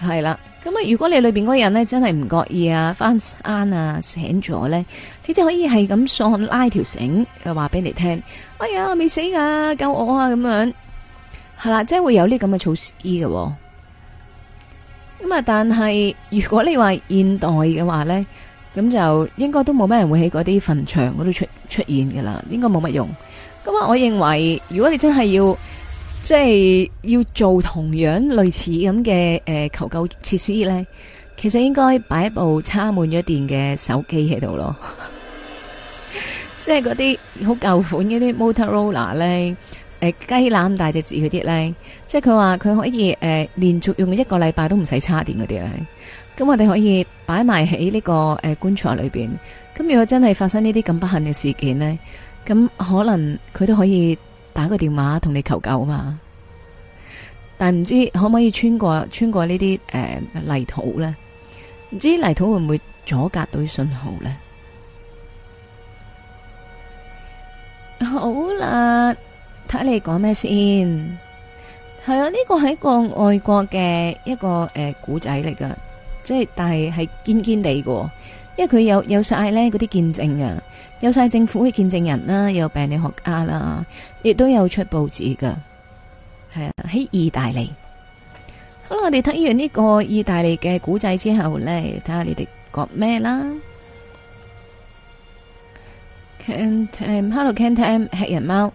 係啦。咁啊！如果你裏邊嗰人咧真係唔覺意啊翻山啊醒咗咧，你就可以係咁索拉條繩，又話俾你聽：哎呀，我未死啊救我啊！咁樣係啦，即係會有呢啲咁嘅措施嘅。咁啊，但係如果你話現代嘅話咧，咁就應該都冇咩人會喺嗰啲墳場嗰度出出現噶啦，應該冇乜用。咁啊，我認為如果你真係要。即係要做同樣類似咁嘅誒求救設施咧，其實應該擺一部插滿咗電嘅手機喺度咯。即係嗰啲好舊款嗰啲 Motorola 咧，誒雞腩大隻字嗰啲咧，即係佢話佢可以誒連續用一個禮拜都唔使插電嗰啲咧。咁我哋可以擺埋喺呢個誒棺材裏邊。咁如果真係發生呢啲咁不幸嘅事件咧，咁可能佢都可以。打個電話同你求救啊嘛，但唔知可唔可以穿過穿過呢啲誒泥土咧？唔知泥土會唔會阻隔到啲信號咧？好啦，睇你講咩先？係啊，呢個係一個外國嘅一個誒古仔嚟噶，即係但係係堅堅地嘅，因為佢有有晒咧嗰啲見證噶。有晒政府嘅見證人啦，有病理學家啦，亦都有出報紙噶，係啊，喺意大利。好啦，我哋睇完呢個意大利嘅古仔之後呢，睇下你哋講咩啦。Can't M，hello Can't M，吃人貓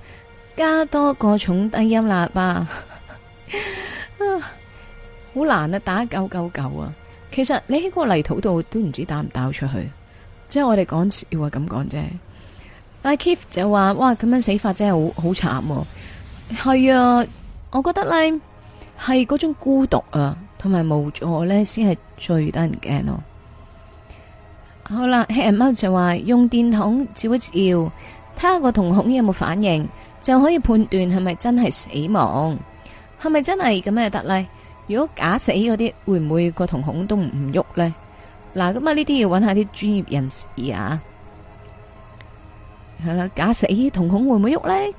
加多個重低音喇叭，好、 啊、難啊！打九九九啊！其實你喺個泥土度都唔知打唔打出去。即係我哋講笑話，咁講啫。阿 Keith 就話，哇，咁樣死法真係好好慘。係啊，我覺得咧，係嗰種孤獨啊，同埋無助咧，先係最得人驚咯。好啦，黑人貓就話用電筒照一照，睇下個瞳孔有冇反應，就可以判斷係咪真係死亡，係咪真係咁樣就得咧？如果假死嗰啲，會唔會個瞳孔都唔唔喐咧？嗱，咁啊呢啲要揾下啲專業人士啊，係啦，假死瞳孔會唔會喐呢？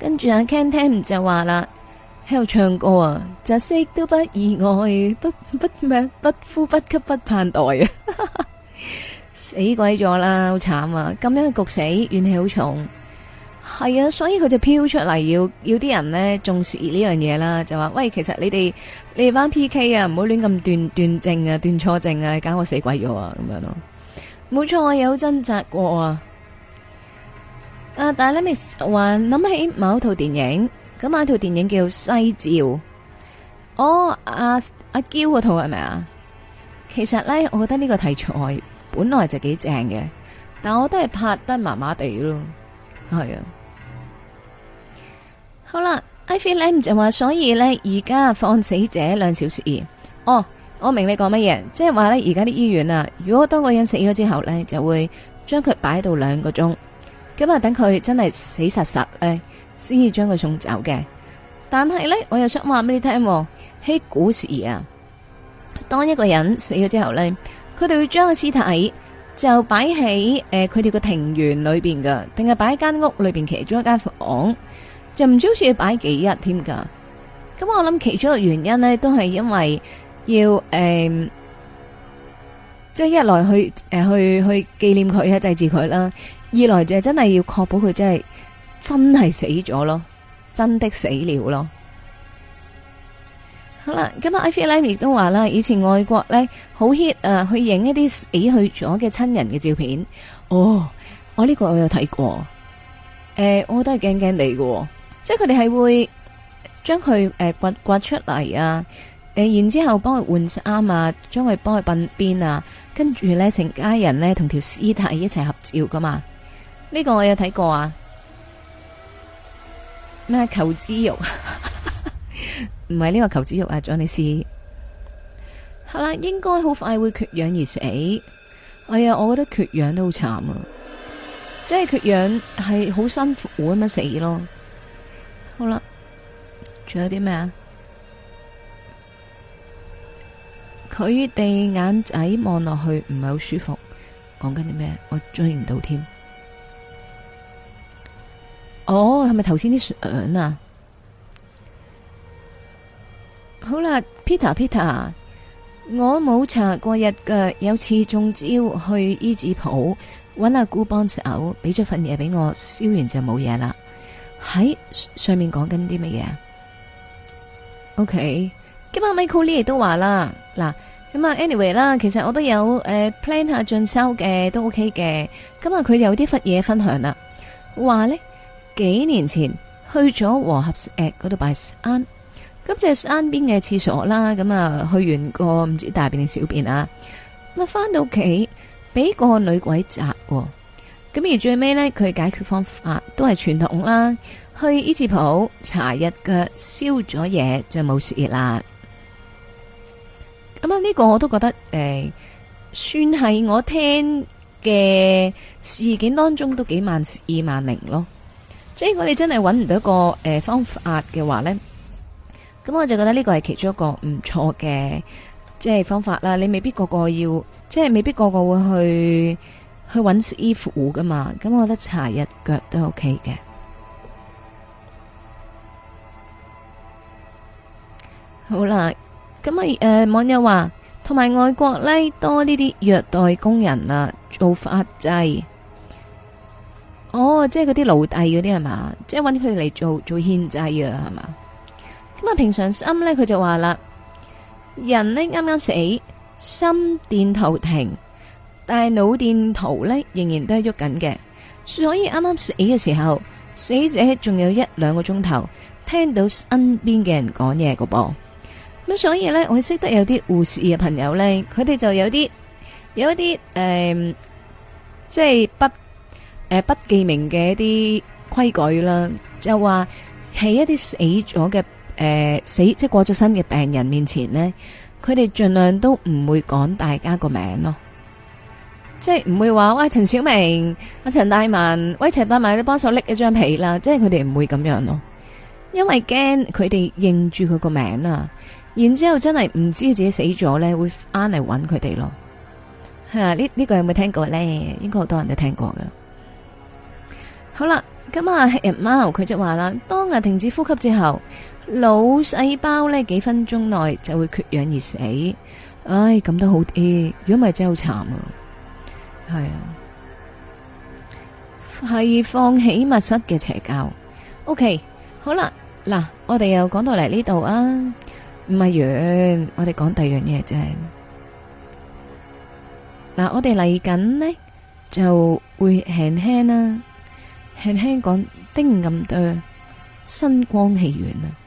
跟住阿 Ken 聽就話啦，喺度唱歌啊，窒息都不意外，不不咩不呼不吸不盼待啊，死鬼咗啦，好慘啊，咁樣焗死，怨氣好重。係啊，所以佢就飄出嚟，要要啲人呢，重視呢樣嘢啦，就話喂，其實你哋你哋班 P K 啊，唔好亂咁斷斷症啊，斷錯症啊，搞我死鬼咗啊，咁樣咯。冇錯，我有掙扎過啊。啊、uh，但係咧，Miss 話諗起某套電影，咁某套電影叫西照。哦，阿阿嬌嗰套係咪啊？其實呢，我覺得呢個題材本來就幾正嘅，但我都係拍得麻麻地咯。係啊，好啦，I feel like 就話所以呢，而家放死者兩小時。哦，我明你講乜嘢，即係話呢，而家啲醫院啊，如果當個人死咗之後呢，就會將佢擺到兩個鐘，咁啊等佢真係死實實呢，先至將佢送走嘅。但係呢，我又想話俾你聽喎，喺古時啊，當一個人死咗之後呢，佢哋會將個屍體。就擺喺誒佢哋個庭園裏邊嘅，定係擺喺間屋裏邊其中一間房，就唔知好似要擺幾日添噶。咁我諗其中一個原因咧，都係因為要誒，即係一來去誒去去紀念佢啊祭祀佢啦，二來就係真係要確保佢真係真係死咗咯，真的死了咯。好啦，今日 Ivy 咧，亦都話啦，以前外國咧好 hit 啊，去影一啲死去咗嘅親人嘅照片。哦，我、哦、呢、這個我有睇過，誒、欸，我都係驚驚地嘅，即係佢哋係會將佢誒掘掘出嚟啊，誒、呃，然之後幫佢換衫啊，將佢幫佢鬢邊啊，跟住咧成家人咧同條屍體一齊合照噶嘛。呢、這個我有睇過啊，咩求之欲？ 唔係呢個求子欲啊，張女士，好啦，應該好快會缺氧而死。哎呀，我覺得缺氧都好慘啊，即係缺氧係好辛苦咁樣死咯。好啦，仲有啲咩啊？佢哋眼仔望落去唔係好舒服，講緊啲咩？我追唔到添。哦，係咪頭先啲相啊？好啦，Peter，Peter，我冇查過日腳，有次中招去衣紙舖揾阿姑幫手，俾咗份嘢俾我燒完就冇嘢啦。喺、哎、上面講緊啲乜嘢？OK，今日 Michael Lee 都話啦，嗱，咁啊，Anyway 啦，其實我都有誒 plan、呃、下進修嘅，都 OK 嘅。今日佢有啲忽嘢分享啦，話咧幾年前去咗和合石嗰度拜咁就係山邊嘅廁所啦，咁啊去完個唔知大便定小便啊，咁啊翻到屋企俾個女鬼砸、喔。咁而最尾呢，佢解決方法都係傳統啦，去衣紙鋪搽日腳，燒咗嘢就冇事嘞啦。咁啊，呢個我都覺得誒、欸，算係我聽嘅事件當中都幾萬二萬零咯。即係如果你真係搵唔到一個誒、欸、方法嘅話呢。咁我就覺得呢個係其中一個唔錯嘅即係方法啦。你未必個個，個要，即係未必個個會去去揾師父噶嘛。咁我覺得查日腳都 OK 嘅。好啦，咁啊，誒、呃，網友話同埋外國呢多呢啲虐待工人啊，做法祭哦，即係嗰啲奴隸嗰啲係嘛，即係揾佢嚟做做獻祭啊，係嘛？咁啊，平常心咧，佢就話啦，人咧啱啱死，心電圖停，但係腦電圖咧仍然都係喐緊嘅，所以啱啱死嘅時候，死者仲有一兩個鐘頭聽到身邊嘅人講嘢嘅噃。咁所以咧，我識得有啲護士嘅朋友咧，佢哋就有啲有一啲誒，即係不誒不記名嘅一啲規矩啦，就話係一啲死咗嘅。誒、呃，死即係過咗身嘅病人面前呢，佢哋盡量都唔會講大家個名咯，即係唔會話喂，陳小明、阿、啊、陳大文，喂陳大文你幫手拎一張被啦，即係佢哋唔會咁樣咯，因為驚佢哋認住佢個名啊，然之後真係唔知道自己死咗呢，會翻嚟揾佢哋咯。係啊呢呢、呢個有冇聽過呢？應該好多人都聽過噶。 好啦，咁啊，人貓佢就話啦，當人停止呼吸之後。腦細胞呢，幾分鐘內就會缺氧而死，唉，咁都好啲，如果唔係真係好慘啊，係啊，係放起密室嘅邪教。O K，好啦，嗱，我哋又講到嚟呢度啊，唔係完，我哋講第二樣嘢啫。嗱，我哋嚟緊呢就會輕輕啦，輕輕講啲咁多新光戲院啊。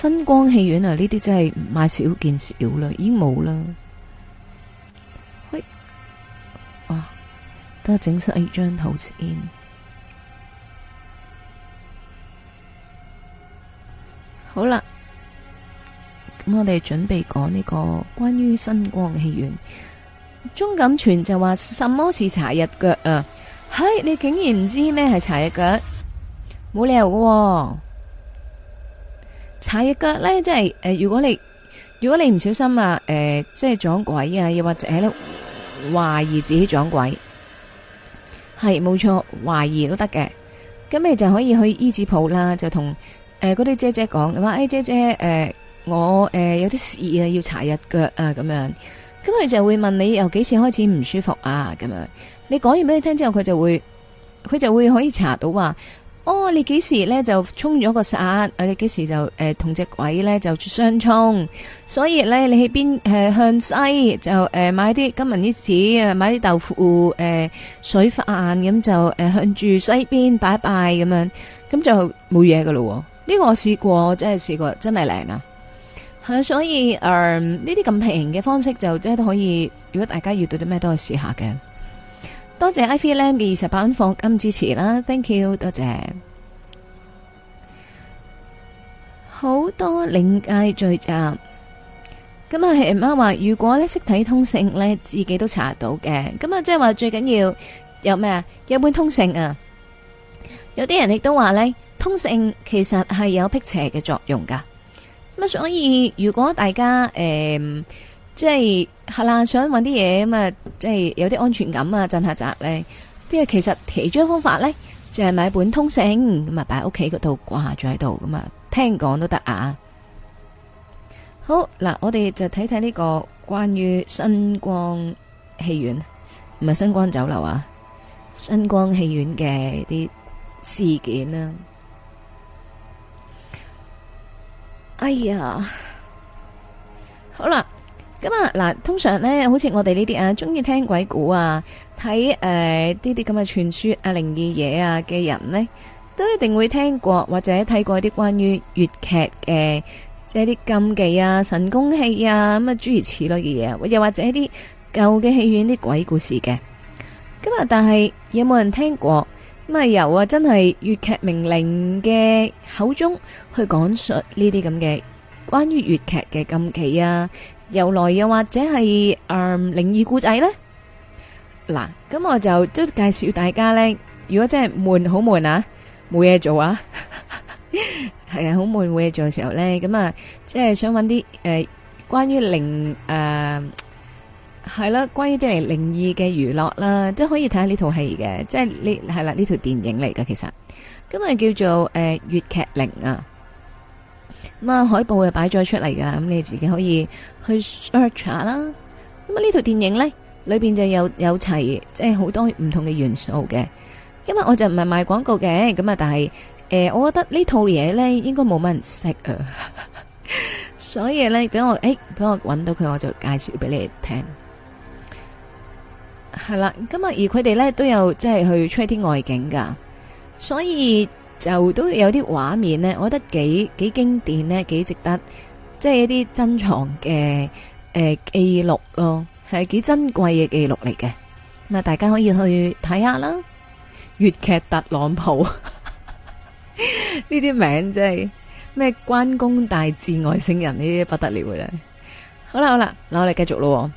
新光戲院啊，呢啲真係買少見少啦，已經冇啦。嘿，啊，等我整出一張圖先。好啦，咁我哋準備講呢個關於新光戲院。鍾錦全就話：什麼是茶日腳啊？嘿，你竟然唔知咩係茶日腳，冇理由噶。查日腳咧，即係誒、呃，如果你如果你唔小心啊，誒、呃，即係撞鬼啊，又或者咧懷疑自己撞鬼，係冇錯，懷疑都得嘅。咁你就可以去醫字鋪啦，就同誒嗰啲姐姐講，話、呃、誒姐姐，誒、呃、我誒、呃、有啲事啊，要查日腳啊，咁樣。咁佢就會問你由幾時開始唔舒服啊，咁樣。你講完俾你聽之後，佢就會佢就會可以查到話。哦，你幾時咧就沖咗個煞。我哋幾時就誒同隻鬼咧就相沖，所以咧你喺邊誒向西就誒、呃、買啲金銀啲紙啊，買啲豆腐誒水飯咁就誒向住西邊拜拜咁樣，咁就冇嘢噶咯呢個我試過，真係試過，真係靚啊！吓、啊，所以誒呢啲咁平嘅方式就即係都可以，如果大家遇到啲咩都可以試下嘅。多謝 IVLAM 嘅二十八蚊課金支持啦，thank you，多謝好多領界聚集。咁啊，Emma 話如果咧識睇通勝咧，自己都查到嘅。咁、就、啊、是，即係話最緊要有咩啊？有本通勝啊！有啲人亦都話咧，通勝其實係有辟邪嘅作用噶。咁啊，所以如果大家誒，呃即係係啦，想搵啲嘢咁啊，即係有啲安全感啊，鎮下宅咧。即係，其實其中方法咧，就係買本通勝咁啊，擺喺屋企嗰度掛住喺度咁啊，聽講都得啊。好嗱，我哋就睇睇呢個關於新光戲院，唔係新光酒樓啊，新光戲院嘅啲事件啦。哎呀，好啦。咁啊嗱，通常呢，好似我哋呢啲啊，中意聽鬼故啊，睇誒呢啲咁嘅傳說啊、靈異嘢啊嘅人呢，都一定會聽過或者睇過一啲關於粵劇嘅，即係啲禁忌啊、神功戲啊咁啊諸如此類嘅嘢，又或者一啲舊嘅戲院啲鬼故事嘅。咁啊，但係有冇人聽過咁啊？由啊真係粵劇名伶嘅口中去講述呢啲咁嘅關於粵劇嘅禁忌啊？由來又或者係誒靈異故仔咧，嗱咁我就都介紹大家咧，如果真係悶好悶啊，冇嘢做啊，係啊好悶冇嘢做嘅時候咧，咁啊即係想揾啲誒關於靈誒係啦，關於啲嚟靈異嘅娛樂啦，即係可以睇下呢套戲嘅，即係呢係啦呢條電影嚟噶其實，咁啊叫做誒粵劇靈啊。咁啊，海報又擺咗出嚟噶，咁你自己可以去 search 下啦。咁啊，呢套電影呢裏邊就有有齊，即係好多唔同嘅元素嘅。因為我就唔係賣廣告嘅，咁啊，但係誒、呃，我覺得這套東西呢套嘢呢應該冇乜人識啊， 所以呢，俾我誒，俾、欸、我揾到佢，我就介紹俾你聽。係啦，咁啊，今日而佢哋呢都有即係、就是、去出啲外景噶，所以，就都有啲畫面呢，我覺得幾幾經典呢，幾值得即係一啲珍藏嘅誒、呃、記錄咯，係幾珍貴嘅記錄嚟嘅。咁啊，大家可以去睇下啦。粵劇特朗普呢 啲名真係咩關公大戰外星人呢啲不得了嘅，好啦好啦，嗱我哋繼續咯。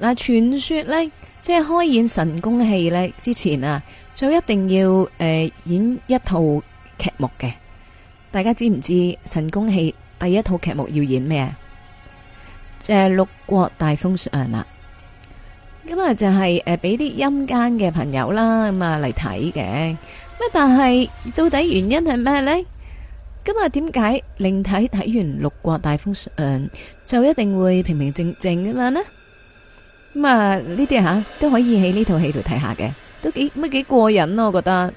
嗱傳說咧。即係開演神功戲呢，之前啊，就一定要誒演一套劇目嘅。大家知唔知神功戲第一套劇目要演咩？誒，六國大封相啦。咁啊，就係誒俾啲陰間嘅朋友啦，咁啊嚟睇嘅。咁但係到底原因係咩呢？咁啊，點解令睇睇完六國大封相就一定會平平靜靜咁樣呢？咁啊，呢啲吓都可以喺呢套戲度睇下嘅，都幾乜幾過癮咯，我覺得。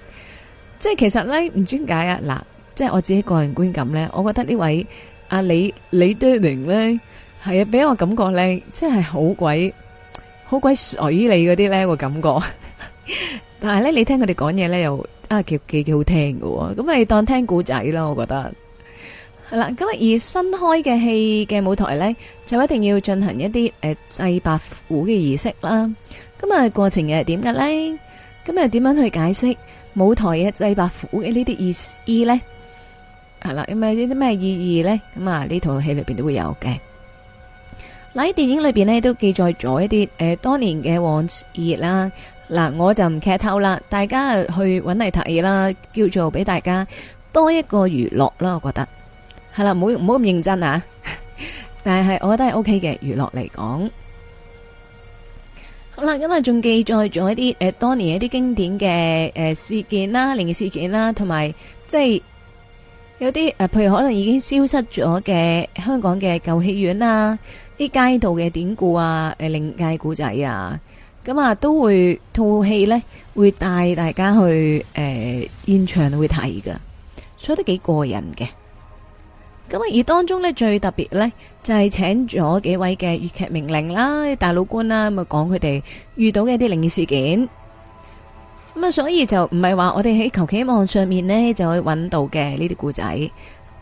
即係其實咧，唔知點解啊，嗱，即係我自己個人觀感咧，我覺得呢位阿李李德寧咧，係啊，俾我感覺咧，即係好鬼好鬼水你嗰啲咧個感覺。但係咧，你聽佢哋講嘢咧，又真係幾幾幾好聽噶，咁咪當聽古仔囉，我覺得。係、嗯、啦，咁啊而新開嘅戲嘅舞台呢，就一定要進行一啲誒祭白虎嘅儀式啦。咁、嗯、啊過程又係點嘅呢？咁、嗯、又點樣去解釋舞台嘅祭白虎嘅呢啲、嗯嗯、意義呢？係、嗯、啦，有冇呢啲咩意義呢？咁啊，呢套戲裏邊都會有嘅。嗱、嗯，喺電影裏邊呢，都記載咗一啲誒，當年嘅往事啦。嗱、嗯，我就唔劇透啦，大家去搵嚟睇啦，叫做俾大家多一個娛樂啦，我覺得。係啦，唔好唔好咁認真啊！但係我覺得係 O K 嘅娛樂嚟講，好啦，咁啊仲記載咗一啲誒，當年一啲經典嘅誒事件啦，靈異事件啦，同埋即係有啲誒，譬如可能已經消失咗嘅香港嘅舊戲院啊，啲街道嘅典故啊，誒，靈異故仔啊，咁啊都會套戲咧，會帶大家去誒現場會睇噶，所以都幾過癮嘅。咁啊，而當中呢最特別呢，就係請咗幾位嘅粵劇名伶啦、大老官啦，咁啊講佢哋遇到嘅一啲靈異事件。咁啊，所以就唔係話我哋喺求其喺網上面呢，就可以搵到嘅呢啲故仔。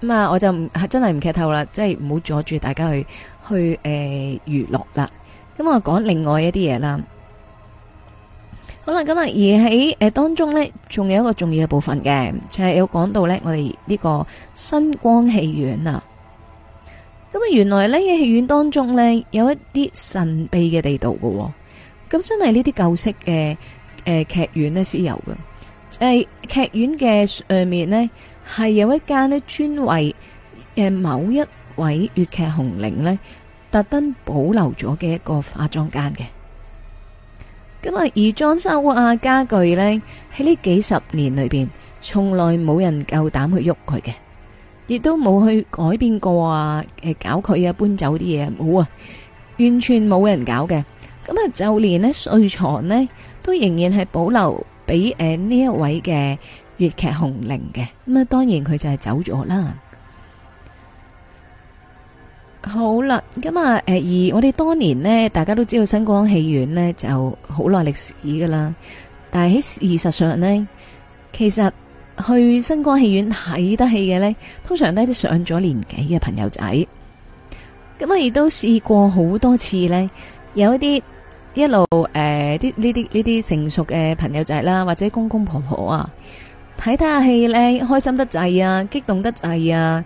咁啊，我就唔係真係唔劇透啦，即係唔好阻住大家去去誒娛樂啦。咁、呃、我講另外一啲嘢啦。好啦，咁啊，而喺誒當中呢，仲有一個重要嘅部分嘅，就係有講到呢，我哋呢個新光戲院啊。咁啊，原來呢，戲院當中呢，有一啲神秘嘅地道嘅，咁真係呢啲舊式嘅誒劇院呢，先有嘅。誒，劇院嘅上面呢，係有一間呢專為誒某一位粵劇紅伶呢特登保留咗嘅一個化妝間嘅。咁啊，而裝修啊傢具呢，喺呢幾十年裏邊，從來冇人夠膽去喐佢嘅，亦都冇去改變過啊！誒，搞佢啊，搬走啲嘢冇啊，完全冇人搞嘅。咁啊，就連呢睡床呢，都仍然係保留俾誒呢一位嘅粵劇紅伶嘅。咁啊，當然佢就係走咗啦。好啦，咁啊，誒，而我哋多年呢，大家都知道新光戲院呢就好耐歷史噶啦，但係喺事實上呢，其實去新光戲院睇得戲嘅呢，通常都係啲上咗年紀嘅朋友仔，咁啊，亦都試過好多次呢，有一啲一路誒，啲呢啲呢啲成熟嘅朋友仔啦，或者公公婆婆啊，睇睇下戲呢，開心得滯啊，激動得滯啊。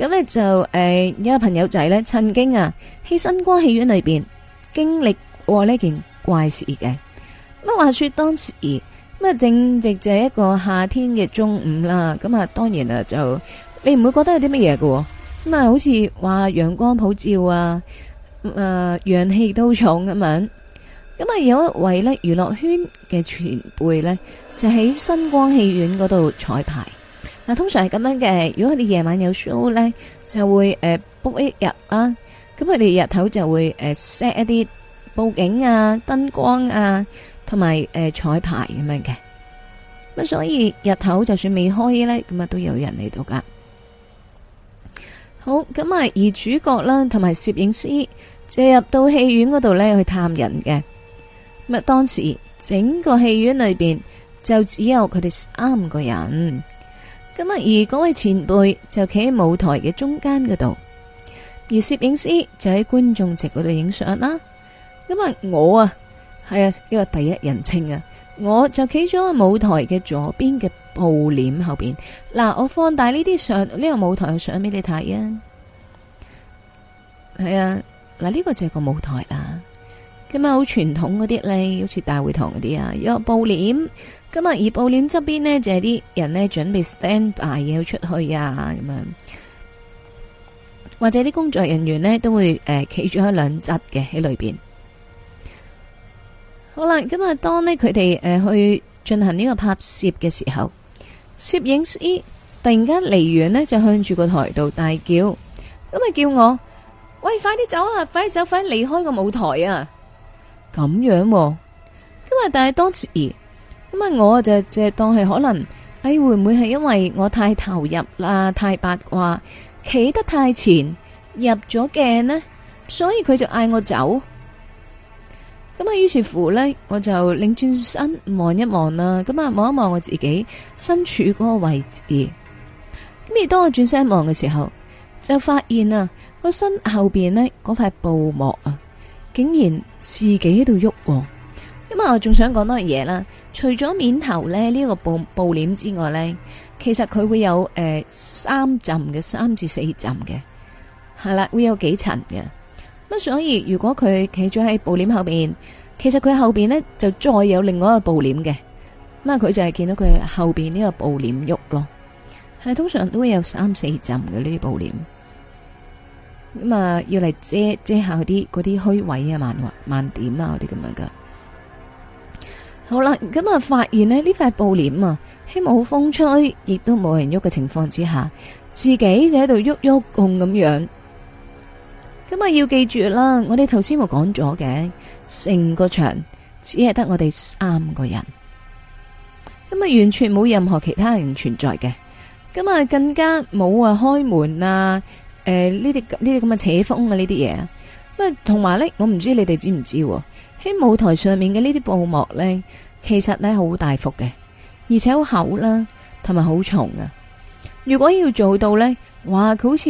咁咧就誒、呃，有個朋友仔咧，曾經啊，喺新光戲院裏邊經歷過呢件怪事嘅。咁話說當時咁啊，正值就係一個夏天嘅中午啦。咁啊，當然啊，就你唔會覺得有啲乜嘢喎。咁啊，好似話陽光普照啊，誒、呃，陽氣都重咁樣。咁啊，有一位咧娛樂圈嘅前輩咧，就喺新光戲院嗰度彩排。通常係咁樣嘅。如果佢哋夜晚有 show 呢，就會誒 book、呃、一日啦。咁佢哋日頭就會誒 set、呃、一啲布景啊、燈光啊，同埋誒彩排咁樣嘅。咁所以日頭就算未開呢，咁啊都有人嚟到噶。好，咁啊，而主角啦同埋攝影師就入到戲院嗰度呢去探人嘅。咁啊，當時整個戲院裏邊就只有佢哋三個人。咁啊，而嗰位前輩就企喺舞台嘅中間嗰度，而攝影師就喺觀眾席嗰度影相啦。咁啊，我啊係啊呢個第一人稱啊，我就企咗喺舞台嘅左邊嘅布簾後邊。嗱、啊，我放大呢啲相，呢、呢個舞台嘅相俾你睇啊。係啊，嗱、啊、呢、呢個就係個舞台啦。咁啊，好傳統嗰啲咧，好似大會堂嗰啲啊，有個布簾。今日而布簾側邊呢，就係啲人呢準備 stand By 嘢出去啊咁樣，或者啲工作人員呢，都會誒企住喺兩側嘅喺裏邊。好啦，咁啊當呢，佢哋誒去進行呢個拍攝嘅時候，攝影師突然間離遠呢，就向住個台度大叫，咁啊叫我，喂快啲走啊，快啲走，快啲離開個舞台啊！咁樣，咁啊但係當時。咁啊，我就就當係可能，哎，會唔會係因為我太投入啦，太八卦，企得太前，入咗鏡呢？所以佢就嗌我走。咁啊，於是乎呢，我就擰轉身望一望啦。咁啊，望一望我自己身處嗰個位置。咁而當我轉身望嘅時候，就發現啊，個身後邊呢，嗰塊布幕啊，竟然自己喺度喐。咁啊，我仲想講多樣嘢啦。除咗面頭咧，呢、這個布布簾之外呢其實佢會有誒、呃、三浸嘅三至四浸嘅，係啦，會有幾層嘅。咁所以如果佢企咗喺布簾後邊，其實佢後邊呢就再有另外一個布簾嘅。咁啊，佢就係見到佢後邊呢個布簾喐咯。係通常都會有三四浸嘅呢啲布簾。咁啊，要嚟遮遮下嗰啲嗰啲虛位啊、漫畫、盲點啊嗰啲咁樣噶。好啦，咁啊，發現呢塊布簾啊，希望好風吹，亦都冇人喐嘅情況之下，自己就喺度喐喐共咁樣。咁啊，要記住啦，我哋頭先咪講咗嘅，成個場只係得我哋三個人，咁啊，完全冇任何其他人存在嘅，咁啊，更加冇啊開門啊，誒呢啲呢啲咁嘅扯風啊呢啲嘢，咁啊同埋呢，我唔知你哋知唔知。喺舞台上面嘅呢啲布幕呢，其實呢好大幅嘅，而且好厚啦，同埋好重啊！如果要做到呢，哇，佢好似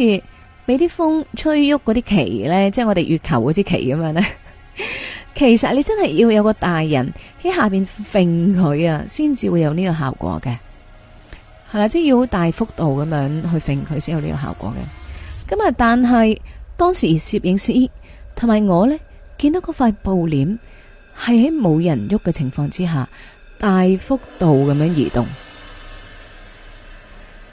俾啲風吹喐嗰啲旗呢，即係我哋月球嗰支旗咁樣呢。其實你真係要有個大人喺下邊揈佢啊，先至會有呢個效果嘅，係啦。即係要好大幅度咁樣去揈佢先有呢個效果嘅。咁啊，但係當時攝影師同埋我呢。見到嗰塊布簾係喺冇人喐嘅情況之下大幅度咁樣移動，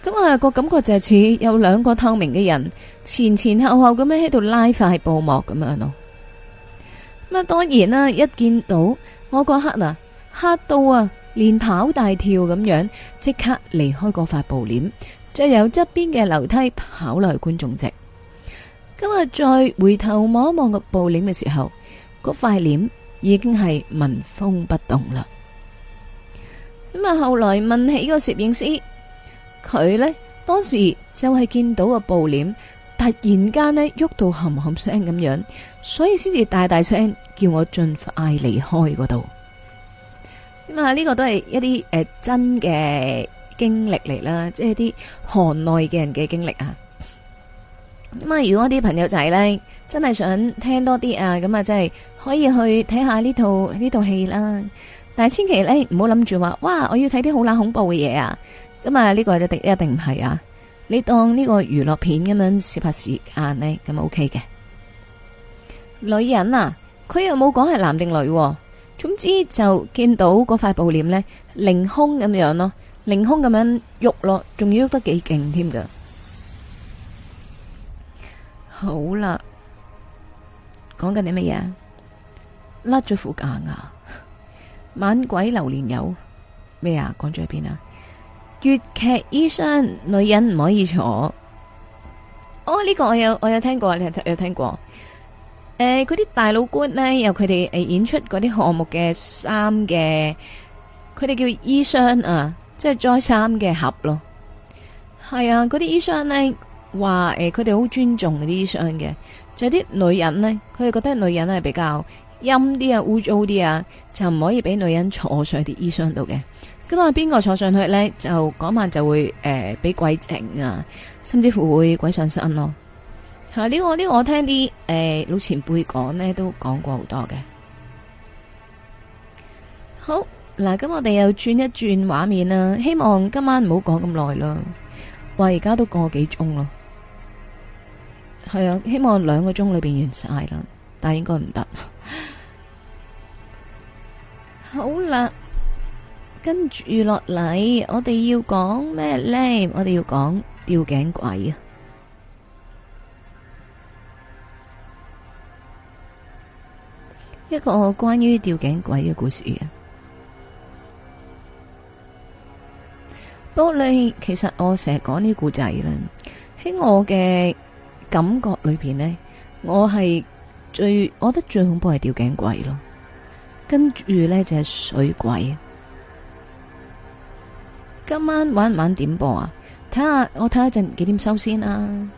咁啊個感覺就似有兩個透明嘅人前前後後咁樣喺度拉塊布幕咁樣咯。咁啊當然啦，一見到我嗰刻啊，吓到啊，連跑帶跳咁樣即刻離開嗰塊布簾，就由側邊嘅樓梯跑落去觀眾席。咁啊再回頭望一望個布簾嘅時候。嗰塊臉已經係紋風不動啦。咁啊，後來問起個攝影師，佢呢當時就係見到個布簾突然間呢喐到冚冚聲咁樣，所以先至大大聲叫我盡快離開嗰度。咁啊，呢個都係一啲誒真嘅經歷嚟啦，即係啲行內嘅人嘅經歷啊。咁啊，如果啲朋友仔呢，真係想聽多啲啊，咁啊，真係。可以去睇下呢套呢套戲啦，但係千祈咧唔好諗住話哇，我要睇啲好冷恐怖嘅嘢啊！咁啊，呢個一定一定唔係啊！你當呢個娛樂片咁樣消下時間呢咁 OK 嘅。女人啊，佢又冇講係男定女、啊，總之就見到嗰塊布簾呢，凌空咁樣咯，凌空咁樣喐咯，仲要喐得幾勁添噶。好啦，講緊啲乜嘢？甩咗副假牙，猛鬼榴槤有咩啊？講咗喺邊啊？粵劇衣箱女人唔可以坐。哦，呢、這個我有我有聽過，你有聽過誒？啲、欸、大佬官呢，由佢哋誒演出嗰啲項目嘅衫嘅，佢哋叫衣箱啊，即係裝衫嘅盒咯。係啊，嗰啲衣箱呢話誒，佢哋好尊重嗰啲衣箱嘅，就係啲女人呢，佢哋覺得女人係比較。陰啲啊，污糟啲啊，就唔可以俾女人坐上啲衣箱度嘅。咁啊，邊個坐上去呢？就嗰晚就會誒俾、呃、鬼整啊，甚至乎會鬼上身咯。係、啊、呢、這個呢，這個、我聽啲誒、呃、老前輩講呢都講過好多嘅。好，嗱、啊，咁我哋又轉一轉畫面啦。希望今晚唔好講咁耐咯。話而家都過幾鐘咯。係啊，希望兩個鐘裏邊完晒啦，但係應該唔得。好啦，跟住落嚟，我哋要講咩呢？我哋要講吊頸鬼啊！一個關於吊頸鬼嘅故事啊！不過你其實我成日講呢個故仔呢，喺我嘅感覺裏邊呢，我係最我覺得最恐怖係吊頸鬼咯。跟住呢，就係水鬼。今晚玩唔玩點播啊？睇下，我睇下陣幾點收先啊？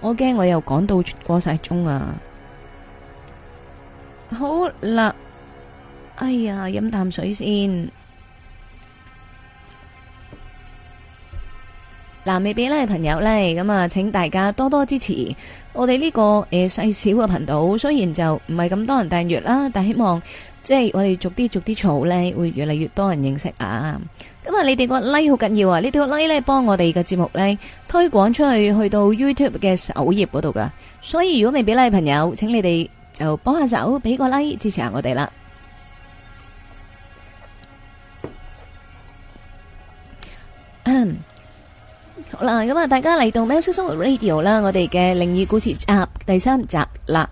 我驚我又講到過晒鐘啊！好啦，哎呀，飲啖水先。嗱，未俾呢朋友呢，咁啊，請大家多多支持我哋呢個誒細小嘅頻道。雖然就唔係咁多人訂閱啦，但希望。即係我哋逐啲逐啲嘈，呢會越嚟越多人認識啊！咁啊，你哋個 like 好緊要啊！呢個 like 呢，幫我哋嘅節目呢，推廣出去，去到 YouTube 嘅首頁嗰度噶。所以如果未俾 like 嘅朋友，請你哋就幫下手俾個 like 支持下我哋啦。好啦，咁啊，大家嚟到喵式生活 Radio 啦，我哋嘅靈異故事集第三集啦。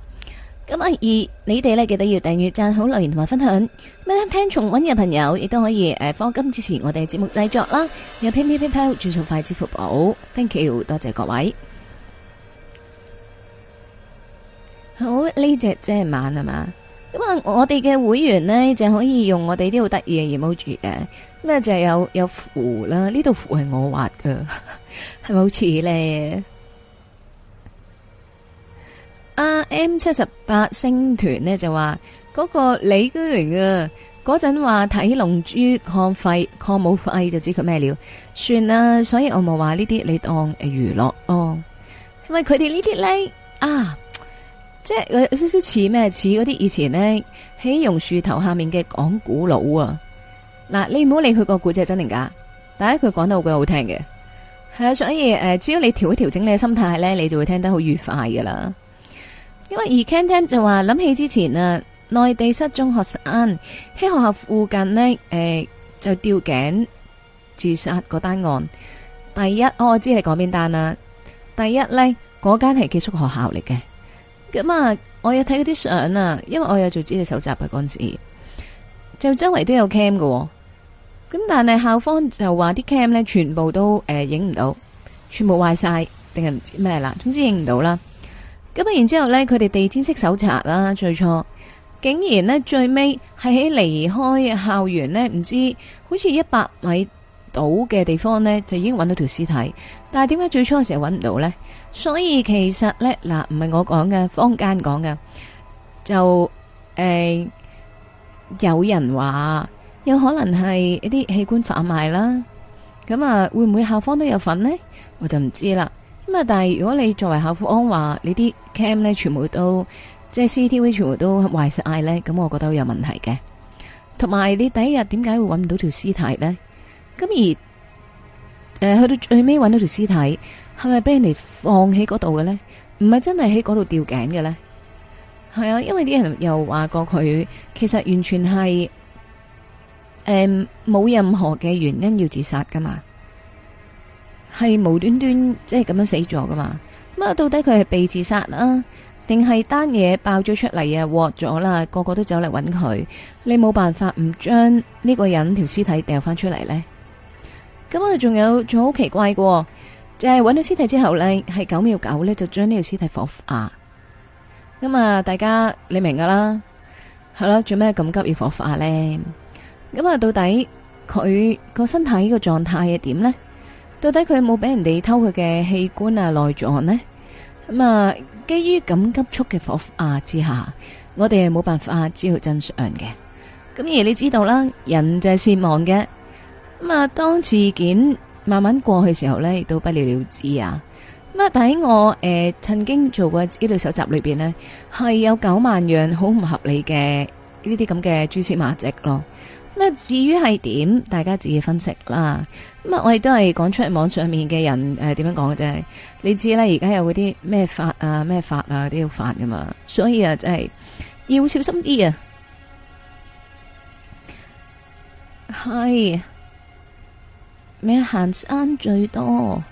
咁啊二，你哋呢記得要訂閱、讚好、留言同埋分享。咩聽重温嘅朋友亦都可以誒，放金支持我哋嘅節目製作啦。有 p 噼 p 啪注宿快支付寶 thank you，多謝各位。好，呢隻即係晚係嘛？咁啊，我哋嘅會員呢，就可以用我哋啲好得意嘅 emoji 嘅咩，就係有有符啦。符 是是呢度符係我畫噶，係咪好似咧。阿 M 七十八星團呢，就話嗰、嗰個李居榮啊，嗰陣話睇龍珠抗肺抗冇肺就知佢咩料，算啦，所以我冇話呢啲你當誒娛樂哦，因咪？佢哋呢啲呢啊，即係有少少似咩似嗰啲以前呢，喺榕樹頭下面嘅講古佬啊，嗱你唔好理佢個古仔係真定假，但係佢講得好鬼好聽嘅，係啊，所以誒、呃、只要你調一調整你嘅心態咧，你就會聽得好愉快噶啦。因為而 Ken 聽就話諗起之前啊，內地失蹤學生喺學校附近呢，誒、呃、就吊頸自殺嗰單案。第一，我知你講邊單啦。第一呢，嗰間係寄宿學校嚟嘅。咁啊，我有睇嗰啲相啊，因為我有做資料搜集啊。嗰陣時，就周圍都有 cam 嘅。咁但係校方就話啲 cam 呢全部都誒影唔到，全部壞晒，定係唔知咩啦。總之影唔到啦。咁然之後呢佢哋地毯式搜查啦，最初竟然呢，最尾係喺離開校園呢，唔知好似一百米到嘅地方呢，就已經揾到條屍體。但係點解最初嘅時候揾唔到呢？所以其實呢，嗱，唔係我講嘅，坊間講嘅就誒、欸、有人話有可能係一啲器官販賣啦。咁啊，會唔會校方都有份呢？我就唔知啦。咁啊！但係如果你作為校保安話，你啲 cam 咧全部都即係 CCTV 全部都壞晒嗌，咧，咁我覺得有問題嘅。同埋你第一日點解會搵唔到條屍體咧？咁而誒去、呃、到最尾搵到條屍體，係咪俾人哋放喺嗰度嘅咧？唔係真係喺嗰度吊頸嘅咧？係啊，因為啲人又話過佢其實完全係誒冇任何嘅原因要自殺㗎嘛。係無端端即係咁樣死咗噶嘛？咁啊，到底佢係被自殺啦，定係單嘢爆咗出嚟啊？鑊咗啦，個個都走嚟揾佢，你冇辦法唔將呢個人條屍體掉翻出嚟咧？咁我哋仲有仲好奇怪嘅，就係、是、揾到屍體之後呢，係九秒九呢，就將呢條屍體火化。咁啊，大家你明噶啦，係啦，做咩咁急要火化呢？咁啊，到底佢個身體個狀態係點呢？到底佢有冇俾人哋偷佢嘅器官啊內臟呢？咁啊，基於咁急促嘅火壓之下，我哋係冇辦法知道真相嘅。咁而你知道啦，人就係善忘嘅。咁啊，當事件慢慢過去時候呢，亦都不了了之啊。咁啊，喺我誒、呃、曾經做過呢類手集裏邊呢，係有九萬樣好唔合理嘅呢啲咁嘅蛛絲馬迹咯。咁啊，至於係點，大家自己分析啦。咁啊！我哋都係講出網上面嘅人誒，點樣講嘅啫？你知啦。而家有嗰啲咩法啊、咩法啊都要法噶嘛。所以啊，就係、是、要小心啲啊。係咩？行山最多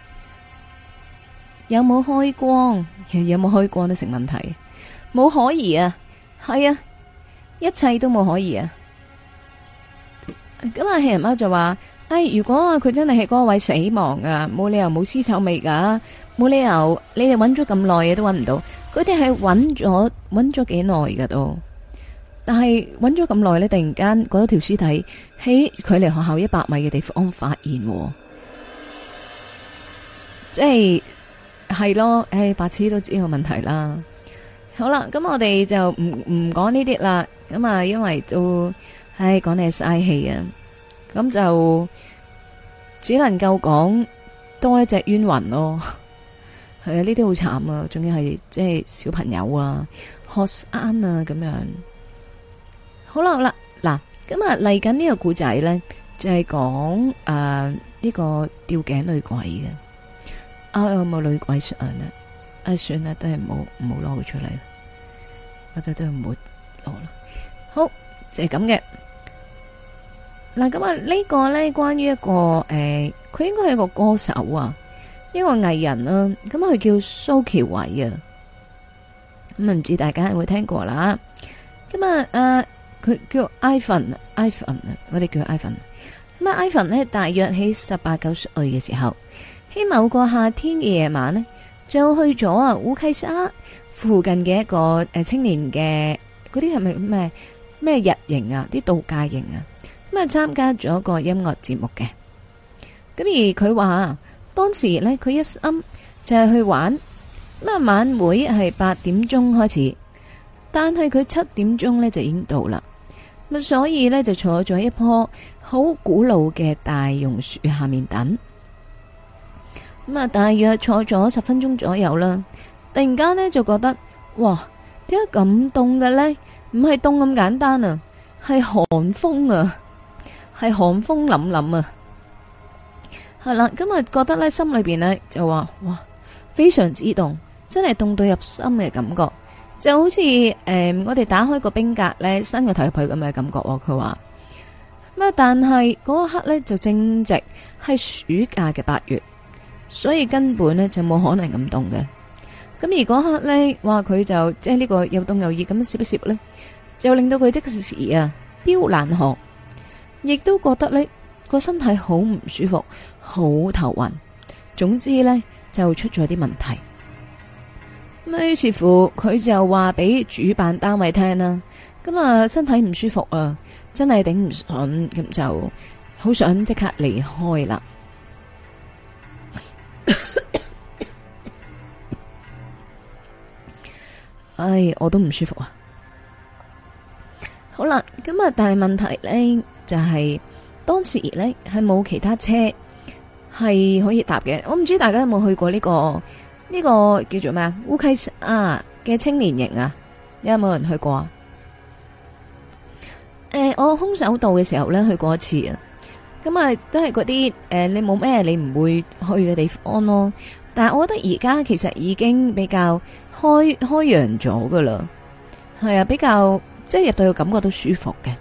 有冇開光？有冇開光都成問題。冇可疑啊。係啊，一切都冇可疑啊。咁啊，棄人貓就話。誒，如果啊，佢真係係嗰位死亡噶，冇理由冇屍臭味噶，冇理由你哋搵咗咁耐嘢都搵唔到，佢哋係搵咗搵咗幾耐噶都，但係搵咗咁耐咧，突然間嗰條屍體喺距離學校一百米嘅地方發現，即係係咯，誒，白痴都知個問題啦。好啦，咁我哋就唔唔講呢啲啦，咁啊，因為都，唉，講你嘥氣啊。咁就只能夠講多一隻冤魂咯，係 啊，呢啲好慘啊，仲要係即係小朋友啊，學生啊咁樣。好啦好啦，嗱，咁啊嚟緊呢個故仔咧，就係講誒呢個吊頸女鬼嘅。啊有冇女鬼出現呢？啊，算啦，都係唔好攞佢出嚟，我哋都唔好攞啦。好，就係咁嘅。嗱咁啊，呢個咧關於一個誒，佢、呃、應該係一個歌手啊，一個藝人啦。咁佢叫蘇喬偉啊，咁啊唔知大家有冇聽過啦，咁啊，誒，佢叫 Ivan，Ivan 啊，我哋叫 Ivan。咁啊，Ivan 咧大約喺十八九歲嘅時候，喺某個夏天嘅夜晚咧，就去咗啊烏溪沙附近嘅一個誒青年嘅嗰啲係咪咩咩日營啊，啲度假營啊。咁參加咗個音樂節目嘅，咁而佢話當時呢，佢一心就係去玩。咁晚會係八點鐘開始，但係佢七點鐘呢就已經到啦。咁所以呢，就坐咗一棵好古老嘅大榕樹下面等。咁啊，大約坐咗十分鐘左右啦，突然間呢，就覺得，哇，點解咁凍嘅呢？唔係凍咁簡單啊，係寒風啊！係寒風凛凛啊，係啦，咁我覺得呢，心裏邊呢就話，哇，非常之凍，真係凍到入心嘅感覺，就好似誒、呃、我哋打開個冰格咧，伸個頭入去咁嘅感覺。哦，佢話咩？但係嗰一刻呢就正值係暑假嘅八月，所以根本呢就冇可能咁凍嘅。咁而嗰刻呢，哇，佢就即係呢個又凍又熱咁，攝一攝呢，就令到佢即時啊飆冷汗。亦都覺得呢個身體好唔舒服，好頭暈。總之呢，就出咗啲問題。咁於是乎佢就話俾主辦單位聽啦，咁呀，身體唔舒服啊，真係頂唔順，咁就好想即刻離開啦。 唉，我都唔舒服啊。好啦，咁呀，大問題呢就係、是、當時熱咧，係冇其他車係可以搭嘅。我唔知大家有冇去過呢、這個呢、這個叫做咩啊烏溪沙嘅青年營啊？有冇有人去過啊？誒、呃，我空手道嘅時候呢，去過一次啊。咁啊，都係嗰啲誒，你冇咩你唔會去嘅地方咯。但係我覺得而家其實已經比較開開揚咗噶啦，係啊，比較即係入到去感覺都舒服嘅。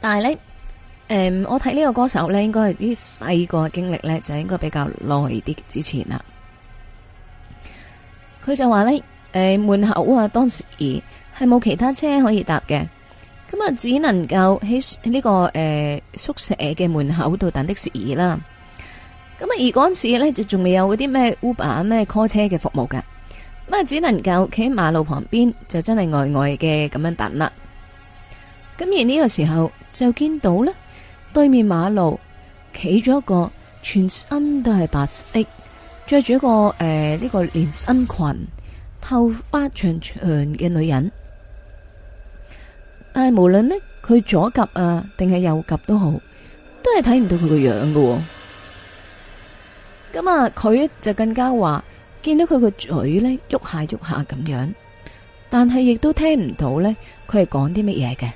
但係呢，誒、嗯，我睇呢個歌手呢應該係啲細個經歷呢，就應該比較耐啲之前啦。佢就話呢，誒、呃，門口啊，當時係冇其他車可以搭嘅，咁啊，只能夠喺呢個誒、呃、宿舍嘅門口度等的士啦。咁啊，而嗰時呢，就仲未有嗰啲咩 Uber 咩 call 車嘅服務噶，咁啊，只能夠企喺馬路旁邊，就真係呆呆嘅咁樣等啦。咁而呢個時候就見到呢，對面馬路企咗一個全身都係白色，着住一個誒呢、呃這個連身裙，頭髮長長嘅女人。但係無論呢佢左及啊，定係右及都好，都係睇唔到佢個樣喎。咁、嗯、啊，佢就更加話見到佢個嘴呢喐下喐下咁樣，但係亦都聽唔到呢，佢係講啲乜嘢嘅。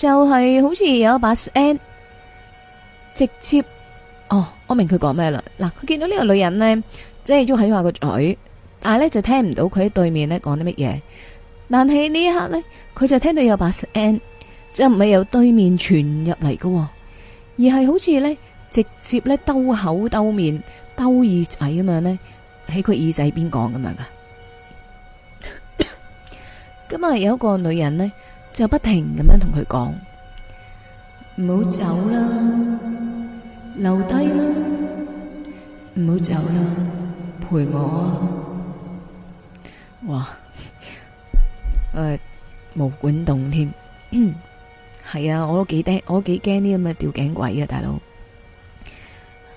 就係好似有一把聲，直接哦，我明佢講咩啦。嗱，佢見到呢個女人呢，即係郁起話個嘴，但係咧就聽唔到佢喺對面咧講啲乜嘢。但係呢一刻呢，佢就聽到有把聲，即係唔係由對面傳入嚟喎，而係好似呢，直接咧兜口兜面，兜耳仔咁樣呢，喺佢耳仔邊講咁樣噶。咁啊， 有一個女人呢。就不停咁樣同佢講，唔好走啦，留低啦，唔好走啦，陪我啊！哇，誒，毛管動添，係啊，我都幾驚，我都幾驚啲咁嘅吊頸鬼啊，大佬。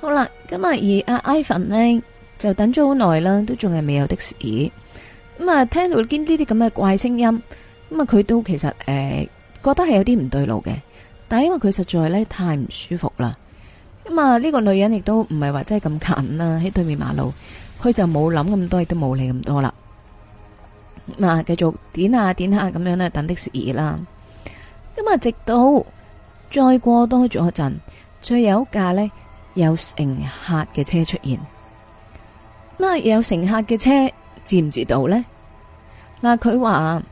好啦，咁啊，而阿 Ivan 呢就等咗好耐啦，都仲係未有的士。咁啊，聽到見呢啲咁嘅怪聲音。咁啊，佢都其實誒、呃，覺得係有啲唔對路嘅，但係因為佢實在呢太唔舒服啦。咁啊，呢個女人亦都唔係話真係咁近啦，喺對面馬路，佢就冇諗咁多，亦都冇理咁多啦。嗱、啊，繼續點下點下咁樣呢，等的士啦。咁啊，直到再過多咗一陣，再有一架呢，有乘客嘅車出現。咁、啊、有乘客嘅車知唔知道呢？嗱、啊，佢話。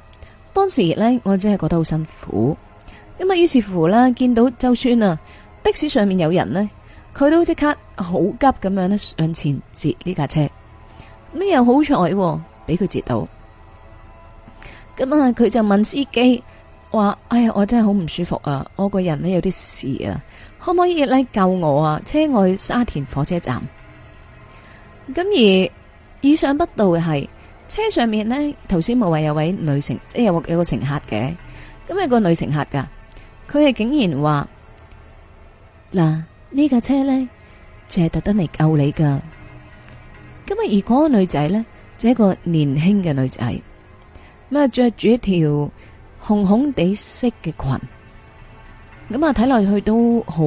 當時呢，我真係覺得好辛苦，咁啊，於是乎呢，見到就算啊的士上面有人呢，佢都即刻好急咁樣呢上前截呢架車，咁又好彩，俾佢截到。咁啊，佢就問司機話：哎呀，我真係好唔舒服啊，我個人呢有啲事啊，可唔可以呢救我啊？車外沙田火車站。咁而意想不到嘅係。車上面呢，頭先冇話有位女乘，即係有有個乘客嘅。咁有個女乘客噶，佢竟然話嗱呢架車呢，就係特登嚟救你噶咁啊，而嗰個女仔呢，就係，一個年輕嘅女仔，咁啊着住條紅紅地色嘅裙，咁啊睇落去都好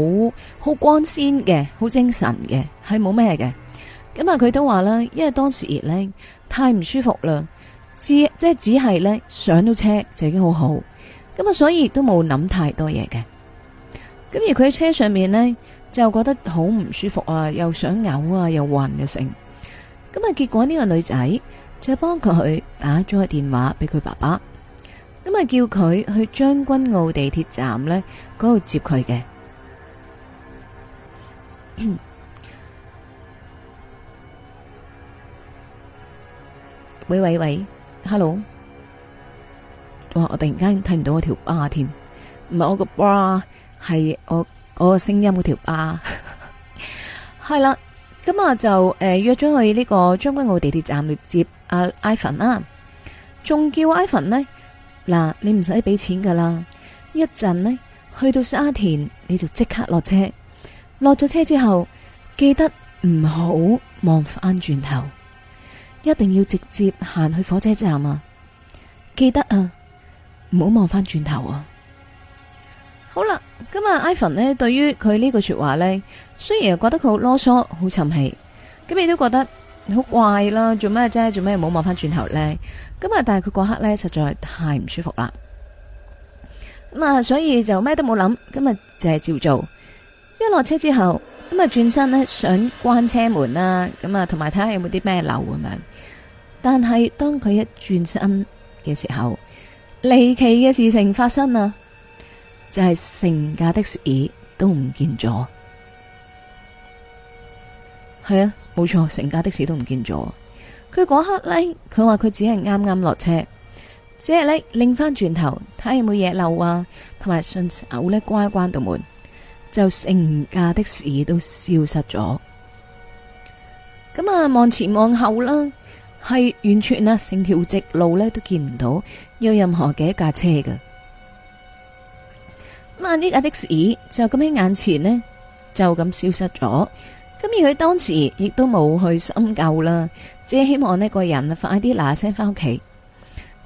好光鮮嘅，好精神嘅，係冇咩嘅。咁啊，佢都話啦，因為當時呢。太唔舒服啦，只即係只係咧上到車就已經好好，咁啊所以都冇諗太多嘢嘅。咁而佢喺車上面呢，就覺得好唔舒服啊，又想嘔啊，又暈又成，咁啊結果呢個女仔就幫佢打咗個電話俾佢爸爸，咁啊叫佢去將軍澳地鐵站呢嗰度接佢嘅。 喂喂喂，Hello！哇，我突然間睇唔到我條巴添，唔係我個疤，係我我個聲音嗰條疤，係啦，咁啊就誒約咗去呢個將軍澳地鐵站接阿、啊、Ivan 啦，仲叫 Ivan 呢，嗱你唔使俾錢噶啦，一陣呢，去到沙田你就即刻落車，落咗車之後記得唔好望翻轉頭。一定要直接行去火車站啊！記得啊，唔好望翻轉頭啊！好啦，咁啊，Ivan 呢對於佢呢句說話呢，雖然又覺得佢好囉嗦、好沉氣，咁亦都覺得好怪啦，做咩啫？做咩唔好望翻轉頭呢？咁啊，但係佢嗰刻呢，實在太唔舒服啦。咁啊，所以就咩都冇諗，咁啊，就係照做。一落車之後，咁啊，轉身呢，想關車門啦，咁啊，同埋睇下有冇啲咩漏咁樣。但係當佢一轉身嘅時候，離奇嘅事情發生啊！就係成架的士都唔見咗。係啊，冇錯，成架的士都唔見咗。佢嗰刻呢，佢話佢只係啱啱落車，只係咧擰翻轉頭睇有冇嘢漏啊，同埋順手呢，關一關道門，就成架的士都消失咗。咁啊，望前望後啦。係完全啊，成條直路咧都見唔到有任何嘅一架車嘅。咁啊呢架的士就咁喺眼前呢，就咁消失咗。咁而佢當時亦都冇去深究啦，只係希望呢個人快啲嗱聲翻屋企。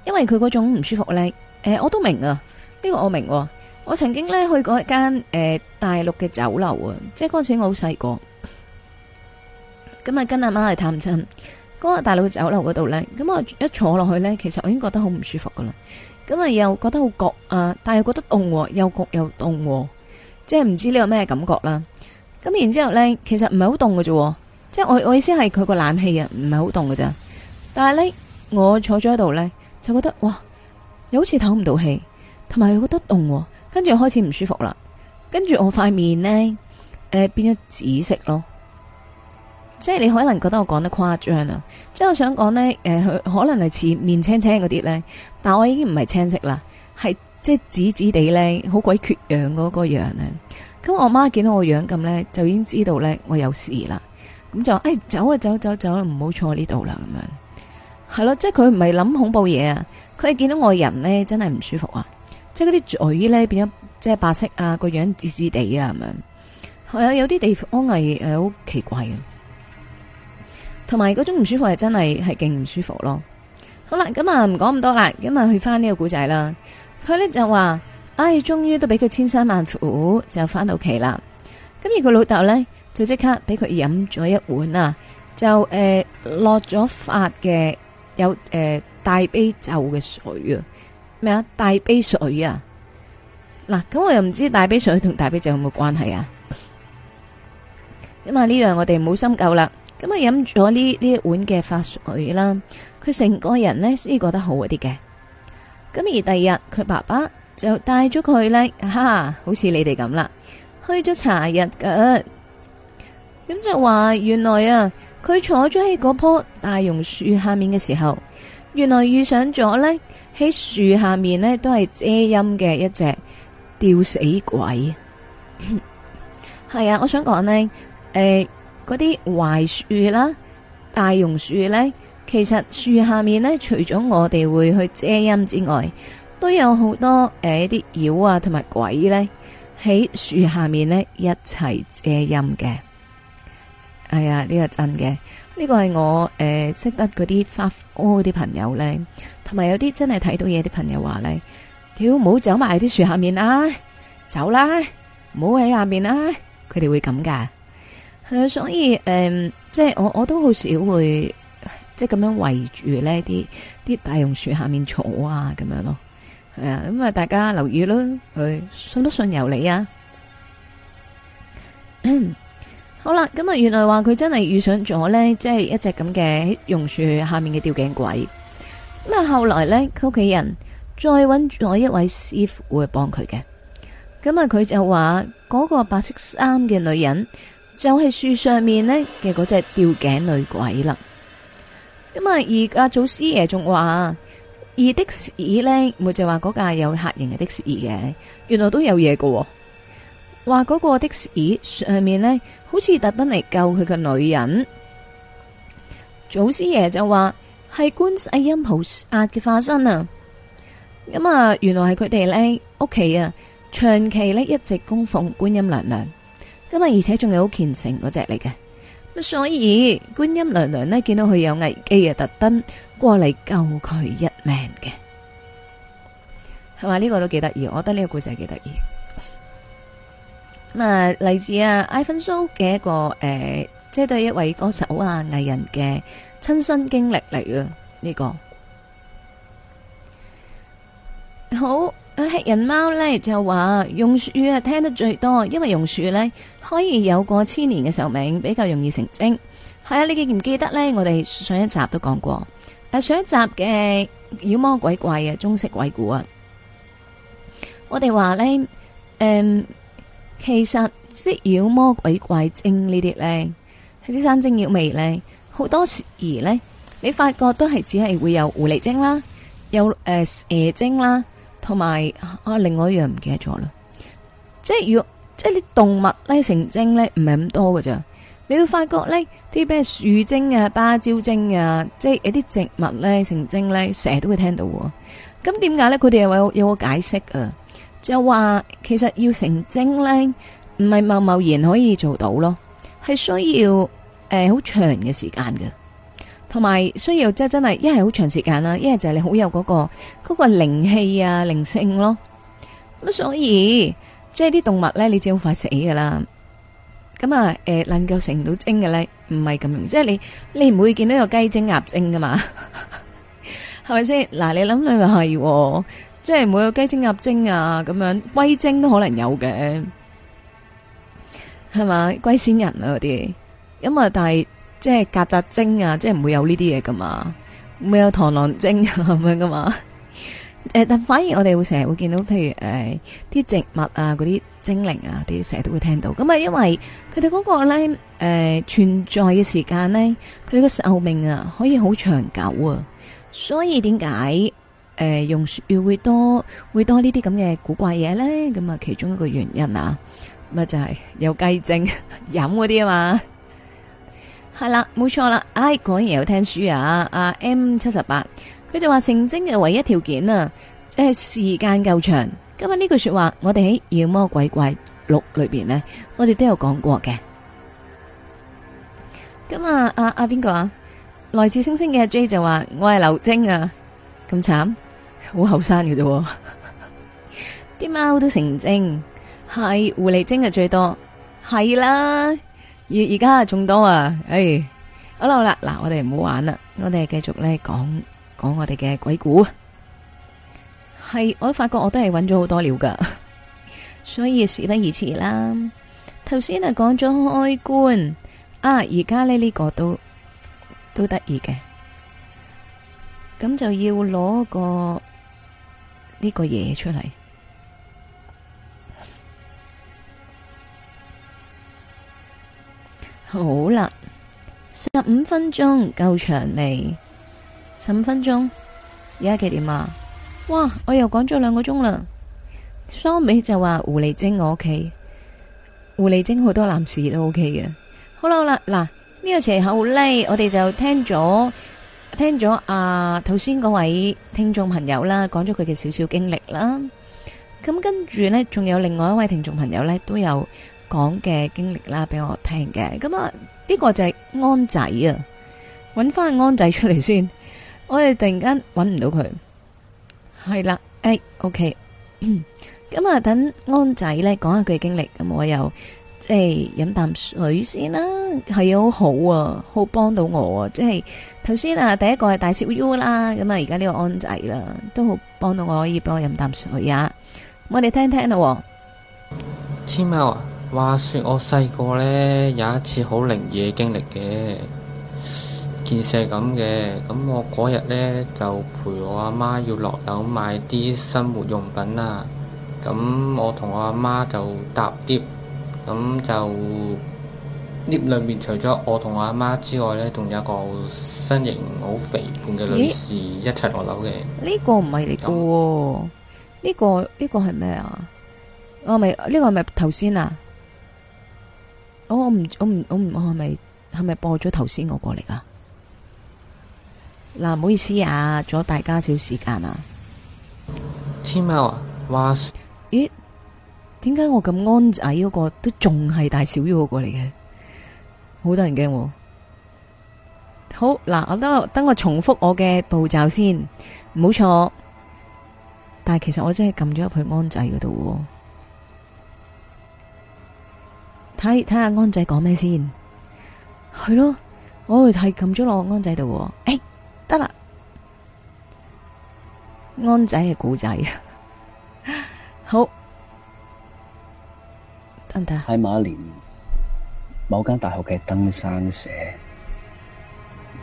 因為佢嗰種唔舒服咧，誒、呃，我都明啊，呢、這個我明。我曾經咧去過一間誒、呃、大陸嘅酒樓啊，即係嗰陣時我好細個，咁啊跟阿媽嚟探親。嗰、那個大佬酒樓嗰度呢，咁我一坐落去呢，其實我已經覺得好唔舒服噶啦，咁啊又覺得好焗啊，但係又覺得凍，又焗又凍，即係唔知呢個咩感覺啦。咁然之後呢，其實唔係好凍嘅啫，即係我我意思係佢個冷氣啊，唔係好凍㗎咋。但係呢，我坐咗喺度呢，就覺得哇，又好似唞唔到氣，同埋又覺得凍，跟住開始唔舒服啦。跟住我塊面呢，呃、變咗紫色咯。即係你可能覺得我講得誇張啊！即係我想講呢，誒、呃、佢可能係似面青青嗰啲呢，但我已經唔係青色啦，係即係紫紫地呢，好鬼缺氧嗰個樣呢。咁我媽見到我樣咁呢，就已經知道呢，我有事啦。咁就誒走啊，走啊走、啊、走、啊，唔好坐呢度啦，咁樣係咯。即係佢唔係諗恐怖嘢啊，佢係見到我人呢，真係唔舒服啊！即係嗰啲嘴呢，變變咗即係白色啊，個樣紫紫地啊，咁樣係啊，有啲地方係好奇怪啊～同埋嗰種唔舒服係真係係勁唔舒服咯。好啦，咁啊唔講咁多啦，咁啊去翻呢個古仔啦。佢呢就話：，唉，終於都俾佢千辛萬苦就翻到屋企啦。咁而佢老豆呢，就即、哎、刻俾佢飲咗一碗啊，就誒落咗發嘅有誒、呃、大悲咒嘅水啊，咩啊大悲水啊。嗱，咁我又唔知大悲水同大悲咒有冇關係啊。咁啊呢樣我哋冇深究啦。咁啊，飲咗呢呢一碗嘅發水啦，佢成個人呢先覺得好一啲嘅。咁而第二日佢爸爸就帶咗佢呢，哈、啊，好似你哋咁啦，去咗茶日㗎。咁就話原來啊，佢坐咗喺嗰棵大榕樹下面嘅時候，原來遇上咗呢喺樹下面呢都係遮陰嘅一隻吊死鬼。係 啊，我想講呢。誒。嗰啲槐樹啦、大榕樹咧，其實樹下面咧，除咗我哋會去遮陰之外，都有好多誒啲、呃、妖啊，同埋鬼咧喺樹下面咧一齊遮陰嘅。哎呀，呢個真嘅，呢個係我誒、呃、識得嗰啲發哥啲朋友咧，同埋有啲真係睇到嘢啲朋友話咧，屌唔好走埋啲樹下面啦，走啦，唔好喺下面啦，佢哋會咁噶。係、嗯、啊，所以誒、嗯，即係我我都好少會即係咁樣圍住呢啲啲大榕樹下面坐啊，咁樣咯。係啊，咁啊，大家留意囉，佢信不信由你啊？ 好啦，咁啊，原來話佢真係遇上咗呢即係一隻咁嘅榕樹下面嘅吊頸鬼。咁啊，後來呢，佢屋企人再搵咗一位師傅會幫佢嘅。咁啊，佢就話嗰個白色衫嘅女人。就係、是、樹上面咧嘅嗰隻吊頸女鬼啦，咁啊，而阿祖師爺仲話，而的士咧，咪就話嗰架有客人嘅的士嘅，原來都有嘢㗎，話嗰個的士上面呢，好似特登嚟救佢嘅女人。祖師爺就話係觀世音菩薩嘅化身啊，咁啊，原來係佢哋呢屋企啊，長期呢一直供奉觀音娘娘。咁啊，而且仲係好虔誠嗰隻嚟嘅，咁所以觀音娘娘咧見到佢有危機啊，特登過嚟救佢一命嘅，係嘛？呢個都幾得意，我覺得呢個故仔幾得意。咁啊，嚟自啊，iPhone Show 嘅一個誒，即係對一位歌手啊藝人嘅親身經歷嚟嘅，呢個好。黑人貓呢就話用樹啊聽得最多，因為榕樹呢可以有過千年嘅壽命，比較容易成精。係啊，你記唔記得呢？我哋上一集都講過，誒上一集嘅妖魔鬼怪嘅中式鬼故啊，我哋話呢，誒、嗯，其實即妖魔鬼怪精呢啲呢，咧，啲山精妖味呢，好多時而你發覺都係只係會有狐狸精啦，有誒、呃、蛇精啦。同埋啊，另外一樣唔記得咗啦，即係如果即係啲動物咧成精咧唔係咁多㗎咋。你會發覺咧啲咩樹精啊、芭蕉精啊，即係一啲植物咧成精咧，成日都會聽到。咁點解咧？佢哋又有有個解釋啊，就話其實要成精咧，唔係貿貿然可以做到咯，係需要誒好、呃、長嘅時間嘅。同埋需要即係真係一係好長時間啦，一係就係你好有嗰個嗰個靈氣啊靈性咯。咁所以即係啲動物咧，你知好快死噶啦。咁啊誒，能夠成到精嘅咧，唔係咁容易。即係你你唔會見到有雞精鴨精噶嘛，係咪先？嗱，你諗諗又係，即係冇雞精鴨精啊咁樣，龜精都可能有嘅，係嘛？龜仙人啊嗰啲，咁啊但係。即係曱甴精啊，即係唔會有呢啲嘢噶嘛，唔會有螳螂精啊咁樣噶嘛？誒， 但反而我哋會成日會見到，譬如誒啲、呃、植物啊，嗰啲精靈啊，啲成日都會聽到。咁、呃、啊，因為佢哋嗰個咧誒存在嘅時間咧，佢個壽命啊可以好長久啊，所以點解誒榕樹會多會多呢啲咁嘅古怪嘢咧？咁啊，其中一個原因啊，咪就係、是、有雞精飲嗰啲啊嘛。係啦，冇錯啦，唉，果然有聽書啊！阿 M 七十八，佢就話成精嘅唯一條件啊，即係時間夠長。今日呢句說話，我哋喺《妖魔鬼怪錄》裏邊呢，我哋都有講過嘅。咁啊，阿阿邊個啊，來自星星嘅 J 就話：我係劉晶啊，咁慘，好後生嘅啫，啲 貓都成精，係狐狸精嘅最多，係啦。而而家仲多啊，哎，好啦好啦，嗱，我哋唔好玩啦，我哋繼續咧講講我哋嘅鬼故，係我發覺我都係揾咗好多料噶 所以事不宜遲啦。頭先啊，講咗開棺啊，而家呢呢個都都得意嘅，咁就要攞個呢個嘢出嚟。好啦，十五分鐘夠長未？十五分鐘，而家幾點啊？哇，我又講咗兩個鐘啦。收尾就話狐狸精，我屋企狐狸精，好多男士都 OK 嘅。好啦好啦，嗱呢個時候咧，我哋就聽咗聽咗啊頭先嗰位聽眾朋友啦，講咗佢嘅少少經歷啦。咁跟住呢，仲有另外一位聽眾朋友呢，都有。講嘅經歷啦，俾我聽嘅，咁啊呢個就係安仔啊，揾翻安仔出嚟先，我哋突然間揾唔到佢，係啦，誒、欸、，OK，咁啊、 嗯嗯、等安仔咧講下佢嘅經歷，咁、嗯、我又即係飲啖水先啦，係好好啊，好幫到我啊，即係頭先啊第一個係大少 U 啦，咁啊而家呢個安仔啦、啊，都好幫到我可以幫我飲啖水也、啊，我哋聽聽咯、啊，天喵啊。話說我細個呢，有一次好靈異嘅經歷嘅，件事係咁嘅。咁我嗰日呢，就陪我阿媽要落樓買啲生活用品啦。咁我同我阿媽就搭 lift。咁就 lift 裏面除咗我同我阿媽之外呢，仲有一個身形好肥胖嘅女士一齊落樓嘅。呢、這個唔係你、這個，呢、這個呢、這個係咩啊？我咪呢個係咪頭先啊？哦、我唔我唔我唔我唔我係咪係咪播咗頭先我過嚟㗎？嗱、呃，唔好意思啊，咗大家少時間啊。天呀、哇咦？點解我咁安仔嗰、嗰個都仲係大小玉過嚟嘅？好多人驚我、哦。好嗱、呃，我等我等我重複我嘅步驟先，唔好錯。但係其實我真係撳咗入去安仔嗰度、哦。睇睇下安仔講咩先，係咯，我去睇撳咗落安仔度，誒、欸，得啦，安仔嘅故仔，好，得唔得？係馬年，某間大學嘅登山社，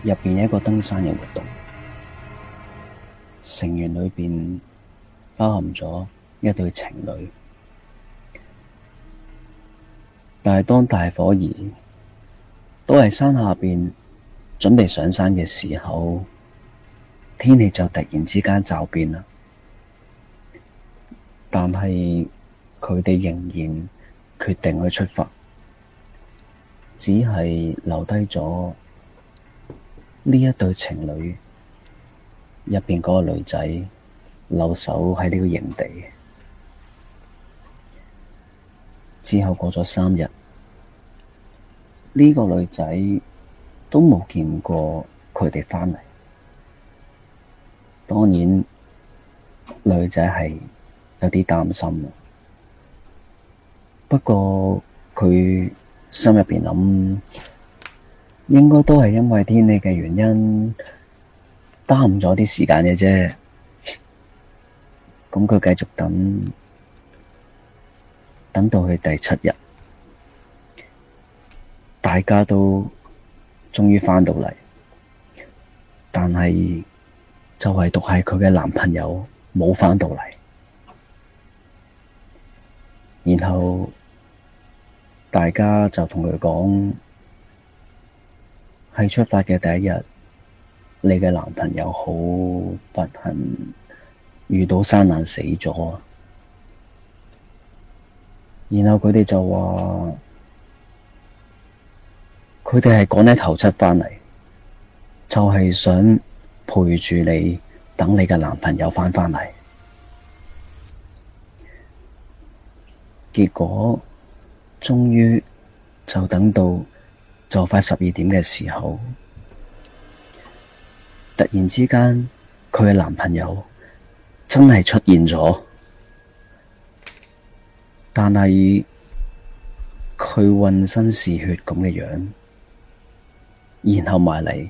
入邊有一個登山嘅活動，成員裏邊包含咗一對情侶。但係當大伙兒都喺山下邊準備上山嘅時候，天氣就突然之間驟變啦。但係佢哋仍然決定去出發，只係留低咗呢一對情侶入邊嗰個女仔，留守喺呢個營地。之後過咗三日，呢個女仔都冇見過佢哋返嚟。當然，女仔係有啲擔心。不過佢心入邊諗，應該都係因為天氣嘅原因耽誤咗啲時間嘅啫。咁佢繼續等。等到去第七日，大家都終於返到嚟，但係就唯獨係佢嘅男朋友冇返到嚟，然後大家就同佢講，喺出發嘅第一日，你嘅男朋友好不幸遇到山難死咗。然後佢哋就話，佢哋係趕喺頭七返嚟，就係想陪住你等你嘅男朋友返返嚟。結果終於就等到就快十二點嘅時候，突然之間佢嘅男朋友真係出現咗。但係佢渾身是血咁嘅樣，然後埋嚟，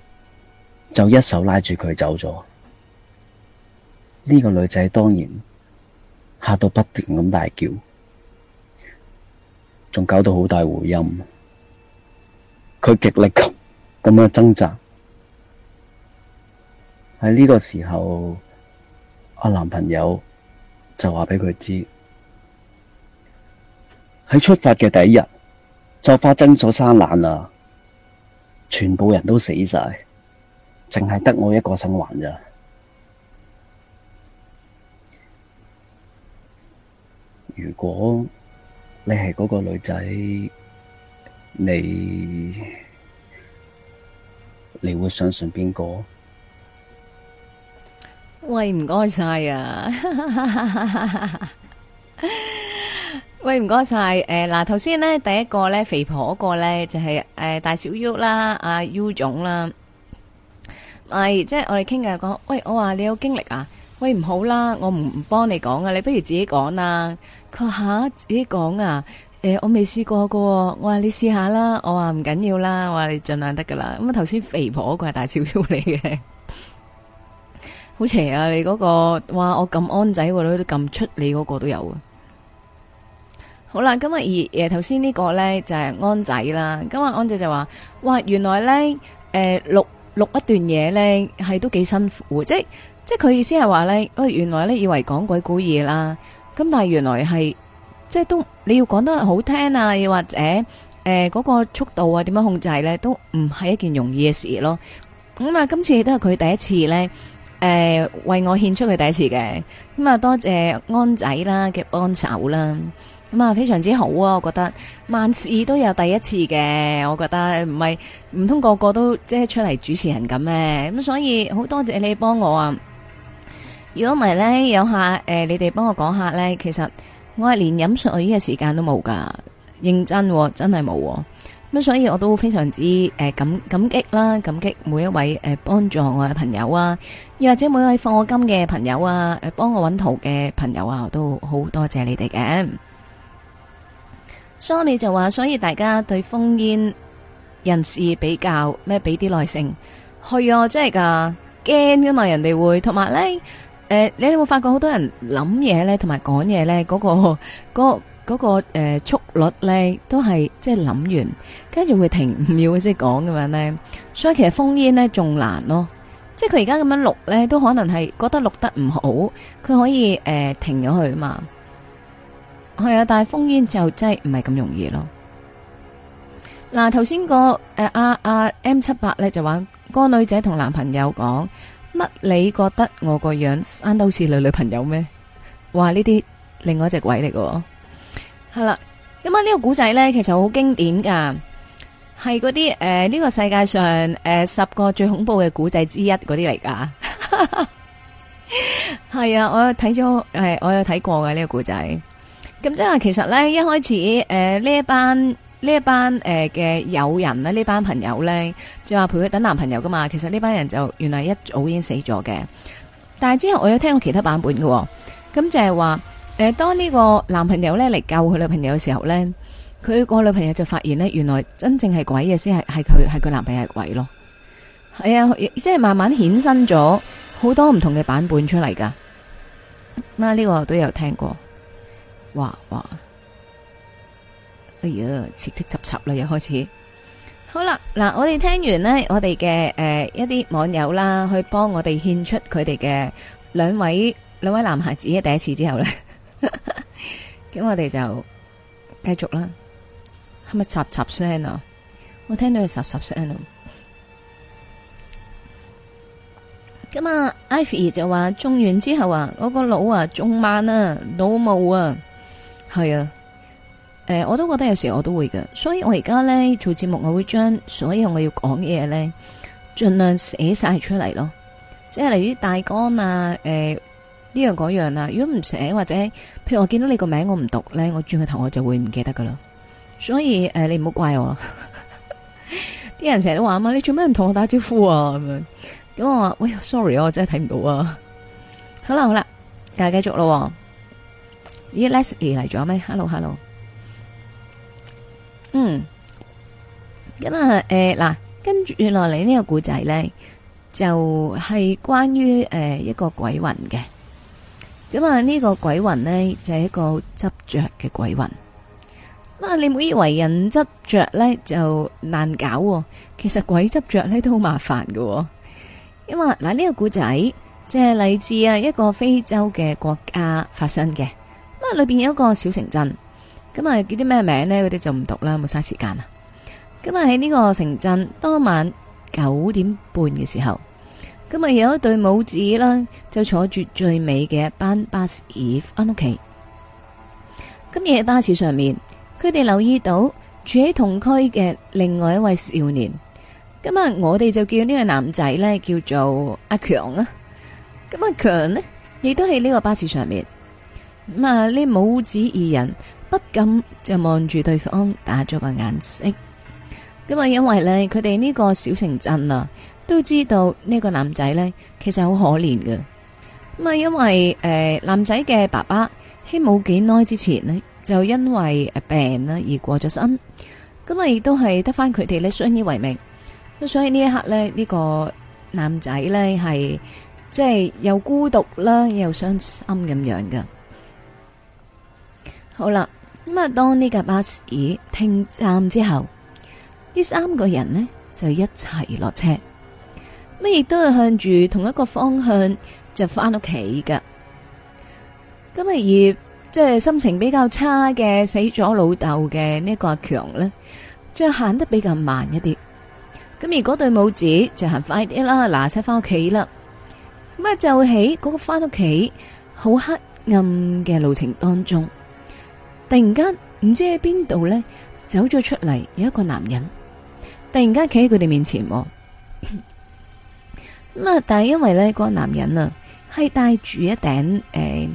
就一手拉住佢走咗。呢個女仔當然嚇到不斷咁大叫，仲搞到好大回音，佢極力咁咁樣掙扎。喺呢個時候，我男朋友就話俾佢知。喺出發嘅第一日就發生咗山難啦，全部人都死晒，淨係得我一個生還咋。如果你係嗰個女仔，你你會相信邊個？喂，唔該晒啊！喂，唔該晒，誒、呃，嗱，頭先咧，第一個咧，肥婆嗰個咧，就係、是、誒、呃、大小腰啦，阿 U 總啦，啊，哎、即係我哋傾偈講，喂，我話你有經歷啊，喂，唔好啦，我唔唔幫你講啊，你不如自己講、啊啊呃、啦，佢吓自己講啊，誒，我未試過個，我話你試下啦，我話唔緊要啦，我話你盡量得噶啦，咁啊頭先肥婆嗰個係大小腰嚟嘅，好邪啊，你嗰、那個，哇，我咁安仔個女都咁出你嗰個都有啊。好啦，今日而誒頭先呢個呢，就係安仔啦。今日安仔就話，哇，原來呢，誒錄錄一段嘢呢，係都幾辛苦，即係即係佢意思係話呢，喂，原來呢，以為講鬼故易啦，咁但係原來係即係都你要講得好聽啊，又或者誒嗰個速度啊，點樣控制呢，都唔係一件容易嘅事咯。咁啊，今次都係佢第一次呢，誒為我獻出佢第一次嘅。咁啊，多謝安仔啦嘅幫手啦。咁啊，非常之好啊！我覺得萬事都有第一次嘅，我覺得唔係唔通個個都即係出嚟主持人咁咩？咁所以好多謝你幫我啊！如果唔係呢，有客誒、呃，你哋幫我講下呢。其實我係連飲水嘅依個時間都冇噶，認真、啊、真係冇！咁所以我都非常之誒感感激啦，感激每一位誒幫助我嘅朋友啊，又或者每一位課金嘅朋友啊，誒幫我揾圖嘅朋友啊，我都好多謝你哋嘅。所以你就話，所以大家對封煙人士比較咩，俾啲耐性。係啊，真係噶驚噶嘛，人哋會同埋咧，誒，你有冇發覺好多人諗嘢咧，同埋講嘢咧，嗰個嗰嗰個誒速率咧，都係即係諗完，跟住會停唔秒即係講咁樣咧。所以其實封煙咧仲難咯，即係佢而家咁樣錄咧，都可能係覺得錄得唔好，佢可以誒停咗去啊嘛。係啊，但係封煙就真係唔係咁容易咯。嗱，頭先個誒阿阿 M 七八咧就話，個女仔同男朋友講乜？你覺得我個樣生到好似女女朋友咩？話呢啲另外一隻鬼嚟個。係啦，咁啊呢個古仔咧，其實好經典噶，係嗰啲誒呢個世界上誒十個最恐怖嘅古仔之一嗰啲嚟噶。係啊，我有睇咗，係我有睇過嘅呢個古仔。咁即係其實咧，一開始誒呢、呃、一班呢一班誒嘅、呃、友人咧，呢班朋友咧，就話陪佢等男朋友噶嘛。其實呢班人就原來一早已經死咗嘅。但係之後我有聽過其他版本嘅，哦，咁就係話誒，當呢個男朋友咧嚟救佢女朋友嘅時候咧，佢個女朋友就發現咧，原來真正係鬼嘅先係係佢係佢男朋友係鬼咯。係啊，即係慢慢衍生咗好多唔同嘅版本出嚟噶。嗱，呢個都有聽過。哇哇！哎呀，徹底插插啦，又開始刺刺。好啦，嗱，我哋聽完呢，我哋嘅誒一啲網友啦，去幫我哋獻出佢哋嘅兩位兩位男孩子嘅第一次之後呢。咁 我哋就繼續啦。係咪插插聲啊？我聽到係插插聲。咁啊，Ivy 就話種完之後啊，我、嗰個腦啊仲慢啊，腦霧啊。係啊，誒、呃，我都覺得有時我都會噶，所以我而家咧做節目，我會將所有我要講嘅嘢咧，盡量寫晒出嚟咯。即係例如大綱啊，誒、呃、呢樣嗰樣啊。如果唔寫或者，譬如我見到你個名我唔讀咧，我轉個頭我就會唔記得噶啦。所以誒、呃，你唔好怪我。啲 人成日都話啊嘛，你做咩唔同我打招呼啊咁樣？咁我話，喂，sorry，啊，我真係睇唔到啊。好啦好啦，又係繼續咯。咦，Leslie 嚟咗咩？Hello，Hello、嗯。嗯，咁啊，誒，嗱，跟住原來嚟呢個故仔咧，就係關於誒一個鬼魂嘅。咁啊，呢個鬼魂咧就係一個執着嘅鬼魂。咁啊，你唔好以為人執着咧就難搞，其實鬼執着咧都好麻煩㗎。因為嗱呢個故仔，即係嚟自啊一個非洲嘅國家發生嘅。裏邊有一個小城鎮，咁啊叫啲咩名呢？嗰啲就唔讀啦，冇嘥時間啦。咁啊喺呢個城鎮，當晚九點半嘅時候，咁啊有一對母子啦，就坐住最尾嘅一班巴士翻屋企。咁嘢喺巴士上面，佢哋留意到住喺同區嘅另外一位少年。咁啊，我哋就叫呢個男仔呢，叫做阿強啊。咁阿強呢，亦都喺呢個巴士上面。咁啊！呢母子二人不禁就望住對方打咗個眼色。咁啊，因為呢，佢哋呢個小城鎮啊，都知道呢個男仔呢，其實好可憐嘅。咁啊，因為誒，男仔嘅爸爸喺冇幾耐之前呢，就因為病啦而過咗身。咁啊，亦都係得翻佢哋呢相依為命。咁所以呢一刻呢，呢、呢個男仔呢係即係又孤獨啦，又傷心咁樣嘅。好啦，咁啊，當呢架巴士停站之後，呢三個人呢就一齊落車，乜亦都係向住同一個方向就翻屋企噶。咁啊而即係心情比較差嘅，死咗老豆嘅呢一個阿強呢，就行得比較慢一啲。咁而嗰對母子就行快啲啦，嗱，車翻屋企啦。咁啊，就喺嗰個翻屋企好黑暗嘅路程當中。突然間唔知喺邊度咧，走咗出嚟有一個男人，突然間企喺佢哋面前。咁啊， 但係因為咧，個男人啊係戴住一頂誒、欸，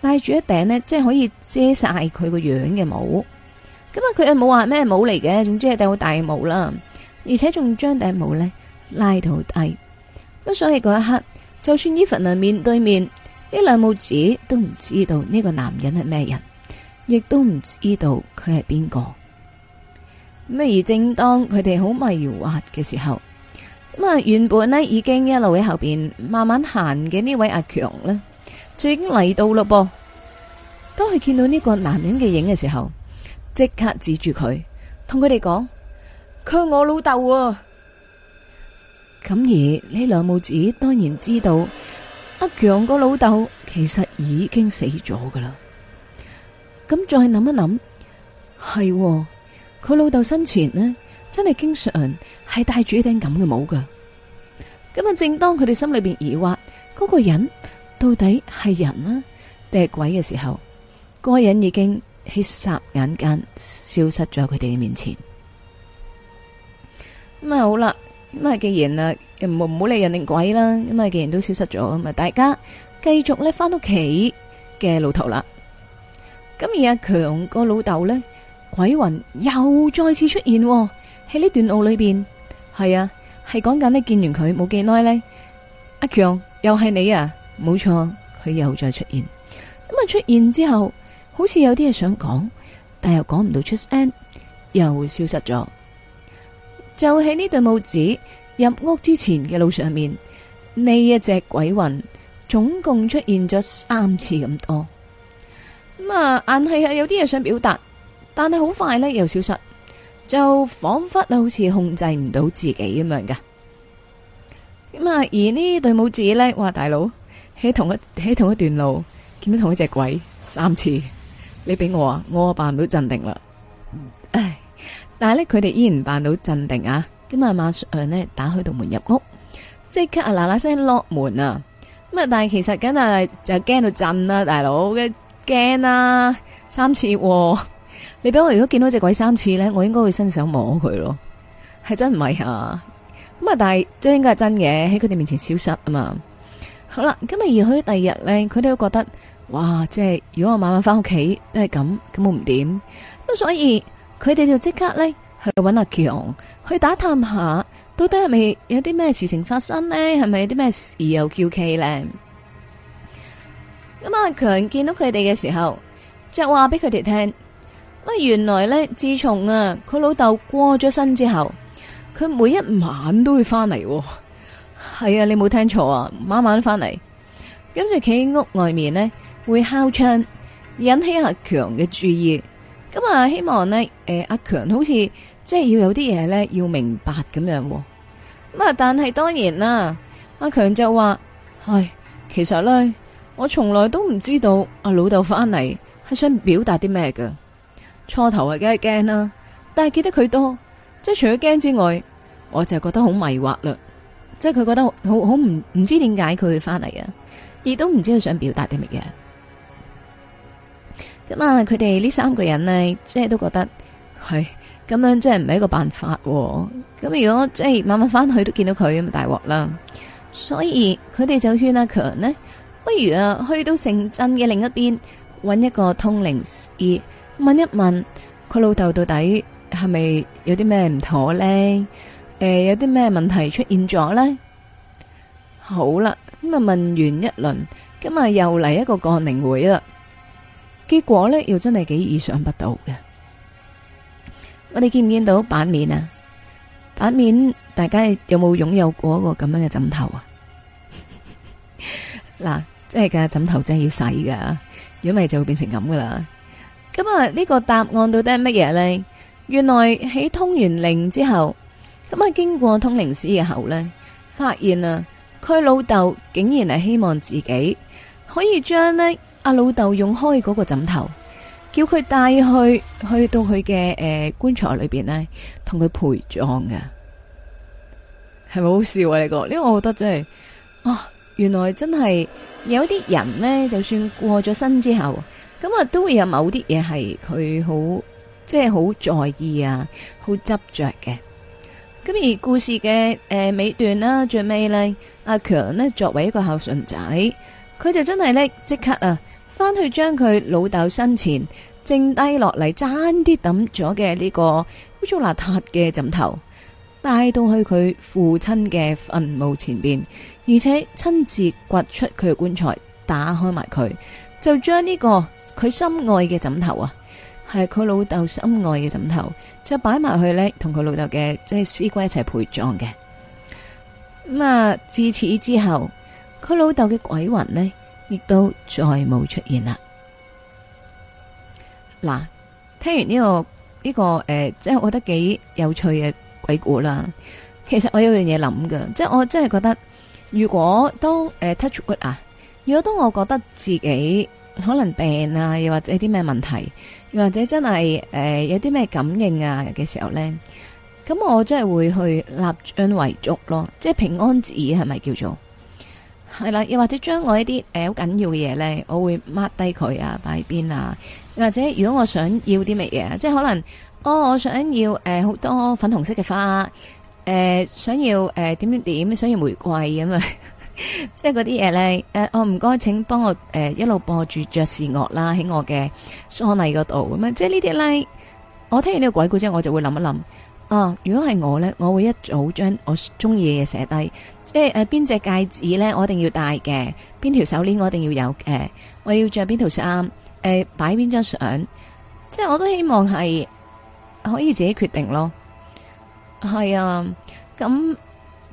戴住一頂呢，即係可以遮晒佢個樣嘅帽。咁啊，佢又冇話咩帽嚟嘅，總之係戴好大嘅帽啦。而且仲將頂帽咧拉到低。咁所以嗰一刻，就算伊凡啊面對面，呢兩母子都唔知道呢個男人係咩人。亦都唔知道佢係邊個，咁而正當佢哋好迷惑嘅時候，咁啊原本呢已經一路喺後邊慢慢行嘅呢位阿強呢，就已經嚟到嘞噃。當佢見到呢個男人嘅影嘅時候，即刻指住佢，同佢哋講：佢我老豆啊！咁而呢兩母子當然知道，阿強個老豆其實已經死咗噶啦。咁再諗一諗，係佢老豆生前呢，真係經常係戴住一頂咁嘅帽噶。咁啊，正當佢哋心裏邊疑惑嗰個人到底係人啦定係鬼嘅時候，嗰個人已經喺霎眼間消失咗佢哋嘅面前。咁啊好啦，咁啊既然啊唔好唔好理人定鬼啦，咁啊既然都消失咗，咁啊大家繼續咧翻屋企嘅路頭啦。咁而阿強個老豆呢，鬼魂又再次出現喺呢段路裏邊。係啊，係講緊呢，見完佢冇幾耐，呢阿強又係你啊，冇錯，佢又再出現。咁啊出現之後，好似有啲嘢想講，但又講唔到出聲，又消失咗。就喺呢對母子入屋之前嘅路上面，呢一隻鬼魂總共出現咗三次咁多。咁啊，硬係啊，有啲嘢想表達，但係好快呢又消失，就仿佛好似控制唔到自己咁樣噶。咁啊，而呢對母子呢，哇大佬喺同一喺同一段路見到同一隻鬼三次，你俾我，我啊扮唔到鎮定啦。唉，但係呢，佢哋依然扮到鎮定啊。咁啊，馬上呢，打開道門入屋，即刻啊嗱嗱聲落門啊。咁啊，但係其實梗係就驚到震啦，大佬嘅。驚啦、啊，三次、啊，你俾我如果見到隻鬼三次呢，我應該會伸手摸佢咯，係真唔係啊？咁啊，但係真應該係真嘅，喺佢哋面前消失啊嘛。好啦，咁啊而去第二日呢，佢哋都覺得哇，即係如果我晚晚翻屋企都係咁，咁我唔點！」咁所以佢哋就即刻呢，去搵阿強去打探下，到底係咪有啲咩事情發生呢？係咪有啲咩事有蹺蹊呢？咁阿強見到佢哋嘅時候，就話俾佢哋聽乜原來呢，自從啊佢老豆過咗身之後，佢每一晚都會翻嚟。係啊，你冇聽錯啊，晚晚翻嚟，跟住企喺屋外面呢，會敲窗，引起阿強嘅注意，咁啊希望呢，誒阿強好似即係要有啲嘢呢，要明白咁樣，咁啊但係當然啦，阿強就話唉，其實呢……」我從來都唔知道阿老豆翻嚟係想表達啲咩嘅，初頭啊梗係驚啦，但係記得佢多，即係除咗驚之外，我就覺得好迷惑嘞。即係佢覺得好好唔唔知點解佢會翻嚟啊，亦都唔知佢想表達啲乜嘢。咁、嗯、啊，佢哋呢三個人呢，即係都覺得係咁、哎、樣，即係唔係一個辦法、啊。咁如果即係晚晚翻去都見到佢咁大鑊啦。所以佢哋就勸阿強呢。不如啊，去到城鎮嘅另一邊，揾一個通靈師問一問，佢老豆到底係咪有啲咩唔妥呢？誒，有啲咩問題出現咗呢？好啦，咁啊問完一輪，咁啊又嚟一個降靈會啦。結果呢又真係幾意想不到嘅。我哋見唔見到版面啊？版面，大家有冇擁有過一個咁樣嘅枕頭啊？嗱。即係個枕頭真係要洗噶，如果唔係就會變成咁噶啦。咁啊呢個答案到底係乜嘢呢？原來喺通完靈之後，咁啊經過通靈師以後呢，發現啊佢老豆竟然係希望自己可以將呢阿老豆用開嗰個枕頭，叫佢帶去去到佢嘅誒棺材裏邊呢，同佢陪葬噶，係咪好笑啊？你，呢個，因為我覺得真係，啊原來真係。有啲人呢，就算過咗身之後，咁啊都會有某啲嘢係佢好，即係好在意啊，好執着嘅。咁而故事嘅誒尾段啦，最尾呢，阿強呢作為一個孝順仔，佢就真係呢，即刻啊，返去將佢老豆生前剩低落嚟爭啲抌咗嘅呢個污糟邋遢嘅枕頭。帶到去佢父親嘅墳墓前邊，而且親自掘出佢嘅棺材，打開埋佢，就將呢個佢心愛嘅枕頭啊，係佢老豆心愛嘅枕頭，就擺埋去呢，同佢老豆嘅即係屍骨一齊陪葬嘅。咁啊，自此之後，佢老豆嘅鬼魂呢，亦都再冇出現啦。嗱，聽完呢個呢個誒、呃，即係我覺得幾有趣嘅。鬼故啦，其實我有樣嘢諗噶，即係我真係覺得，如果當誒、呃、touch wood 啊，如果當我覺得自己可能病啊，又或者啲咩問題，又或者真係誒、呃、有啲咩感應啊嘅時候咧，咁我真係會去立張遺囑咯，即係平安紙係咪叫做係啦？又或者將我一啲誒好緊要嘅嘢咧，我會 mark 低佢啊，擺邊啊，又或者如果我想要啲乜嘢，即係可能。哦，我想要誒好、呃、多粉紅色嘅花，誒、呃、想要誒點、呃、點點，想要玫瑰咁啊！即係嗰啲嘢咧，誒、呃，我唔該，請幫我誒、呃、一路播住爵士樂啦，喺我嘅喪禮嗰度咁啊！即係、就是、呢啲咧，我聽完呢個鬼故之後，我就會諗一諗，哦、啊，如果係我咧，我會一早將我中意嘅嘢寫低，即係誒邊隻戒指咧，我一定要戴嘅；邊條手鏈我一定要有嘅；我要着邊條衫，誒擺邊張相，即係、就是、我都希望係。可以自己決定咯，係啊，咁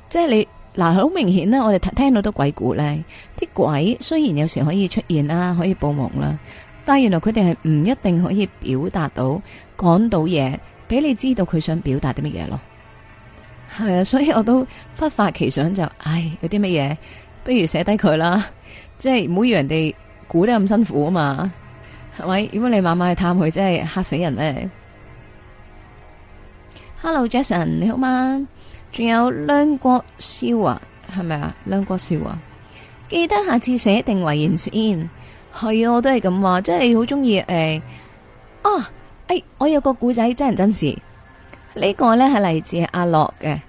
即係你嗱，好明顯咧，我哋聽到都鬼故咧，啲鬼雖然有時可以出現啦，可以報夢啦，但係原來佢哋係唔一定可以表達到講到嘢，俾你知道佢想表達啲乜嘢咯。係啊，所以我都忽發奇想就，唉，有啲乜嘢不如寫低佢啦，即係唔好讓人哋估得咁辛苦啊嘛，係咪？如果你慢慢去探佢，真係嚇死人咧。Hello，Jason，你好嘛？仲有兩國笑啊，係咪啊？兩國笑啊！記得下次寫定遺言先。係啊，我都係咁話，即係好中意誒。啊、欸，誒、哦欸，我有個故仔真人真事、這個、的樂樂的事。那個、事是呢個咧係嚟自阿樂嘅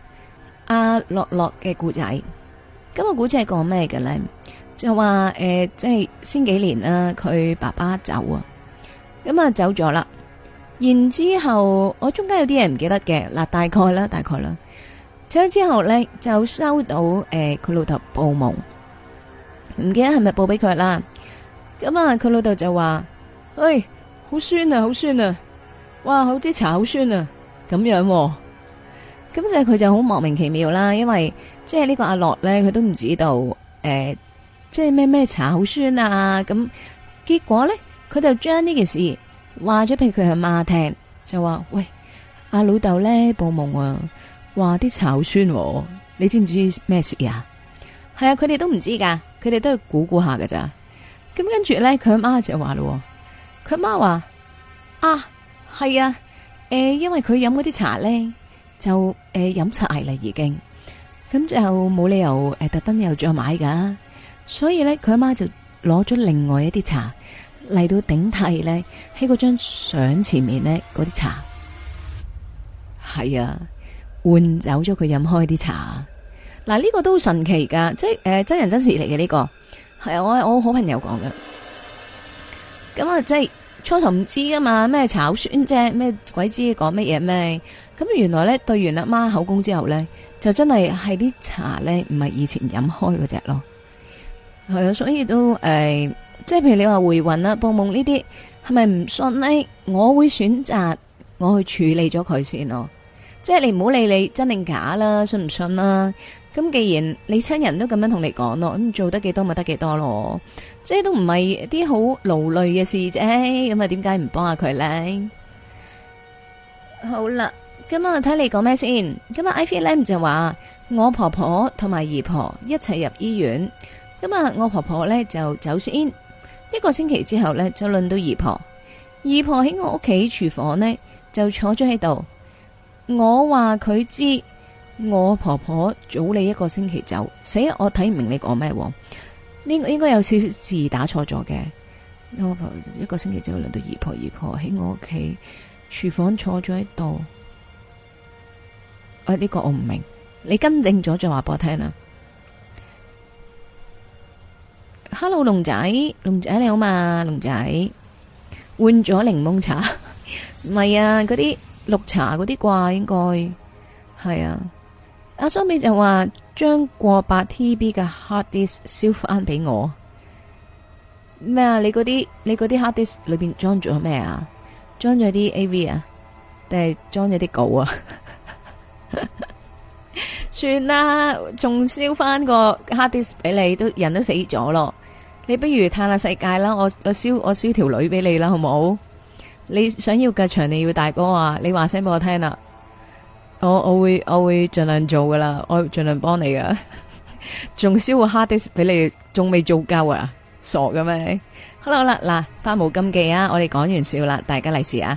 阿樂樂嘅故仔。咁個古仔係講咩嘅咧？就話誒、欸，即係先幾年啦，佢爸爸走啊，咁啊走咗啦。然之後，我中間有啲嘢唔記得嘅嗱，大概啦，大概啦。走咗之後咧，就收到誒佢、呃、老豆報夢，唔記得係咪報俾佢啦。咁、嗯、啊，佢老豆就話：唉、哎，好酸啊，好酸啊，哇，好啲茶好酸啊，咁樣。咁就佢就好莫名其妙啦，因為即係呢個阿樂咧，佢都唔知道誒，即係咩咩茶好酸啊，咁、啊呃啊嗯、結果咧，佢就將呢件事，話咗俾佢阿媽聽，就話：喂，阿老豆咧報夢啊，話啲茶好酸、哦，你知唔知咩事啊？係啊，佢哋都唔知噶，佢哋都係估估下噶咋。咁跟住咧，佢阿媽就話咯，佢阿媽話：啊，係啊，誒、呃，因為佢飲嗰啲茶咧，就誒飲、呃、茶嚟已經咁就冇理由誒、呃、特登又再買噶、啊。所以咧，佢阿媽就攞咗另外一啲茶。嚟到頂替咧喺嗰張相前面咧嗰啲茶，係啊換走咗佢飲開啲茶。嗱、啊、呢、呢個都神奇噶，即係誒、呃、真人真事嚟嘅呢個係我我好朋友講嘅。咁啊，即係初頭唔知噶嘛，咩炒酸啫，咩鬼知講乜嘢咩？咁原來咧對完阿媽口供之後咧，就真係係啲茶咧唔係以前飲開嗰隻咯。係啊，所以都誒。呃即係譬如你話回魂啦、報夢呢啲，係咪唔信呢？我會選擇我去處理咗佢先咯。即係你唔好理你真定假啦，信唔信啦？咁既然你親人都咁樣同你講咯，咁做得幾多咪得幾多咯？即係都唔係啲好勞累嘅事啫。咁啊，點解唔幫下佢呢？好啦，今晚睇你講咩先？今日 I V M 就話我婆婆同埋姨婆一齊入醫院。咁啊，我婆婆呢，就走先。一個星期之後呢，就輪到姨婆。姨婆喺我屋企廚房呢，就坐咗喺度。我話佢知，我婆婆早你一個星期走。死啦！我睇唔明你講咩？呢應該有少少字打錯咗嘅。我婆一個星期之後輪到姨婆，姨婆喺我屋企廚房坐咗喺度。我、哎、呢、這個我唔明，你更正咗再話俾我聽啦。Hello 龍仔，龍仔你好嘛？龍仔換咗檸檬茶，唔 係啊，嗰啲綠茶嗰啲啩，應該係啊。阿蘇美就話將過百 TB 嘅 hard disk 燒翻俾我。咩啊？你嗰啲你嗰啲 hard disk 裏邊裝咗咩啊？裝咗啲 AV 啊，定係裝咗啲狗啊？ 算啦，仲燒翻個 hard disk 俾你，都人都死咗咯。你不如嘆下世界啦，我我燒我燒條女俾你啦，好唔好？你想要嘅場你要大波啊！你話聲俾我聽啦，我我會我會盡量做噶啦，我盡量幫你噶。仲 燒個 hard disk 俾你，仲未做夠啊？傻㗎咩？好啦好啦，嗱花無禁忌啊！我哋講完笑啦，大家利是啊！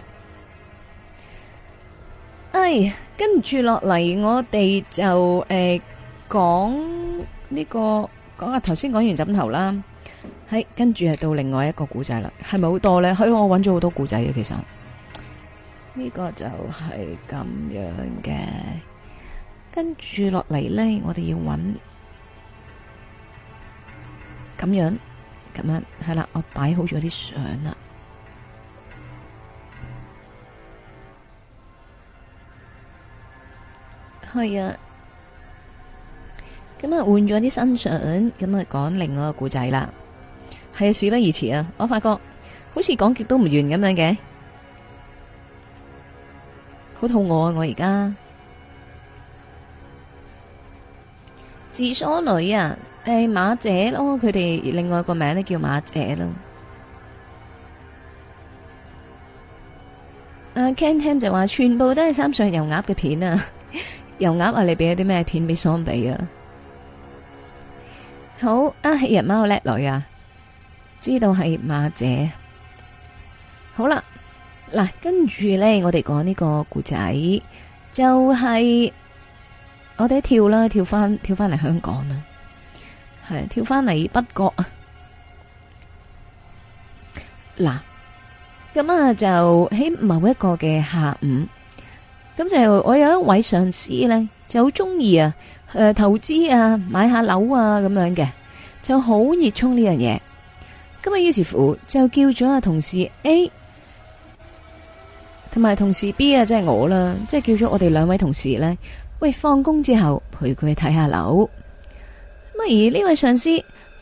哎，跟住落嚟我哋就誒講呢個講啊，頭先講完枕頭啦。係，跟住係到另外一個故仔啦，係咪好多咧？所以我揾咗好多故仔嘅，其實呢個就係咁樣嘅。跟住落嚟咧，我哋要揾咁樣，咁樣係啦。我擺好咗啲相啦，係啊。咁啊，換咗啲新相，咁啊，講另外一個故仔啦。係啊，事不宜遲啊！我發覺好似講極都唔完咁樣嘅，好肚餓啊我而家！我而家自梳女啊，誒、欸、馬姐咯，佢哋另外個名咧叫馬姐咯。啊、uh,，Kenham 就話全部都係三上油鴨嘅片啊！ 油鴨啊，你俾咗啲咩片俾桑比啊？好啊，人貓叻女啊！知道係馬姐，好啦，嗱，跟住咧，我哋講呢個故仔，就係我哋跳啦，跳翻跳翻嚟香港啦，係跳翻嚟北角啊。嗱，咁啊就喺某一個嘅下午，咁就我有一位上司咧，就好中意啊，誒，投資啊，買下樓啊，咁樣嘅，就好熱衷呢樣嘢。咁啊，於是乎就叫咗阿同事 A 同埋同事 B 啊，即係我啦，即係叫咗我哋兩位同事咧。喂，放工之後陪佢去睇下樓咁啊。而呢位上司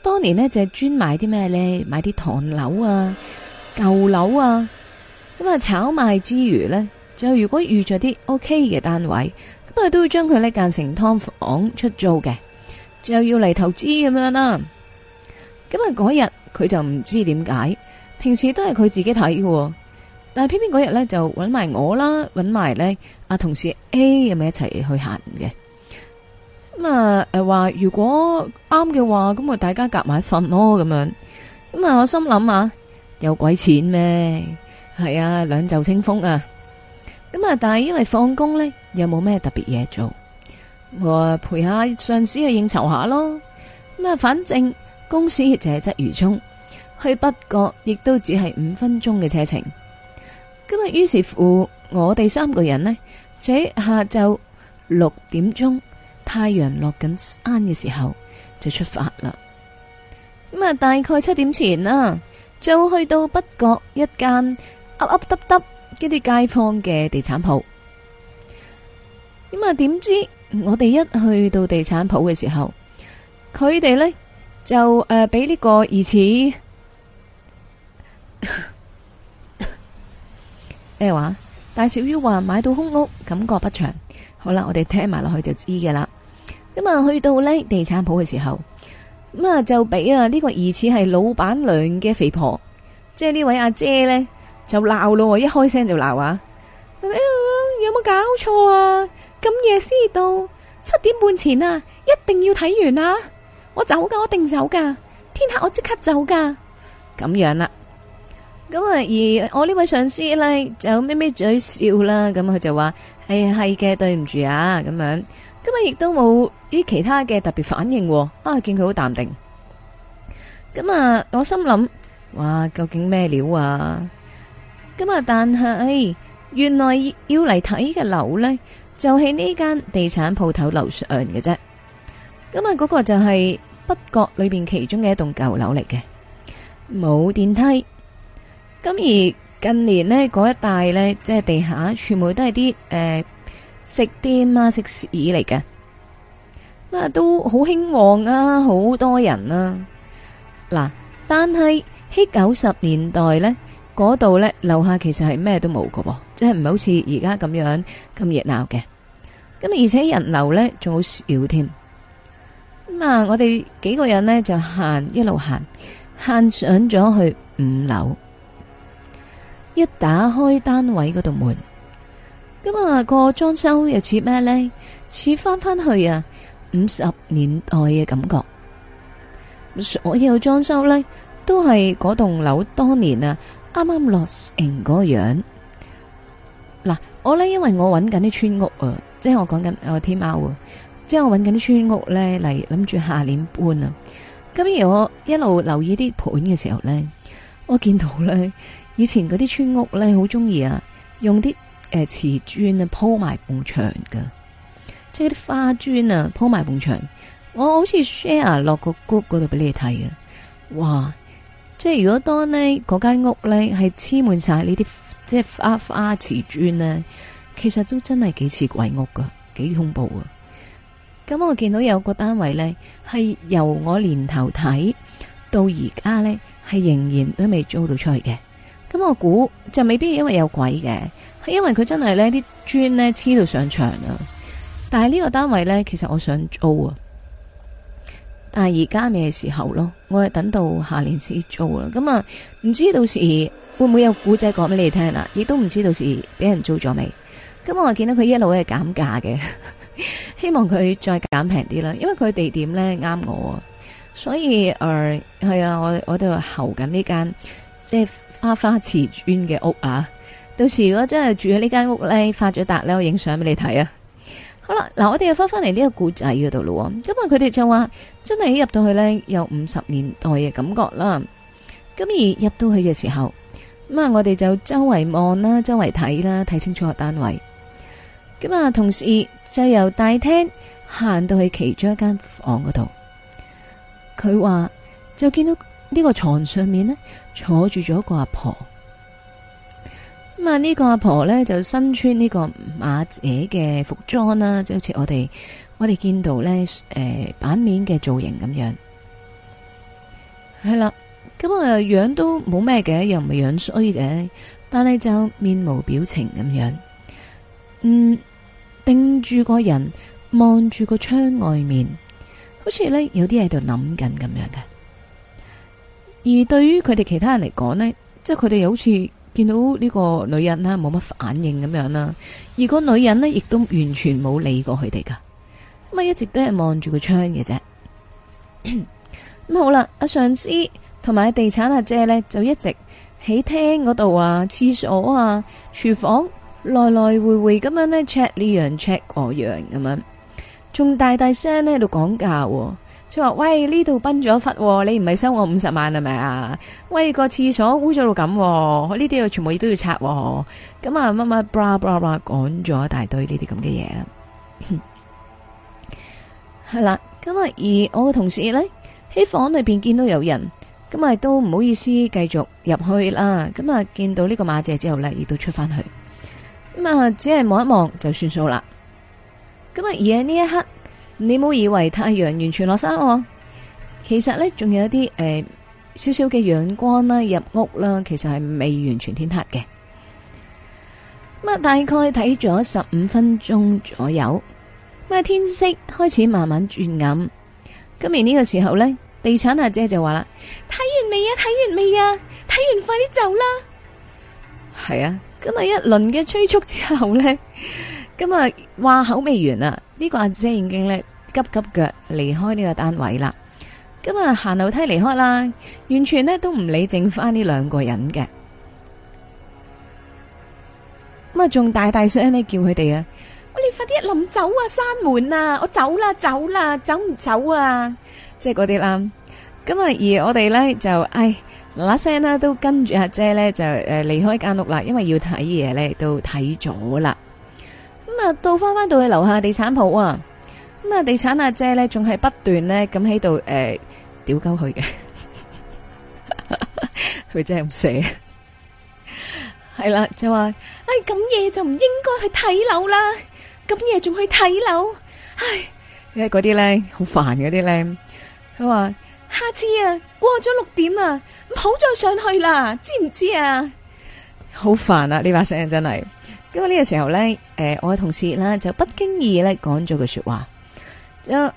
當年咧就係專買啲咩咧，買啲唐樓啊、舊樓啊。咁啊，炒賣之餘咧，就如果遇着啲 O K 嘅單位，咁啊都會將佢咧間成劏房出租嘅，就要嚟投資咁樣啦。咁啊，嗰日。佢就唔知點解，平時都係佢自己睇嘅，但係偏偏嗰日咧就搵埋我啦，搵埋咧阿同事 A 咁咪一齊去行嘅。咁、嗯、啊誒話如果啱嘅話，咁啊大家夾埋一份咯咁樣。咁、嗯、啊我心諗啊有鬼錢咩？係啊，兩袖清風啊。咁、嗯、啊但係因為放工咧又冇咩特別嘢做，我話陪下上司去應酬下咯。咁啊反正。公司亦就係鰂魚涌去北角，亦都只係五分鐘嘅車程。咁啊，於是乎，我哋三個人呢，就喺下晝六點鐘，太陽落緊山嘅時候就出發啦。咁啊，大概七點前啦，就去到北角一間凹凹凸凸呢啲街坊嘅地產鋪。咁啊，點知我哋一去到地產鋪嘅時候，佢哋呢。就誒，俾、呃、呢個疑似咩話？ 大小 U 話買到空屋，感覺不祥。好啦，我哋聽埋落去就知嘅啦。咁啊，去到呢地產鋪嘅時候，咁啊就俾啊呢個疑似係老闆娘嘅肥婆，即係呢位阿姐呢，就鬧咯，一開聲就鬧、哎、啊！有冇搞錯啊？咁夜先到七點半前啊，一定要睇完啊！我走噶，我定走噶，天黑我即刻走噶，咁樣啦。咁啊，而我呢位上司咧就眯眯嘴笑啦，咁佢就話：誒，係嘅，對唔住啊，咁樣。咁啊，亦都冇啲其他嘅特別反應。啊，見佢好淡定。咁啊，我心諗：哇，究竟咩料啊？咁啊，但係原來要嚟睇嘅樓咧，就喺呢間地產鋪頭樓上嘅啫。咁啊，嗰個就係北角裏邊其中嘅一棟舊樓嚟嘅，冇電梯。咁而近年咧，嗰一帶咧即係地下全部都係啲誒食店啊食肆嚟嘅，咁啊都好興旺啊，好多人呀。嗱，但係喺九十年代咧，嗰度咧樓下其實係咩都冇㗎，即係唔係好似而家咁樣咁熱鬧嘅。咁而且人流咧仲好少添。咁、嗯、啊！我哋幾個人呢，就行一路行，行上咗去五樓，一打開單位嗰度門，咁、那、啊個裝修又似咩呢？似翻返去啊五十年代嘅感覺，所有裝修呢，都係嗰棟樓當年啊啱啱落成嗰個樣。嗱，我呢，因為我揾緊啲村屋啊，即係我講緊我天喵啊。即係我搵緊啲村屋咧，嚟諗住下年搬啊！咁而我一路留意啲盤嘅時候咧，我見到咧，以前嗰啲村屋咧，好中意啊，用啲誒、呃、瓷磚啊鋪埋埲牆噶，即係啲花磚啊鋪埋埲牆。我好似 share 落個 group 嗰度俾你睇啊。哇！即係如果當呢嗰間屋咧，係黐滿晒呢啲即係花花瓷磚咧，其實都真係幾似鬼屋噶，幾恐怖啊！咁我見到有個單位呢，係由我年頭睇到而家呢，係仍然都未租到出嚟嘅。咁我估就未必因為有鬼嘅，係因為佢真係呢啲磚呢黐到上牆啊。但係呢個單位呢，其實我想租啊，但係而家咩時候咯，我係等到下年先租啊。咁啊，唔知到時會唔會有古仔講俾你聽啊？亦都唔知到時俾人租咗未？咁我見到佢一路係減價嘅。希望佢再減平啲啦，因為佢地點呢啱我，所以誒，係啊，我我就候緊呢間即係花花瓷磚嘅屋啊。到時如果真係住喺呢間屋呢，發咗達呢，我影相俾你睇啊。好啦，嗱，我哋又翻返嚟呢個故仔嗰度咯。今日佢哋就話真係入到去呢，有五十年代嘅感覺啦。咁而入到去嘅時候，咁啊，我哋就周圍望啦，周圍睇啦，睇清楚個單位。咁啊！同事就由大廳行到去其中一間房嗰度，佢話就見到呢個床上面呢，坐住咗一個阿婆。咁啊，呢個阿婆呢，就身穿呢個馬姐嘅服裝啦，就好似我哋我哋見到呢誒，版面嘅造型咁樣。係啦，咁啊樣都冇咩嘅，又唔係樣衰嘅，但係就面無表情咁樣。嗯，定住個人，望住個窗外面，好似呢，有啲喺度諗緊咁樣嘅。而對於佢哋其他人嚟講呢，即係佢哋好似見到呢個女人啦，冇乜反應咁樣啦。而個女人呢，亦都完全冇理過佢哋噶，咁啊一直都係望住個窗嘅啫。咁 好啦，阿上司同埋地產阿姐呢，就一直喺廳嗰度啊、廁所啊、廚房。來來回回咁樣呢 check 呢樣 check 個樣咁樣，仲大大聲呢喺度講價，即係話喂，呢度崩咗忽，你唔係收我五十萬係咪啊？喂個廁所污咗到咁，呢啲又全部都要拆，咁啊乜乜 blah blah blah 講咗一大堆呢啲咁嘅嘢。係 啦，咁啊而我嘅同事呢，喺房裏邊見到有人，咁啊都唔好意思繼續入去啦。咁啊見到呢個馬姐之後呢，亦都出翻去。咁啊，只係望一望就算數啦。咁啊，而喺呢一刻，你冇以為太陽完全落山，其實呢，仲有一啲誒，少少嘅陽光啦入屋啦，其實係未完全天黑嘅。咁啊，大概睇咗十五分鐘左右，咁啊，天色開始慢慢轉暗。今年呢個時候呢，地產阿姐就話啦：睇完未啊？睇完未啊？睇完快啲走啦！係啊。咁啊！一輪嘅催促之後咧，咁啊話口未完啊，呢個阿姐已經咧急急腳離開呢個單位啦。咁啊行樓梯離開啦，完全咧都唔理剩翻呢兩個人嘅。咁啊仲大大聲咧叫佢哋啊！喂，你快啲一臨走啊，閂門啊！我走啦，走啦，走唔走啊？即係嗰啲啦。咁啊而我哋咧就唉。嗱嗱聲咧都跟住阿姐咧就誒離開間屋啦，因為要睇嘢咧都睇咗啦。咁啊到翻翻到去樓下地產鋪啊，咁啊地產阿姐咧仲係不斷咧咁喺度誒屌鳩佢嘅，佢真係唔捨。係啦，就話哎，咁夜就唔應該去睇樓啦，咁夜仲去睇樓，唉，因為嗰啲咧好煩嗰啲咧，佢話下次啊。過咗六點啊，唔好再上去啦，知唔知啊？好煩啊！呢把聲真係，因為呢個時候咧，誒，我嘅同事咧就不經意咧講咗句說話，誒，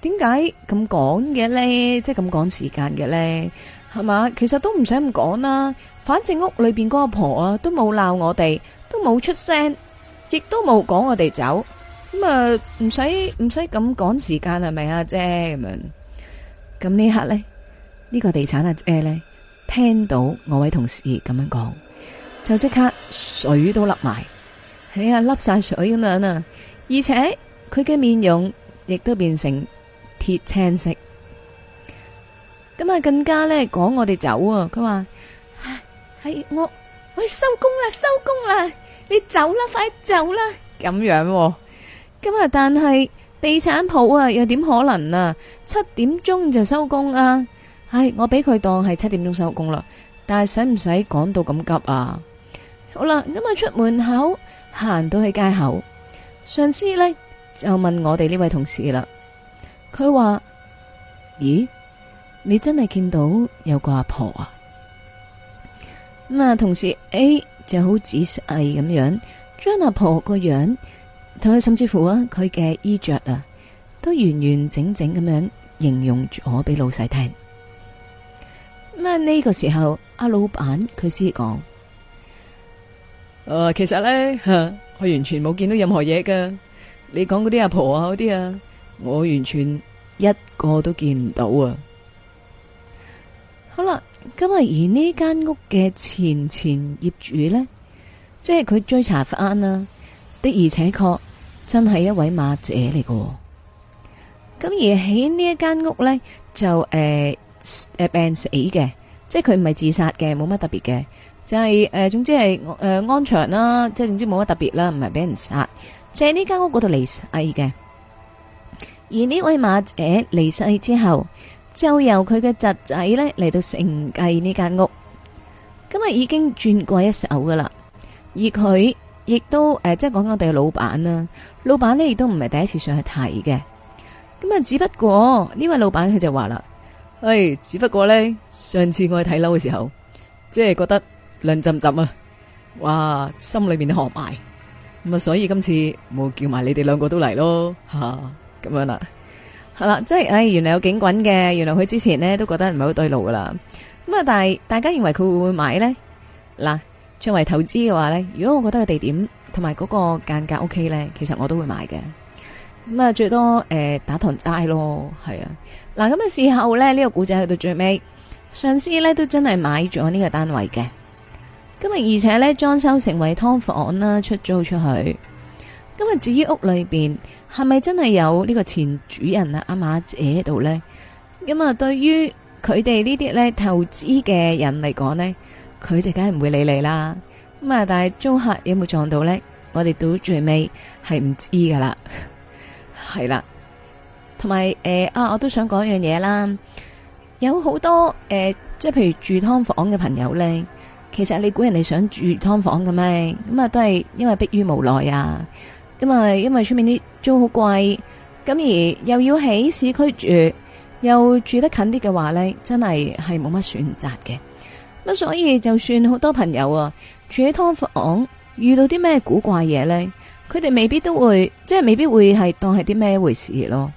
點解咁講嘅咧？即係咁趕時間嘅咧，係嘛？其實都唔使咁趕啦，反正屋裏邊嗰個婆啊都冇鬧我哋，都冇出聲，亦都冇講我哋走，咁啊唔使唔使咁趕時間係咪啊？啫咁樣，咁呢刻咧。呢個地產阿姐咧，聽到我位同事咁樣講，就即刻水都笠埋，係啊，笠晒水咁樣啊！而且佢嘅面容亦都變成鐵青色，咁啊，更加咧趕我哋走啊！佢話係我，我收工啦，收工啦，你走啦，快走啦，咁樣。咁啊，但係地產鋪啊，又點可能啊？七點鐘就收工啊？係我俾佢當係七點鐘收工啦，但係使唔使趕到咁急啊？好啦，咁啊，出門口行到去街口，上司呢就問我哋呢位同事啦。佢話：咦，你真係見到有個阿婆啊？咁啊，同事 A 就好仔細咁樣，將阿婆個樣同佢甚至乎啊佢嘅衣着啊，都完完整整咁樣形容咗俾老細聽。咁呢個時候阿老闆佢先講，誒、呃，其實呢，吓、啊，我完全冇見到任何嘢噶。你講嗰啲阿婆啊嗰啲啊，我完全一個都見唔到啊。好啦，今日而呢間屋嘅前前業主呢，即係佢追查翻啊，的而且確真係一位馬姐嚟噶。咁而喺呢一間屋呢，就誒。呃誒，病死嘅，即係佢唔係自殺嘅，冇乜特別嘅，就係誒，總之係誒、呃、安詳啦，即係總之冇乜特別啦，唔係俾人殺。就係呢間屋嗰度離世嘅，而呢位馬姐離世之後，就由佢嘅侄仔呢嚟到承繼呢間屋，咁啊已經轉過一手噶啦。而佢亦都誒、呃，即係講緊我哋嘅老闆啦，老闆呢亦都唔係第一次上去睇嘅。咁啊，只不過呢位老闆佢就話啦。誒、哎，只不過呢，上次我去睇樓嘅時候，即係覺得涼浸浸啊，哇，心裏面都寒埋，咁啊，所以今次冇叫埋你哋兩個都嚟咯。咁、啊、樣啦、啊，係、嗯、啦，即係，誒、哎，原來有景轟嘅。原來佢之前呢都覺得唔係好對路噶啦，咁啊，但係大家認為佢會唔會買呢？嗱，作為投資嘅話呢，如果我覺得個地點同埋嗰個間隔 OK 呢，其實我都會買嘅。咁、呃、啊，最多誒打堂街咯，係啊。嗱，咁嘅事後呢，呢、這個古仔去到最尾，上司呢都真係買咗呢個單位嘅。今日而且呢，裝修成為劏房啦，出租出去。咁啊至於屋裏邊係咪真係有呢個前主人啊阿媽姐喺度呢？咁、嗯、啊，對於佢哋呢啲呢投資嘅人嚟講呢，佢就梗係唔會理你啦。咁啊，但係租客有冇撞到呢？我哋到最尾係唔知噶啦。係啦，同埋誒啊，我都想講一樣嘢啦。有好多誒，即、呃、係譬如住劏房嘅朋友呢，其實你估人哋想住劏房嘅咩？咁啊，都係因為迫於無奈啊。咁啊，因為出面啲租好貴，咁而又要喺市區住，又住得近啲嘅話呢，真係係冇乜選擇嘅。咁所以就算好多朋友啊，住喺劏房，遇到啲咩古怪嘢呢，佢哋未必都會，即係未必會係當係啲咩回事咯，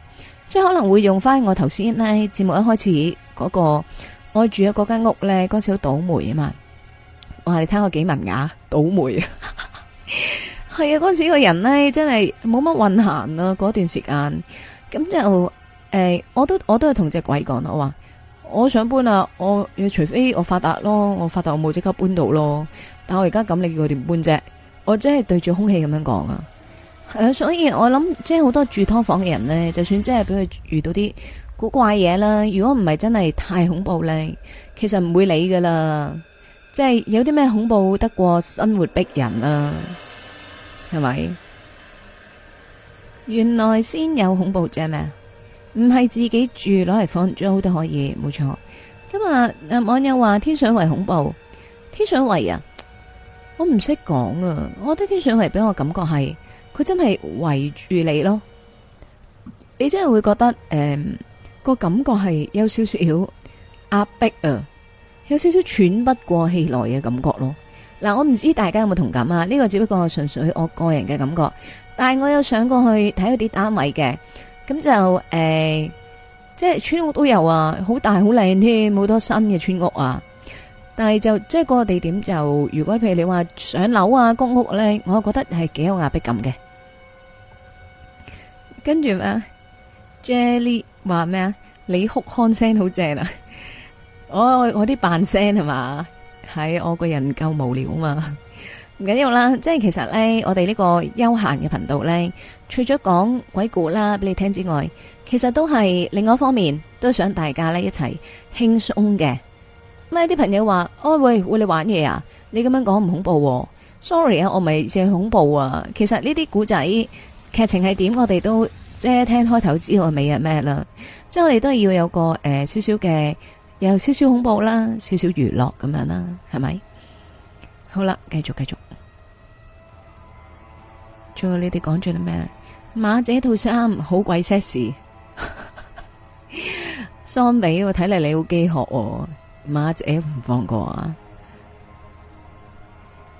即係可能會用翻，我頭先咧節目一開始嗰、嗰個我住嘅嗰間屋咧，嗰時好倒霉啊嘛，我係你睇我幾文雅，倒霉啊，係 啊，嗰時個人咧真係冇乜運行啊，嗰段時間，咁就誒、欸，我都我都係同隻鬼講，我話我想搬啦，我要除非我發達咯，我發達我冇即刻搬到咯，但我而家咁，你叫我點搬啫？我真係對住空氣咁樣講啊，係啊，所以我，我諗即係好多住劏房嘅人呢，就算真係俾佢遇到啲古怪嘢啦，如果唔係真係太恐怖呢，其實唔會理噶啦。即係有啲咩恐怖得過生活逼人啊，係咪？原來先有恐怖啫咩？唔係自己住攞嚟放租都可以，冇錯。今日、啊、網友話天水圍恐怖，天水圍啊！我唔識講啊！我啲天水圍俾我感覺係佢真係圍住你咯，你真係會覺得誒個、嗯、感覺係有少少壓迫啊，有少少喘不過氣來嘅感覺咯。嗱、嗯，我唔知大家有冇同感啊？呢、這個只不過純粹我個人嘅感覺，但係我有上過去睇一啲單位嘅，咁就誒、嗯、即係村屋都有啊，好大好靚添，好多新嘅村屋啊。但係就即係個地點就，如果譬如你話上樓啊、公屋呢，我覺得係幾有壓迫感嘅。跟住咩啊？Jelly 話咩啊？你哭腔聲好正啊！我我啲扮聲係嘛？係我個人夠無聊啊嘛？唔緊要啦，即係其實呢，我哋呢個休閒嘅頻道呢，除咗講鬼故啦俾你聽之外，其實都係另外一方面，都想大家呢一齊輕鬆嘅。咩？啲朋友話哦，喂，會你玩嘢啊？你咁樣講唔恐怖？Sorry 啊，Sorry，我咪正恐怖啊！其實呢啲古仔劇情係點，我哋都即係聽開頭之外，尾啊咩啦？即係我哋都係要有個誒、呃，少少嘅有少少恐怖啦，少少娛樂咁樣啦，係咪？好啦，繼續繼續。仲有你哋講咗啲咩？馬姐套衫好鬼 sexy，雙 比，睇嚟你好飢渴，啊。馬姐唔放過啊！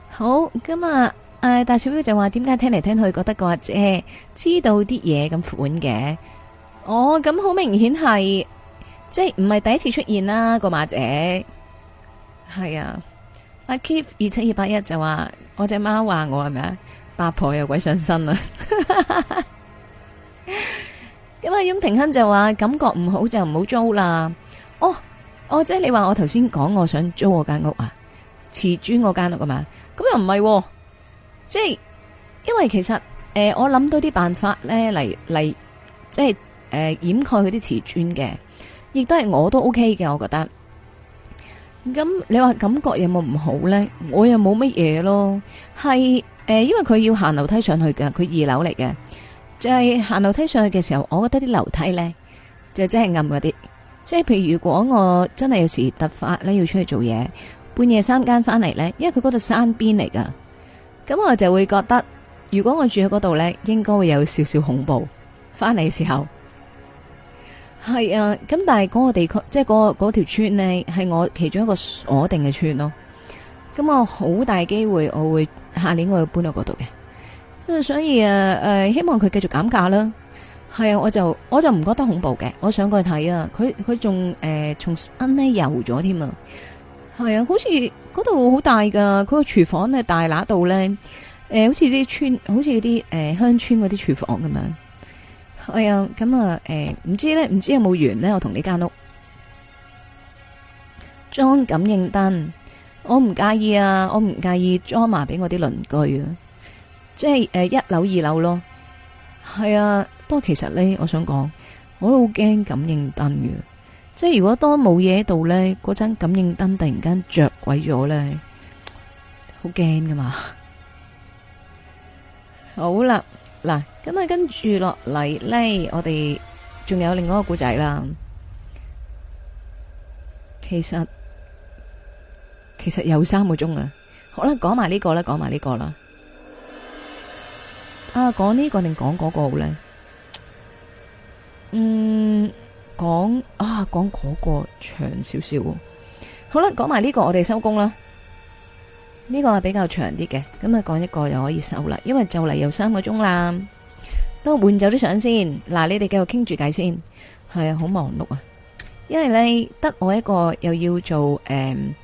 好咁啊，誒，大小表就話點解聽嚟聽去覺得個阿姐知道啲嘢咁款嘅？哦，咁好明顯係即係唔係第一次出現啦，個馬姐係啊。阿 Keep 二七二八一就話我隻貓話我係咪啊？八婆有鬼上身啊！咁阿翁庭亨就話感覺唔好就唔好租啦。哦。哦，即係你話我頭先講我想租我間屋啊，瓷磚嗰間屋啊嘛，咁又唔係，即係因為其實誒、呃，我諗到啲辦法咧嚟嚟，即係誒、呃、掩蓋佢啲瓷磚嘅，亦都係我都 OK 嘅，我覺得。咁你話感覺有冇唔好咧？我又冇乜嘢咯，係誒、呃，因為佢要行樓梯上去嘅，佢二樓嚟嘅，就係行樓梯上去嘅時候，我覺得啲樓梯咧就真、是、係暗嗰啲。即係，譬如如果我真係有時突發咧，要出去做嘢，半夜三更翻嚟呢，因為佢嗰度山邊嚟噶，咁我就會覺得，如果我住喺嗰度呢，應該會有少少恐怖。翻嚟嘅時候，係啊，咁但係嗰個地區，即係嗰、嗰個條村呢，係我其中一個鎖定嘅村咯。咁我好大機會我會下年我要搬到嗰度嘅，所以誒、啊、誒，希望佢繼續減價啦。係啊，我就我就唔覺得恐怖嘅。我想過去睇啊，佢佢仲誒從身呢游咗添啊。係啊，好似嗰度好大噶，佢個廚房係大嗱度咧，誒好似啲村，好似啲誒鄉村嗰啲廚房咁樣。係啊，咁啊誒，唔、呃、知咧，唔知有冇完咧。我同呢間屋裝感應燈，我唔介意啊，我唔介意裝埋俾我啲鄰居啊即是、呃、一樓二樓是啊，即係誒一樓二樓咯。係啊。不過其實咧，我想講，我都好驚感應燈嘅，即係如果當冇嘢喺度咧，嗰陣感應燈突然間着鬼咗咧，好驚噶嘛。好啦，嗱，咁啊，跟住落嚟咧，我哋仲有另外一個故仔啦。其實其實有三個鐘啊，好啦，講埋呢個啦，講埋呢個啦。啊，講呢個定講嗰個好咧？嗯，講啊，講嗰、那個長少少，好啦，講埋呢個，我哋收工啦。呢、這個係比較長啲嘅，咁啊講一個又可以收啦，因為就嚟有三個鐘啦。都換走啲相先，嗱，你哋繼續傾住偈先，係啊，好忙碌啊，因為你得我一個又要做誒、嗯，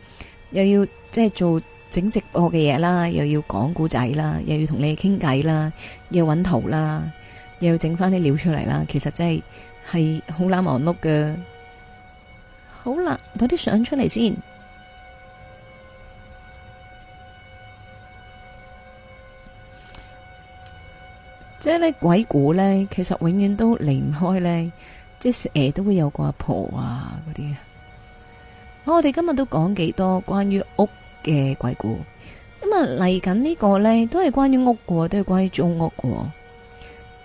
又要即係做整直播嘅嘢啦，又要講故仔啦，又要同你傾傾偈啦，要揾圖啦。又要整翻啲料出嚟啦，其實真係係好難忙碌嘅。好啦，攞啲相出嚟先。即係咧鬼故咧，其實永遠都離唔開咧，即係誒都會有個阿婆啊嗰啲。我哋今日都講幾多關於屋嘅鬼故，咁呀，嚟緊呢個咧都係關於屋嘅，都係關於租屋嘅。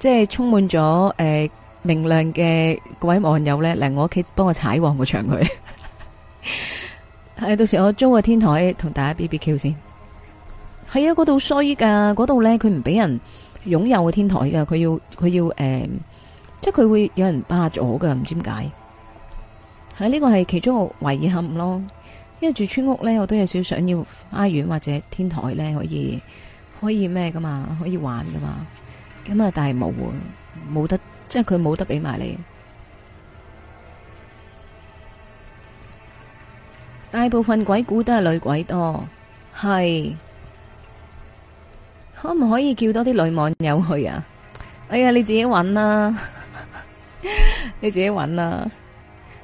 即係充滿咗誒明亮嘅各位網友咧，嚟我屋企幫我踩旺個場佢。係 到時我租個天台同大家 B B Q 先。係啊，嗰度衰噶，嗰度咧佢唔俾人擁有個天台噶，佢要佢要誒、呃，即係佢會有人霸咗噶，唔知點解。喺呢個係其中一個遺憾咯。因為住村屋咧，我都有少想要花園或者天台咧，可以可以咩噶嘛，可以玩噶嘛。咁啊，但係冇啊，冇得，即係佢冇得俾埋你。大部分鬼故都係女鬼多，係可唔可以叫多啲女網友去啊？哎呀，你自己揾啦、啊， 你自己揾啦、啊。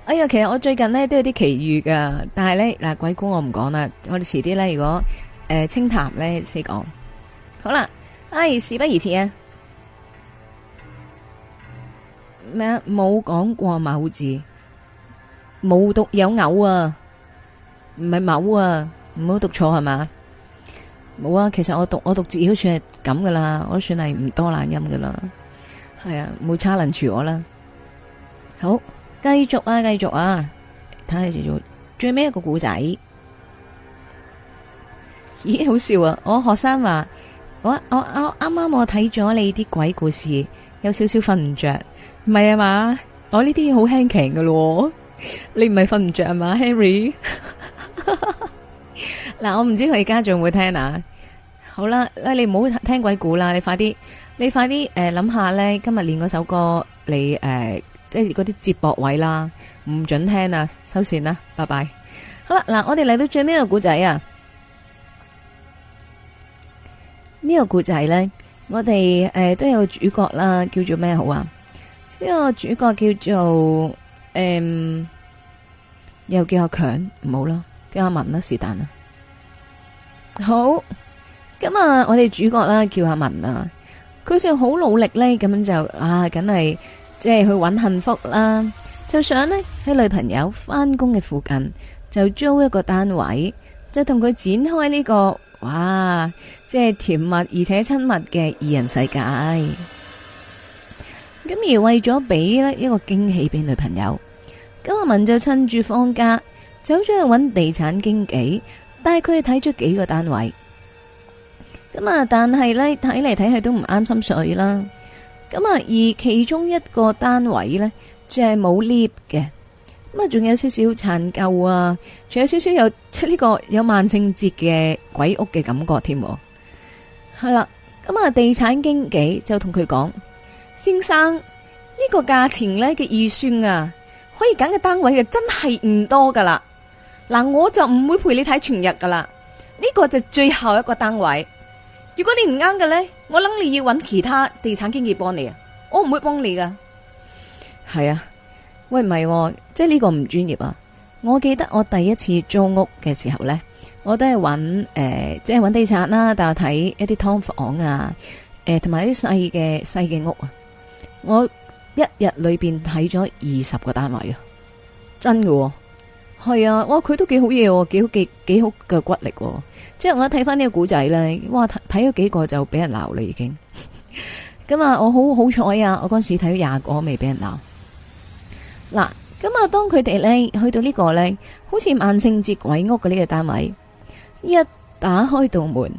哎呀，其實我最近呢都有啲奇遇噶，但係呢，嗱鬼故我唔講啦，我哋遲啲呢。如果誒、呃、清談呢，先講。好啦，哎，事不宜遲啊！咩？冇講過好字，冇讀有嘔啊！唔係某啊，唔好讀錯係嘛？冇啊，其實我讀我讀字都算係咁噶啦，我都算係唔多懶音噶啦。係啊，冇差人住我啦。好，繼續啊，繼續啊，睇下做最尾一個故仔。咦，好笑啊！我學生話我我我啱啱我睇咗你啲鬼故事，有少少瞓唔着。唔係啊嘛，我呢啲好輕騎噶咯，你唔係瞓唔着啊嘛，Harry。嗱，我唔知佢家長會聽啊。好啦，咧你唔好聽鬼故啦，你快啲，你快啲誒諗下咧，今日練嗰首歌，你誒即係嗰啲接駁位啦，唔准聽啊，收線啦，拜拜。好啦，嗱，我哋嚟到最尾一個故仔啊。呢個故仔咧，我哋誒都有主角啦，叫做咩好啊？呢個主角叫做誒，又叫阿強，唔好啦，叫阿文啦，是但啦。好，咁啊，我哋主角啦，叫阿文啊，佢就好努力咧，咁就啊，梗係即係去搵幸福啦，就想呢，喺女朋友翻工嘅附近就租一個單位，就同佢展開呢個，哇，即係甜蜜而且親密嘅二人世界。咁而為咗俾呢一個驚喜俾女朋友，咁阿文就趁住放假走咗去搵地產經紀，帶佢去睇咗幾個單位，咁啊，但係呢睇嚟，睇去都唔啱心水啦。咁啊，而其中一個單位呢，即係冇 lift 嘅，咁啊，仲有少少殘舊啊，仲有少少有呢、呢個有萬聖節嘅鬼屋嘅感覺添。係啦，咁啊，地產經紀就同佢講。先生，呢個價錢咧嘅預算啊，可以揀嘅單位嘅真係唔多噶啦。嗱，我就唔會陪你睇全日噶啦。呢個就最後一個單位。如果你唔啱嘅咧，我諗你要揾其他地產經紀幫你啊。我唔會幫你噶。係啊，喂，唔係啊，即係呢個唔專業啊。我記得我第一次租屋嘅時候咧，我都係揾誒，即係揾地產啦，但係睇一啲劏房啊，誒，同埋一啲細嘅細嘅屋啊。我一日裏邊睇咗二十個單位啊，真㗎喎，係啊，哇，佢都幾好嘢，幾好幾幾好腳骨力，即係我睇翻呢個古仔呢，哇，睇咗幾個就俾人鬧啦已經，咁 啊，我好好彩啊，我嗰時睇咗廿個未俾人鬧，嗱，咁啊，當佢哋呢去到呢個呢，好似萬聖節鬼屋嘅呢個單位，一打開道門，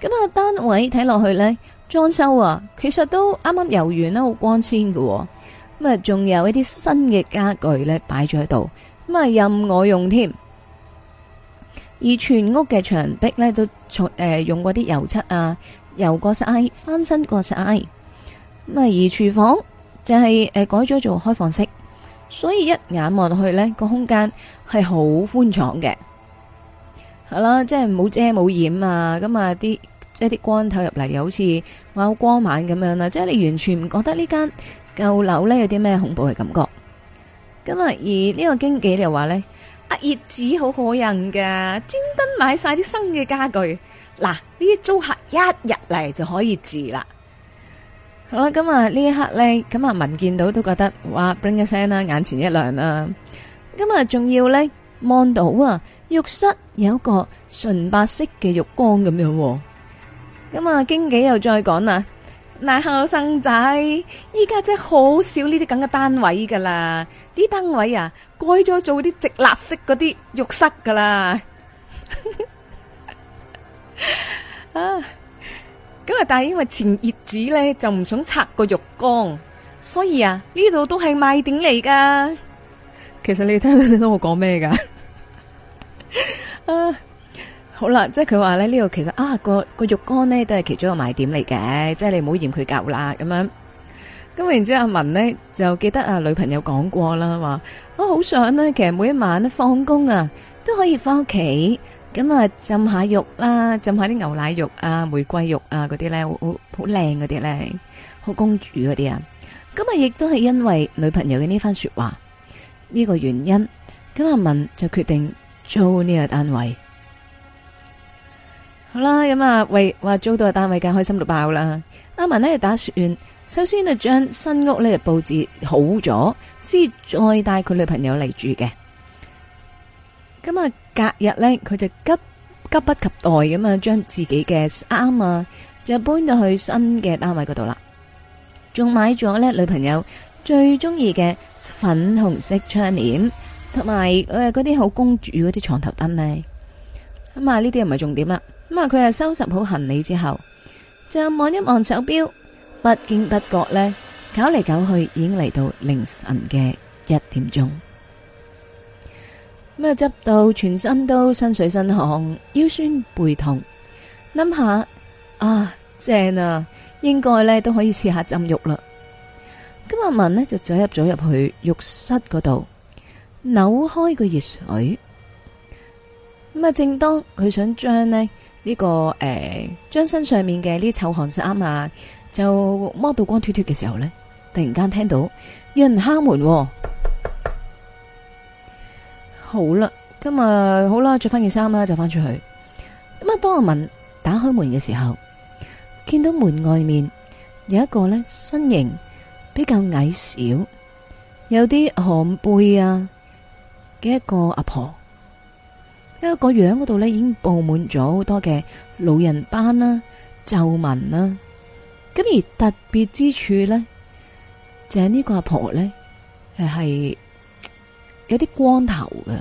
咁啊，單位睇落去呢。裝修啊，其實都啱啱游完啦，好光鮮嘅咁啊，仲有一啲新嘅家具呢，擺咗喺度，咁啊任我用添。而全屋嘅牆壁呢，都誒、呃、用嗰啲油漆啊，油過晒，翻新過晒，咁啊而廚房就係、是、誒、呃、改咗做開放式，所以一眼望落去呢，個空間係好寬敞嘅，係啦，即係冇遮冇掩啊，咁啊啲。即係啲光透入嚟，又好似好光猛咁樣啦！即係你完全唔覺得呢間舊樓呢，有啲咩恐怖嘅感覺。咁啊，而呢個經紀又話呢，阿業主好可人噶，專登買晒啲新嘅家具。嗱，呢啲租客一入嚟就可以住啦。好啦，咁啊，呢一刻呢，咁啊文見到都覺得哇，bring 一聲啦，眼前一亮啦。咁啊，仲要呢，望到啊，浴室有個純白色嘅浴缸咁樣。咁啊，經紀又再講啦，嗱，後生仔，依家真係好少呢啲咁嘅單位噶啦，啲單位啊，改咗做啲直立式嗰啲浴室噶啦，咁 啊，但係因為前業主咧就唔想拆個浴缸，所以啊，呢度都係賣點嚟噶。其實你聽唔聽到我講咩噶？ 啊！好啦，即係佢話咧，呢度其實啊個個浴缸呢都係其中一個賣點嚟嘅，即係你唔好嫌佢舊啦咁樣。咁然之後阿文呢，就記得啊，女朋友講過啦，話啊好想呢，其實每一晚都放工啊都可以翻屋企，咁啊浸下浴啦，浸下啲牛奶浴啊、玫瑰浴啊嗰啲呢，好好靚嗰啲呢，好公主嗰啲啊。咁啊亦都係因為女朋友嘅呢番說話呢個原因，咁阿文就決定租呢個單位。好啦，咁、嗯、啊，喂話租到嘅單位梗開心到爆啦！阿文就打算首先就將新屋呢就布置好咗，先再帶佢女朋友嚟住嘅。咁、嗯、啊，隔日呢，佢就急急不及待咁啊，將自己嘅衫啊，就搬到去新嘅單位嗰度啦。仲買咗呢女朋友最中意嘅粉紅色窗簾，同埋誒嗰啲好公主嗰啲床頭燈呢。咁、嗯、啊，呢、嗯、啲又唔係重點啦。咁啊！佢係收拾好行李之後，就望一望手錶，不經不覺呢，搞嚟搞去已經嚟到凌晨嘅一點鐘。咁啊，執到全身都身水身汗，腰酸背痛，諗下啊，正啊，應該呢都可以試下浸浴啦。咁阿文呢，就走入咗入去浴室嗰度，扭開個熱水。咁啊，正當佢想將呢。呢、這個誒，將、呃、身上面嘅呢啲臭汗衫啊，就摸到光脫脫嘅時候呢，突然間聽到有人敲門、哦。好啦，咁啊，好啦，着返件衫啦，就返出去。咁啊，當我問打開門嘅時候，見到門外面有一個呢身形比較矮小、有啲寒背啊嘅一個阿婆。因為個樣嗰度咧已經布滿咗好多嘅老人斑啦、皺紋啦。咁而特別之處咧，就係、是、呢個阿婆咧係係有啲光頭嘅，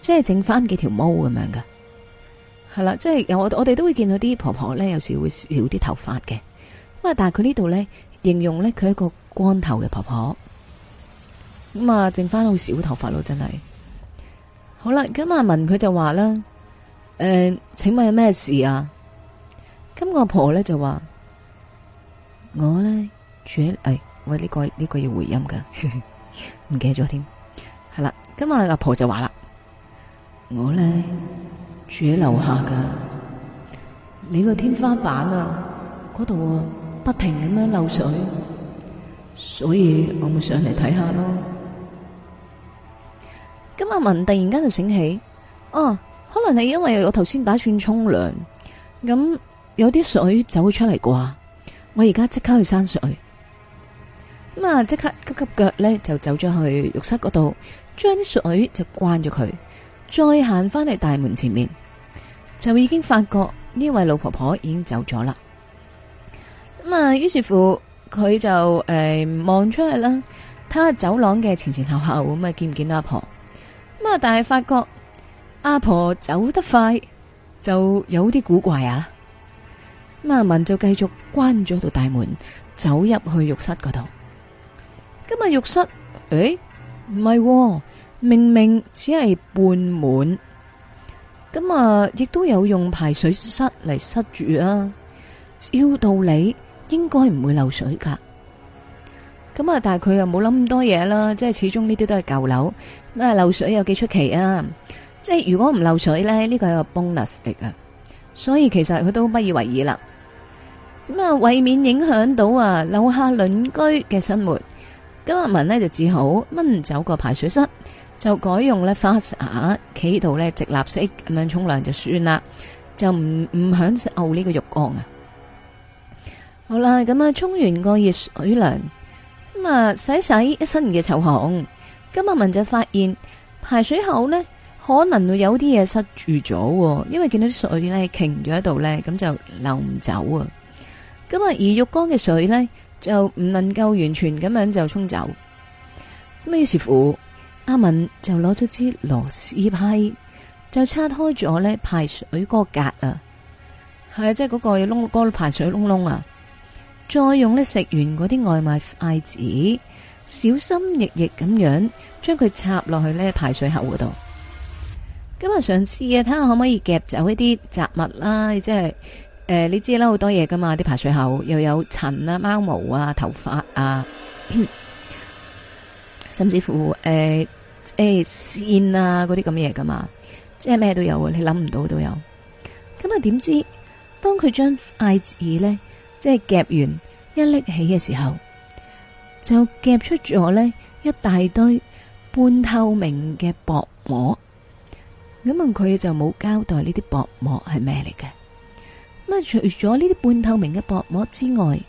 即係剩翻幾條毛咁樣㗎。係啦，即係我我哋都會見到啲婆婆咧，有時會少啲頭髮嘅。咁啊，但係佢呢度咧形容咧佢係一個光頭嘅婆婆。咁啊，剩翻好少頭髮咯，真係。好啦，咁阿文佢就話啦，誒、呃，請問有咩事啊？咁我阿婆咧就話，我咧住喺誒、哎，喂，呢、這個呢、這個要回音噶，唔記得咗添。係啦，今日阿婆就話啦，我咧住喺樓下噶，你個天花板啊嗰度、啊、不停咁樣漏水，所以我咪上嚟睇下咯。咁阿文突然間就醒起，哦，可能係因為我頭先打算沖涼，咁有啲水走咗出嚟啩，我而家即刻去閂水。咁啊，即刻急急腳呢就走咗去浴室嗰度，將啲水就關咗佢，再行翻嚟大門前面，就已經發覺呢位老婆婆已經走咗啦。咁啊，於是乎佢就誒望、呃、出嚟啦，睇下，走廊嘅前前後後咁啊，見唔見到阿婆？咁啊！但係發覺阿婆,婆走得快，就有啲古怪啊！咁啊，文就繼續關咗道大門，走入去浴室嗰度。今日浴室誒，唔係啊，明明只係半滿，咁啊，亦都有用排水塞嚟塞住啊。照道理應該唔會漏水噶。咁啊！但係佢又冇諗咁多嘢啦，即係始終呢啲都係舊樓，咁啊，漏水有幾出奇啊！即係如果唔漏水呢，呢個係個 bonus 嚟噶，所以其實佢都不以為意啦。咁啊，為免影響到啊樓下鄰居嘅生活，今日文呢就只好掹走個排水塞，就改用呢花灑，企喺度呢直立式咁樣沖涼就算啦，就唔唔享受呢個浴缸啊！好啦，咁啊沖完個熱水涼。涼咁啊，洗洗一身嘅臭汗。咁阿文就發現排水口呢，可能會有啲嘢塞住咗，因為見到啲水咧停住喺度呢，咁就流唔走啊。咁啊，而浴缸嘅水呢，就唔能夠完全咁樣就沖走。咁於是乎，阿文就攞咗支螺絲批，就拆開咗呢排水個格啊，係即係嗰個窿個排水窿窿啊。再用呢食完嗰啲外賣筷子，小心翼翼咁樣將佢插落去呢排水口嗰度。咁啊，上次啊，睇下可唔可以夾走一啲雜物啦，即係誒、呃，你知啦，好多嘢噶嘛，啲排水口又有塵啊、貓毛啊、頭髮啊，甚至乎誒誒、呃哎、線啊嗰啲咁嘢噶嘛，即係咩都有，你諗唔到都有。咁啊，點知當佢將筷子呢。即係夾完一拎起嘅時候，就夾出咗呢一大堆半透明嘅薄膜。咁啊，問佢就冇交代呢啲薄膜係咩嚟嘅。咁除咗呢啲半透明嘅薄膜之外，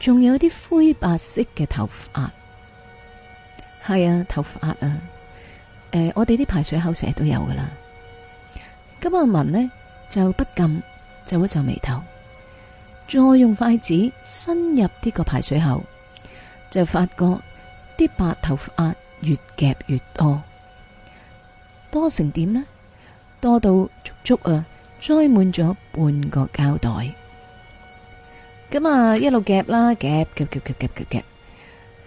仲有啲灰白色嘅頭髮。係啊，頭髮啊。誒、呃，我哋啲排水口成日都有噶啦。咁啊，阿文呢，就不禁皺一皺眉頭，再用筷子伸入呢個排水口，就發覺啲白頭髮越夾越多，多成點呢？多到足足啊！塞滿咗半個膠袋，咁啊一路夾啦，夾夾夾夾夾夾夾，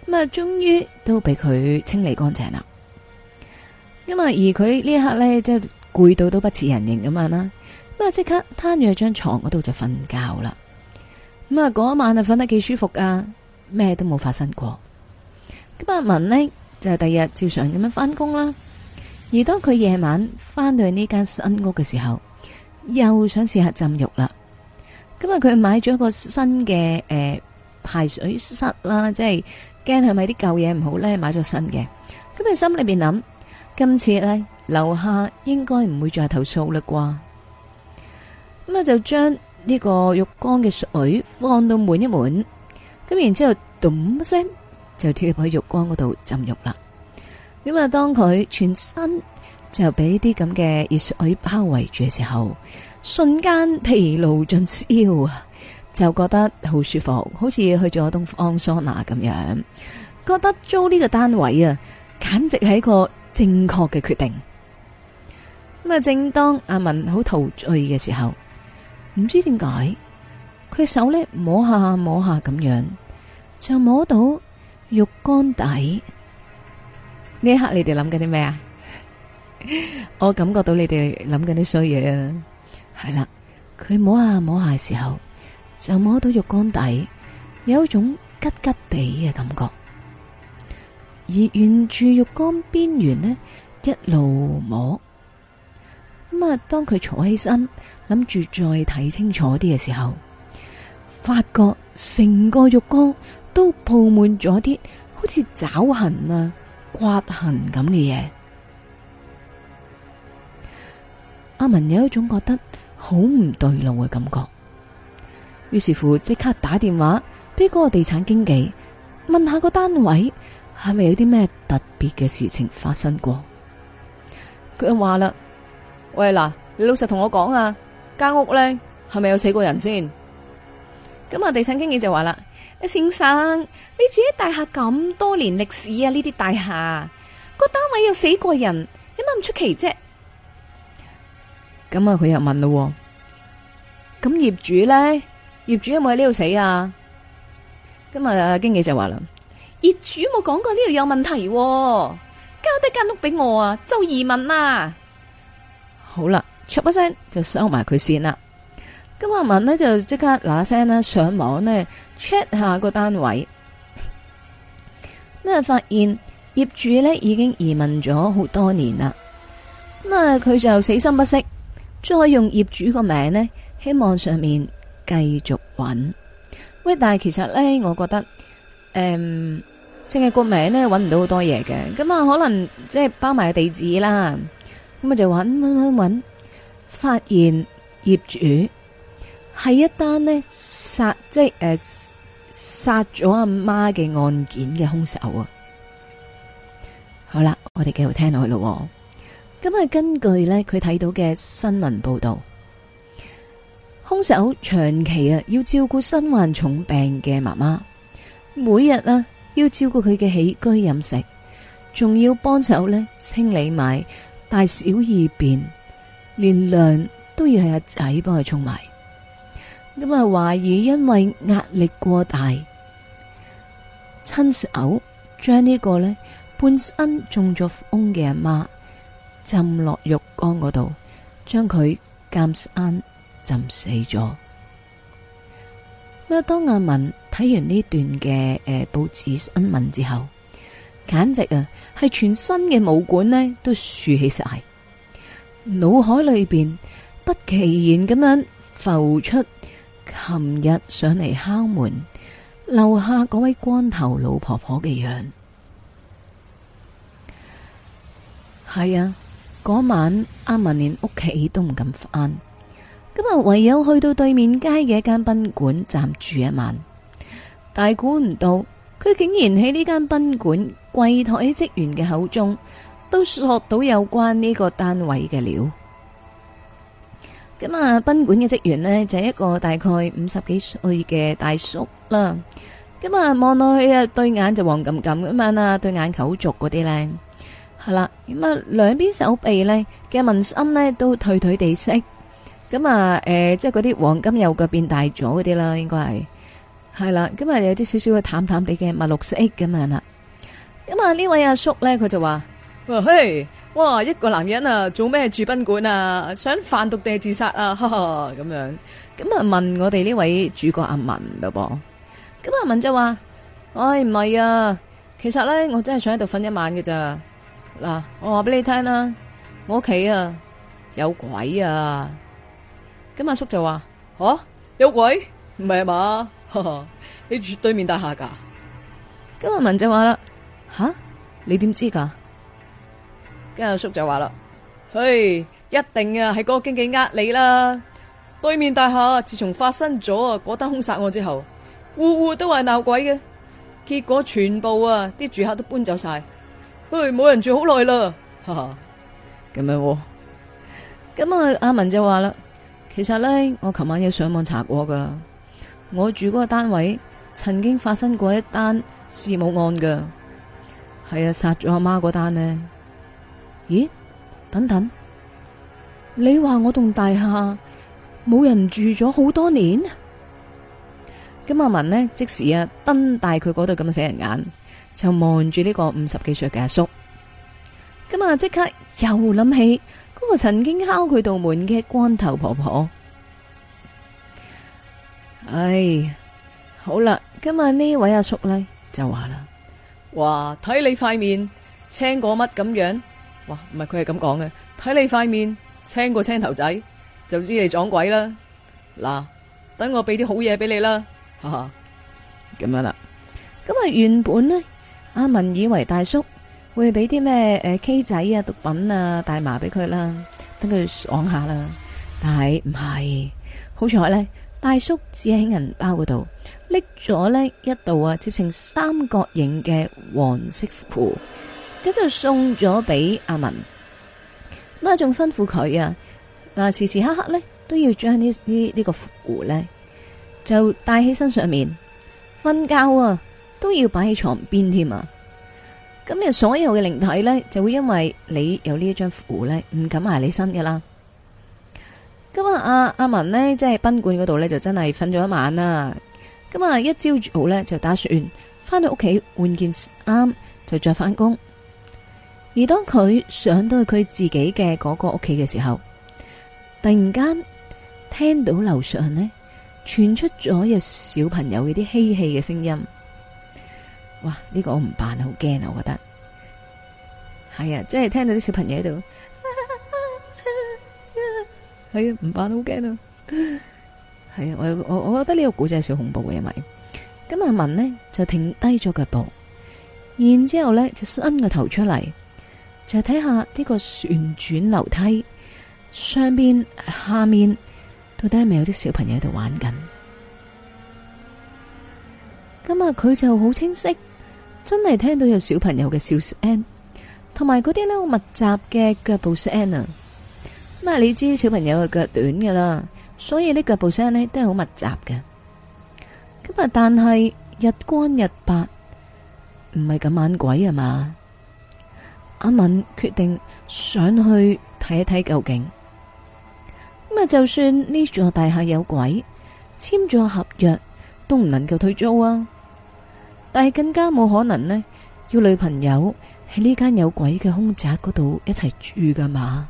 咁啊終於都俾佢清理乾淨啦。咁啊而佢呢一刻呢，即係攰到都不似人形咁啊啦，咁啊即刻攤住喺張床嗰度就瞓覺啦。咁啊，嗰晚啊，瞓得幾舒服啊，咩都冇發生過。咁阿文呢，就係、是、第二日照常咁樣翻工啦。而當佢夜晚翻到去呢間新屋嘅時候，又想試下浸浴啦。咁啊，佢買咗一個新嘅誒、呃、排水塞啦，即係驚佢咪啲舊嘢唔好咧，買咗新嘅。咁佢心裏邊諗，今次咧樓下應該唔會再投訴啦啩。咁啊，就將。呢個浴缸嘅水放到滿一滿，咁然之後，咚一聲就跳入去浴缸嗰度浸浴啦。咁啊，當佢全身就俾啲咁嘅熱水包圍住嘅時候，瞬間疲勞盡消啊，就覺得好舒服，好似去咗東方桑拿咁樣。覺得租呢個單位啊，簡直係一個正確嘅決定。咁啊，正當阿文好陶醉嘅時候。唔知點解，佢手咧摸下摸下咁樣，就摸到浴缸底。呢一刻你哋諗緊啲咩啊？ 我感覺到你哋諗緊啲衰嘢啊！係啦，佢摸下摸下嘅時候，就摸到浴缸底，有一種吉吉地嘅感覺。而沿住浴缸邊緣呢，一路摸。咁啊，當佢坐起身。諗住再睇清楚啲嘅時候，發覺成個浴缸都鋪滿咗啲好似爪痕啦、啊、刮痕咁嘅嘢。阿文有一種覺得好唔對路嘅感覺，於是乎即刻打電話俾嗰個地產經紀，問下個單位係咪有啲咩特別嘅事情發生過。佢又話啦，喂，嗱，你老實同我講啊！間屋咧，係咪有死過人先？咁啊，地產經紀就話啦：先生，你住喺大廈咁多年歷史啊，呢啲大廈個單位有死過人，有乜唔出奇啫？咁啊，佢又問咯，咁業主咧，業主有冇喺呢度死啊？今日啊，經紀就話啦，業主冇講過呢度有問題、啊，交低間屋俾我啊，就移民啊，好啦。出一聲就收埋佢先啦。咁阿文呢，就即刻嗱聲啦，上網呢 check 下個單位，咁 啊發現業主呢已經移民咗好多年啦。咁啊佢就死心不息，再用業主個名呢，希望上面繼續揾。喂，但係其實呢，我覺得誒，淨、嗯、係個名呢，揾唔到好多嘢嘅。咁啊可能即係包埋個地址啦。咁啊就揾揾揾揾。發現業主係一單呢殺即係誒殺咗阿媽嘅案件嘅兇手啊！好啦，我哋繼續聽落去咯。咁啊，根據呢，佢睇到嘅新聞報道，兇手長期啊要照顧身患重病嘅媽媽，每日呢要照顧佢嘅起居飲食，仲要幫手呢清理埋大小二便。連涼都要係阿仔幫佢沖埋，咁啊懷疑因為壓力過大，親手將呢個咧半身中咗風嘅阿媽浸落浴缸嗰度，將佢監生浸死咗。咁啊，當阿文睇完呢段嘅誒報紙新聞之後，簡直啊係全身嘅武館咧都豎起晒。腦海裏邊不期然咁樣浮出琴日上嚟敲門留下嗰位光頭老婆婆嘅樣子，係啊！嗰晚阿文連屋企都唔敢返，今日唯有去到對面街嘅一間賓館暫住一晚。大估唔到，佢竟然喺呢間賓館櫃台職員嘅口中。都索到有關呢個單位嘅料，咁啊賓館嘅職員呢，就係、一個大概五十幾歲嘅大叔啦，咁啊望落去啊對眼就黃金黃金咁啊，對眼球好濁嗰啲呢，係啦咁啊兩邊手臂呢嘅紋身呢，都褪褪地色，咁啊誒即係嗰啲黃金右腳變大咗嗰啲啦，應該係係啦，咁啊有啲少少嘅淡淡地嘅墨綠色咁啊，咁啊呢位阿叔、叔呢，佢就話。嘿哇！一個男人啊，做咩住賓館啊？想販毒定自殺啊？咁 樣咁啊？問我哋呢位主角阿文咯噃，咁阿文就話：，唉唔係啊，其實咧我真係想喺度瞓一晚嘅咋。嗱，我話俾你聽啦，我屋企啊有鬼啊。咁阿叔就話：，吓、啊、有鬼？唔係啊嘛？ 你住對面大廈噶。咁阿文就話啦：，吓、啊、你點知噶？跟阿叔，叔就話啦，嘿、hey，一定啊係嗰個經紀呃你啦。對面大廈自從發生咗啊嗰單凶殺案之後，戶戶都話鬧鬼嘅，結果全部啊啲住客都搬走晒，唉，冇人住好耐啦。哈哈 咁樣，啊、咁、嗯、啊阿文就話啦，其實咧我琴晚有上網查過噶，我住嗰個單位曾經發生過一單弒母案嘅，係啊殺咗阿媽嗰單呢。咦，等等，你話我棟大廈冇人住咗好多年？咁阿文呢，即時啊，瞪大佢嗰度咁死人眼，就望住呢個五十幾歲嘅阿叔。咁啊，即刻又諗起嗰個曾經敲佢道門嘅光頭婆婆。唉，好啦，今日呢位阿叔呢就話啦，話睇你塊面青過乜咁樣。唔係，佢係咁講嘅。睇你塊面青過青頭仔，就知你撞鬼啦。嗱、啊，等我俾啲好嘢俾你啦，哈哈，咁樣啦。咁啊原本呢，阿文以為大叔會俾啲咩誒 K 仔啊、毒品啊、大麻俾佢啦，等佢爽下啦。但係唔係，好彩咧，大叔只喺銀包嗰度拎咗呢一道啊，接成三角形嘅黃色符。咁就送咗俾阿文，咁仲吩咐佢啊，啊時時刻刻咧都要將呢呢呢個符咧就帶喺身上面，瞓覺啊都要擺喺床邊添啊。咁你所有嘅靈體呢，就會因為你有呢一張符呢，唔敢埋你身噶啦。咁啊，阿阿文呢，即係賓館嗰度呢，就真係瞓咗一晚啦。咁啊，一朝早呢，就打算翻到屋企換件衫就再翻工。而當佢上到去佢自己嘅嗰個屋企嘅時候，突然間聽到樓上咧傳出咗一小朋友嘅啲嬉戲嘅聲音，哇！呢個我唔扮好驚啊，我覺得係啊，即係聽到啲小朋友喺度，係 啊，唔扮好驚啊，係啊，我我我覺得呢個古仔係小恐怖嘅。因為咁阿文呢，就停低咗腳步，然之後咧就伸個頭出嚟。就睇下呢個旋轉樓梯上邊、下面到底係咪有啲小朋友喺度玩緊？咁啊，佢就好清晰，真係聽到有小朋友嘅笑聲，同埋嗰啲呢好密集嘅腳步聲啊！咁啊，你知小朋友嘅腳短噶啦，所以呢腳步聲呢都係好密集嘅。咁啊，但係日光日白，唔係咁猛鬼啊嘛。阿敏決定上去睇一睇究竟。咁啊,就算呢座大廈有鬼，簽咗合約都唔能夠退租啊。但係更加冇可能呢，要女朋友喺呢間有鬼嘅空宅嗰度一齊住噶嘛。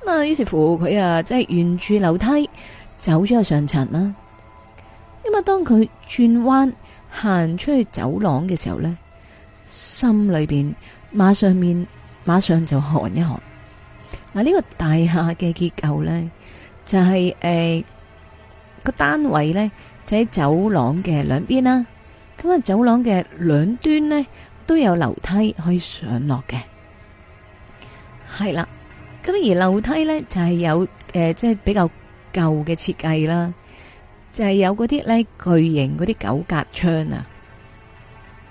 咁啊，於是乎佢啊，即係沿住樓梯走咗去上層啦。因為，當佢轉彎行出去走廊嘅時候呢，心裏邊。馬上面，馬上就寒一寒。嗱、啊、呢、這個大廈嘅結構咧，就係誒個單位咧，就喺走廊嘅兩邊啦。咁啊，走廊嘅兩端咧都有樓梯可以上落嘅。係啦，咁而樓梯咧就係、是、有誒、即、呃、係、就是、比較舊嘅設計啦，就係、是、有嗰啲咧巨型嗰啲九格窗啊。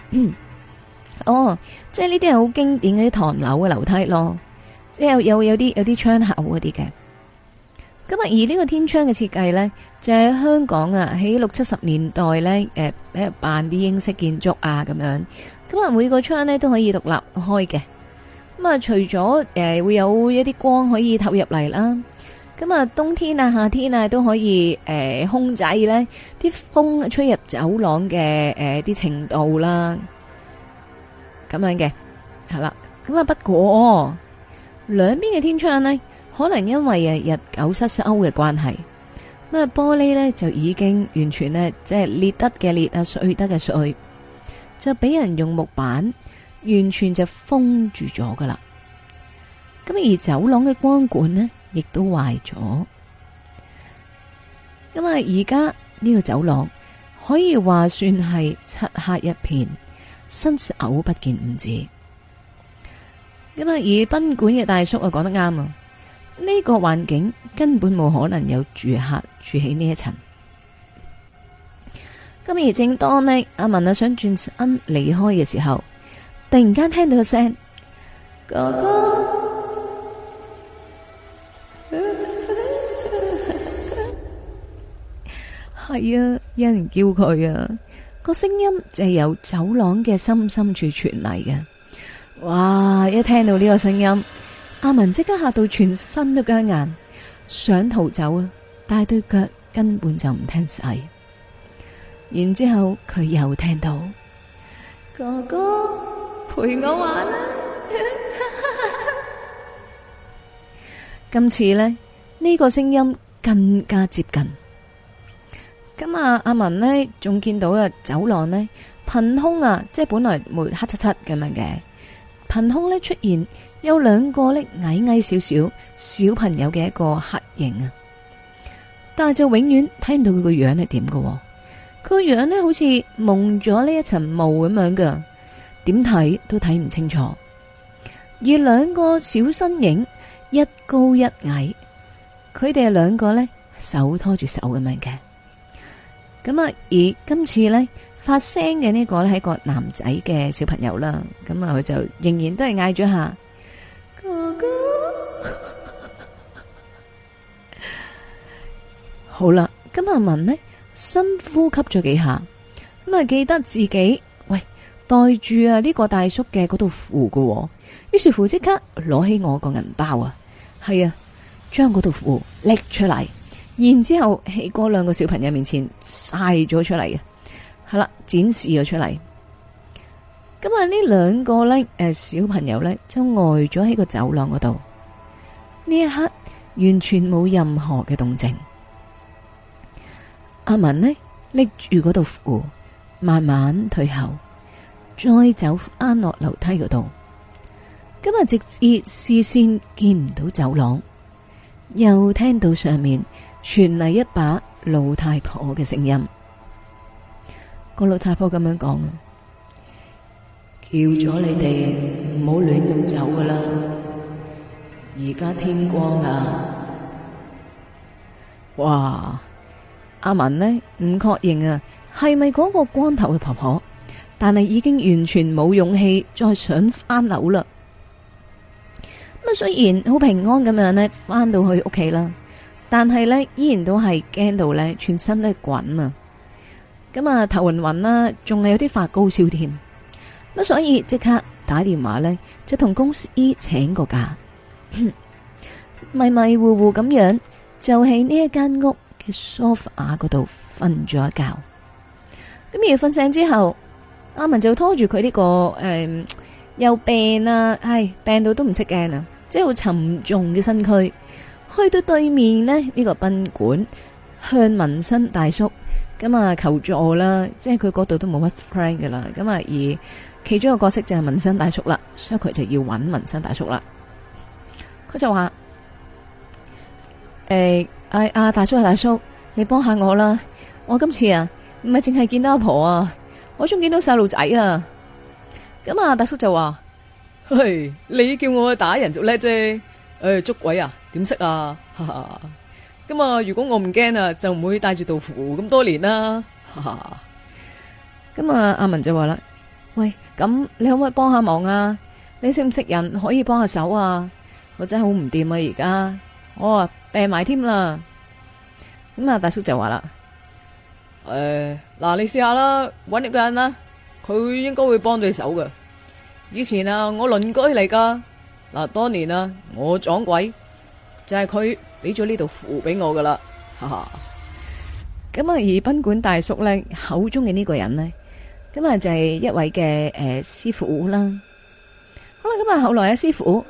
哦。即係呢啲係好經典嗰啲唐樓嘅樓梯咯，即係有有有啲有啲窗口嗰啲嘅。咁啊而呢個天窗嘅設計呢，就喺、是、香港啊，喺六七十年代呢，誒喺辦啲英式建築啊咁樣。咁啊，每個窗呢都可以獨立開嘅。咁啊，除咗誒、呃、會有一啲光可以投入嚟啦，咁、呃、啊冬天啊夏天啊都可以誒、呃、控制呢啲風吹入走廊嘅誒啲程度啦。咁樣嘅，係啦，咁啊不過兩邊嘅天窗呢，可能因為誒日久失修嘅關係，咁啊玻璃呢就已經完全呢，即係裂得嘅裂啊碎得嘅碎，就俾人用木板完全就封住咗噶啦。咁而走廊嘅光管呢，亦都壞咗。咁啊而家呢個走廊可以話算係漆黑一片。伸手不見五指，咁啊！而賓館嘅大叔啊，講得啱啊！呢個環境根本冇可能有住客住喺呢一層。今日正當呢，阿文啊想轉身離開嘅時候，突然間聽到個聲：哥哥，係 啊，有人叫佢啊！那個聲音就係由走廊嘅深深處傳嚟嘅，哇！一聽到呢個聲音，阿文即刻嚇到全身都僵硬，想逃走啊，但係對腳根本就唔聽使。然之後佢又聽到，哥哥陪我玩啦， 今次呢，呢、呢個聲音更加接近。咁啊，阿文呢，仲見到啊走廊呢，憑空啊，即係本來沒黑漆漆咁樣嘅，憑空呢，出現有兩個呢矮矮少少小，小朋友嘅一個黑影啊，但係就永遠睇唔到佢個樣係點嘅，佢個樣呢，好似蒙咗呢一層霧咁樣㗎，點睇都睇唔清楚。而兩個小身影，一高一矮，佢哋係兩個呢手拖住手咁樣嘅。咁啊！而今次咧發聲嘅呢個咧係一個男仔嘅小朋友啦，咁啊佢就仍然都係嗌咗下哥哥。好啦，咁阿文咧深呼吸咗幾下，咁啊記得自己喂袋住啊呢個大叔嘅嗰道符嘅，於是乎即刻攞起我個銀包啊，係啊，將嗰道符拎出嚟。然之後喺嗰兩個小朋友面前晒咗出嚟嘅，係啦，展示咗出嚟。今日呢兩個咧誒，小朋友呢，就呆咗喺個走廊嗰度。呢一刻完全冇任何嘅動靜。阿文呢，拎住嗰度扶，慢慢退後，再走翻落樓梯嗰度。今日直至視線見唔到走廊，又聽到上面，傳嚟一把老太婆嘅聲音，個老太婆咁樣講啊，叫咗你哋唔好亂咁走噶啦，而家天光啊！哇，阿文呢唔確認啊，係咪嗰個光頭嘅婆婆？但係已經完全冇勇氣再想翻樓啦。咁啊，雖然好平安咁樣呢，翻到去屋企啦。但係咧，依然都係驚到咧，全身都係滾啊！咁啊，頭暈暈啦，仲係有啲發高燒添。咁所以即刻打電話咧，就同公司請個假，迷迷糊糊咁樣就喺呢一間屋嘅 sofa 嗰度瞓咗一覺。咁而瞓醒之後，阿文就拖住佢呢個誒，又病啊，唉病到都唔識驚啊，即係好沉重嘅身軀。去到對面咧，呢、這個賓館向民生大叔咁啊求助啦，即係佢嗰度都冇乜 friend 噶啦，咁啊而其中一個角色就係民生大叔啦，所以佢就要揾民生大叔啦。佢就話：誒、欸，阿、啊、大叔啊，大叔，你幫下我啦！我今次啊，唔係淨係見到阿婆啊，我仲見到細路仔啊！咁啊，大叔就話：嘿，你叫我打人就叻啫，誒、欸，捉鬼啊！點識啊！咁啊，如果我唔驚 啊，就唔會帶住道符咁多年啦。咁啊，阿文就話啦：喂，咁你可唔可以幫下忙啊？你識唔識人可以幫下手啊？我真係好唔掂啊！而家我啊病埋添啦。咁啊，大叔就話啦：誒、呃，嗱，你試下啦，搵一個人啦，佢應該會幫到你手嘅。以前啊，我鄰居嚟噶，嗱，當年啊，我撞鬼。就係佢俾咗呢道符俾我噶啦，咁啊而賓館大叔咧口中嘅呢個人呢，咁啊就係一位嘅誒、呃、師傅啦。好啦，咁啊後來阿師傅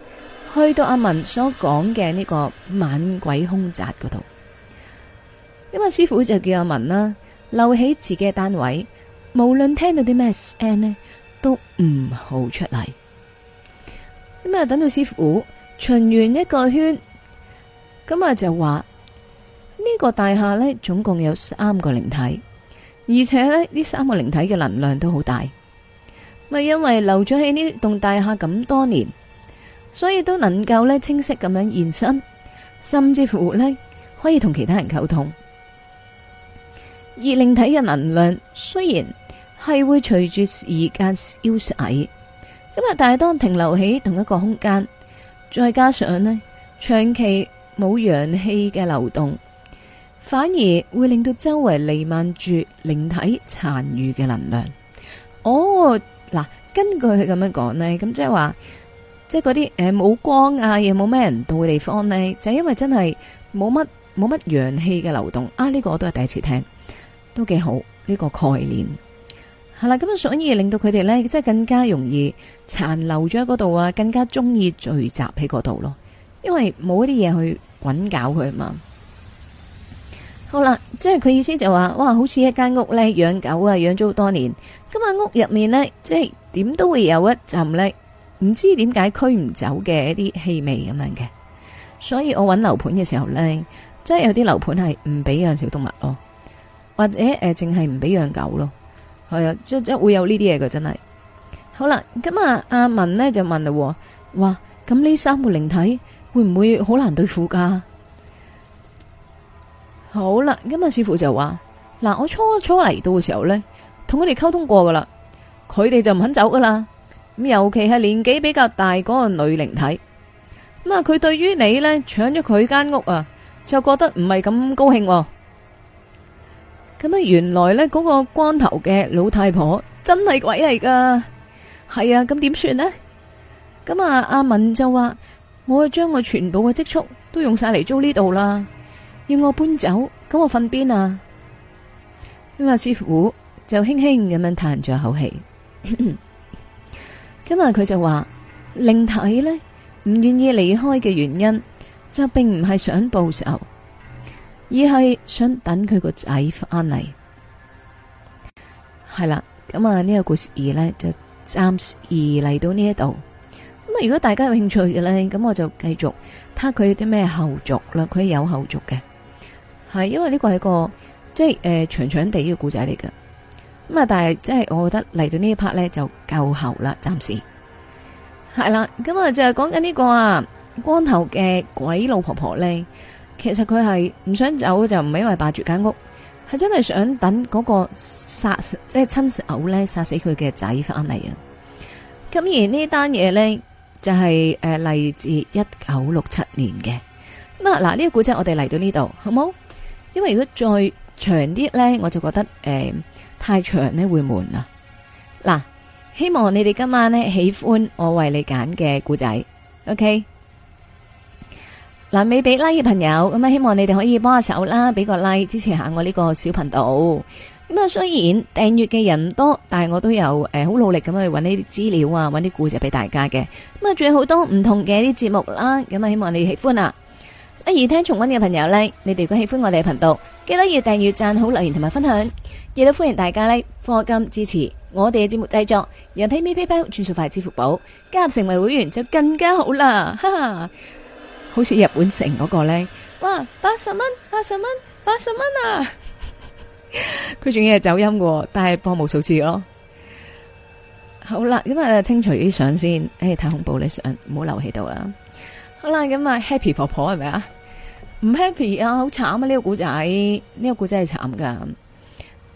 去到阿文所講嘅呢個猛鬼凶宅嗰度，咁啊師傅就叫阿文啦，留喺自己嘅單位，無論聽到啲咩聲咧，都唔好出嚟。咁啊等到師傅巡完一個圈。咁啊，就話呢個大廈呢，總共有三個靈體，而且呢呢三個靈體嘅能量都好大。咪因為留咗喺呢棟大廈咁多年，所以都能夠呢清晰咁樣現身，甚至乎呢，可以同其他人溝通。而靈體嘅能量雖然係會隨住時間消逝，咁啊但係當停留喺同一個空間，再加上呢長期。冇陽氣嘅流動，反而會令到周圍彌漫住靈體殘餘嘅能量。哦，嗱，根據佢咁樣講呢，咁即係話，即係嗰啲誒冇光啊，又冇咩人到嘅地方呢，就因為真係冇乜冇乜陽氣嘅流動啊！呢個我都係第一次聽，都幾好呢個概念係啦。咁所以令到佢哋呢，即係更加容易殘留咗喺嗰度啊，更加中意聚集喺嗰度咯。因為冇一啲嘢去滾攪佢啊嘛，好啦，即係佢意思就話，哇，好似一間屋呢，養狗啊，養咗好多年，咁啊屋入面呢，即係點都會有一陣呢，唔知點解驅唔走嘅一啲氣味咁樣嘅，所以我揾樓盤嘅時候呢，即係有啲樓盤係唔俾養小動物咯，哦，或者誒，淨係唔俾養狗咯，係、哦、啊，即即會有呢啲嘢嘅，真係，好啦，咁、嗯、啊，阿文呢就問啦，哇，咁呢三個靈體。會唔會好難對付噶？好啦，今日師傅就話：嗱，我初初嚟到嘅時候呢，同佢哋溝通過噶啦，佢哋就唔肯走噶啦。咁尤其係年紀比較大嗰個女靈體，咁啊，佢對於你呢搶咗佢間屋啊，就覺得唔係咁高興。咁啊，原來呢嗰個光頭嘅老太婆真係鬼嚟噶，係啊，咁點算呢？咁啊，阿敏就話。我將我全部嘅積蓄都用晒嚟租呢度啦，要我搬走，咁我瞓邊啊？咁啊，師傅就輕輕咁樣嘆咗口氣。今日佢就話，靈體呢唔願意離開嘅原因，就並唔係想報仇，而係想等佢個仔翻嚟。係啦，咁啊呢個故事二呢，就暫時而嚟到呢一度。如果大家有興趣嘅呢，咁我就繼續睇下佢有啲咩後續啦。佢有後續嘅，係因為呢個係一個即係誒、呃、長長地嘅故仔嚟嘅。咁啊，但係即係我覺得嚟到呢一 part 呢，就夠喉啦，暫時係啦。咁啊，咁我就係講緊呢個啊光頭嘅鬼老婆婆呢，其實佢係唔想走就唔係因為霸住間屋，係真係想等嗰個殺即係親手咧殺死佢嘅仔翻嚟啊。咁而這呢單嘢呢就係誒嚟自一九六七年嘅，咁啊，嗱呢、啊，呢個古仔我哋嚟到呢度好冇？因為如果再長啲呢，我就覺得誒、呃、太長呢會悶啦。嗱、啊，希望你哋今晚呢，喜歡我為你揀嘅古仔，OK？嗱、啊，未俾 like 嘅朋友咁啊，希望你哋可以幫下手啦，俾個 like 支持下我呢個小頻道。咁啊，雖然訂閱嘅人唔多，但係我都有誒，好、呃、努力咁去揾呢啲資料啊，揾啲故事俾大家嘅。咁啊，仲有好多唔同嘅啲節目啦。咁啊，希望你喜歡啊。不而聽重溫嘅朋友呢，你哋如果喜歡我哋嘅頻道，記得要訂閱、贊好、留言同埋分享。亦都歡迎大家呢，課金支持我哋嘅節目製作。由 PayPal、轉數快、支付寶，加入成為會員就更加好啦，哈哈。好似日本城嗰個呢，哇，八十蚊，八十蚊，八十蚊啊！佢仲要係走音嘅，但係播無數次咯。好啦，咁啊清除啲相先，誒、哎、太恐怖你相，唔好留喺度啦。好啦，咁啊 Happy 婆婆係咪啊？唔 Happy 啊，好慘啊！呢、這個古仔，呢、這個古仔係慘噶，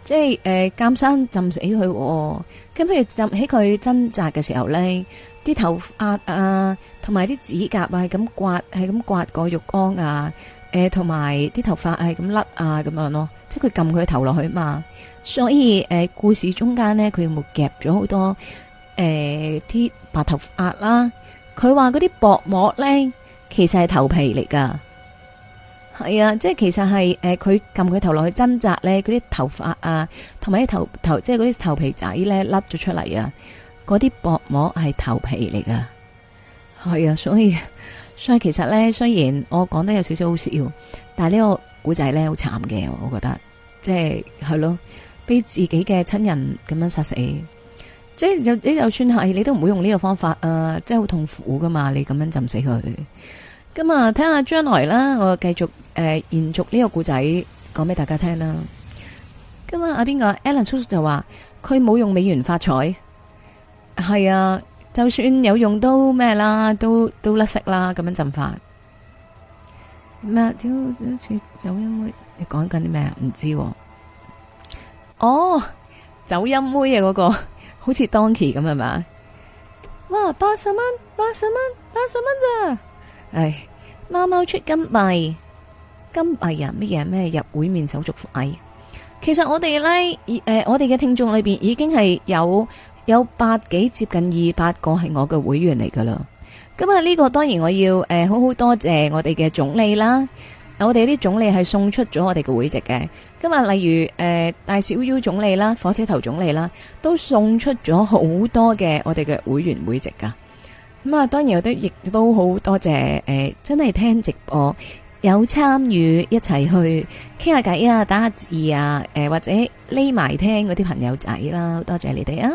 即係誒，監、呃、生浸死佢，咁、啊、譬如浸喺佢掙扎嘅時候咧，啲頭髮啊，同埋啲指甲啊，係咁刮，係咁刮個浴缸啊。誒、呃，同埋啲頭髮係咁甩啊，咁樣咯，即係佢撳佢個頭落去嘛，所以誒、呃，故事中間呢，佢有冇夾咗好多誒啲、呃、白頭髮啦？佢話嗰啲薄膜咧，其實係頭皮嚟噶，係啊，即係其實係誒，佢撳佢頭落去掙扎咧，嗰啲頭髮啊，同埋啲頭頭，即係啲頭皮仔咧甩咗出嚟啊，嗰啲薄膜係頭皮嚟噶，係啊，所以。所以其實咧，雖然我講得有少少好笑，但係呢個古仔咧好慘嘅，我覺得即係係咯，俾自己嘅親人咁樣殺死，即係就你就算係你都唔會用呢個方法啊，即係好痛苦噶嘛，你咁樣浸死佢。咁啊，睇下將來啦，我繼續誒、呃、延續呢個古仔講俾大家聽啦。咁啊，阿邊個 Alan 叔叔就話佢冇用美元發財，係啊。就算有用都咩啦，都都甩色啦，咁樣浸法。咩？屌！好似走音妹，你講緊啲咩啊？唔知。哦，走音妹啊，嗰、嗰個 好似 Donkey 咁係嘛？哇！八十蚊，八十蚊，八十蚊咋？唉，貓貓出金幣，金幣啊！乜嘢？咩入會面手續費？其實我哋呢，誒、呃，我哋嘅聽眾裏邊已經係有。有百幾接近二百個係我嘅會員嚟噶啦，咁啊呢個當然我要誒、呃、好好多謝我哋嘅總理啦，啊、我哋啲總理係送出咗我哋嘅會籍嘅，今、啊、日例如誒、呃、大小 U 總理啦、火車頭總理啦，都送出咗好多嘅我哋嘅會員會籍噶，咁啊當然有啲亦都好多謝誒、呃，真係聽直播有參與一齊去傾下偈啊、打下字啊，誒、呃、或者匿埋聽嗰啲朋友仔啦，多謝你哋啊！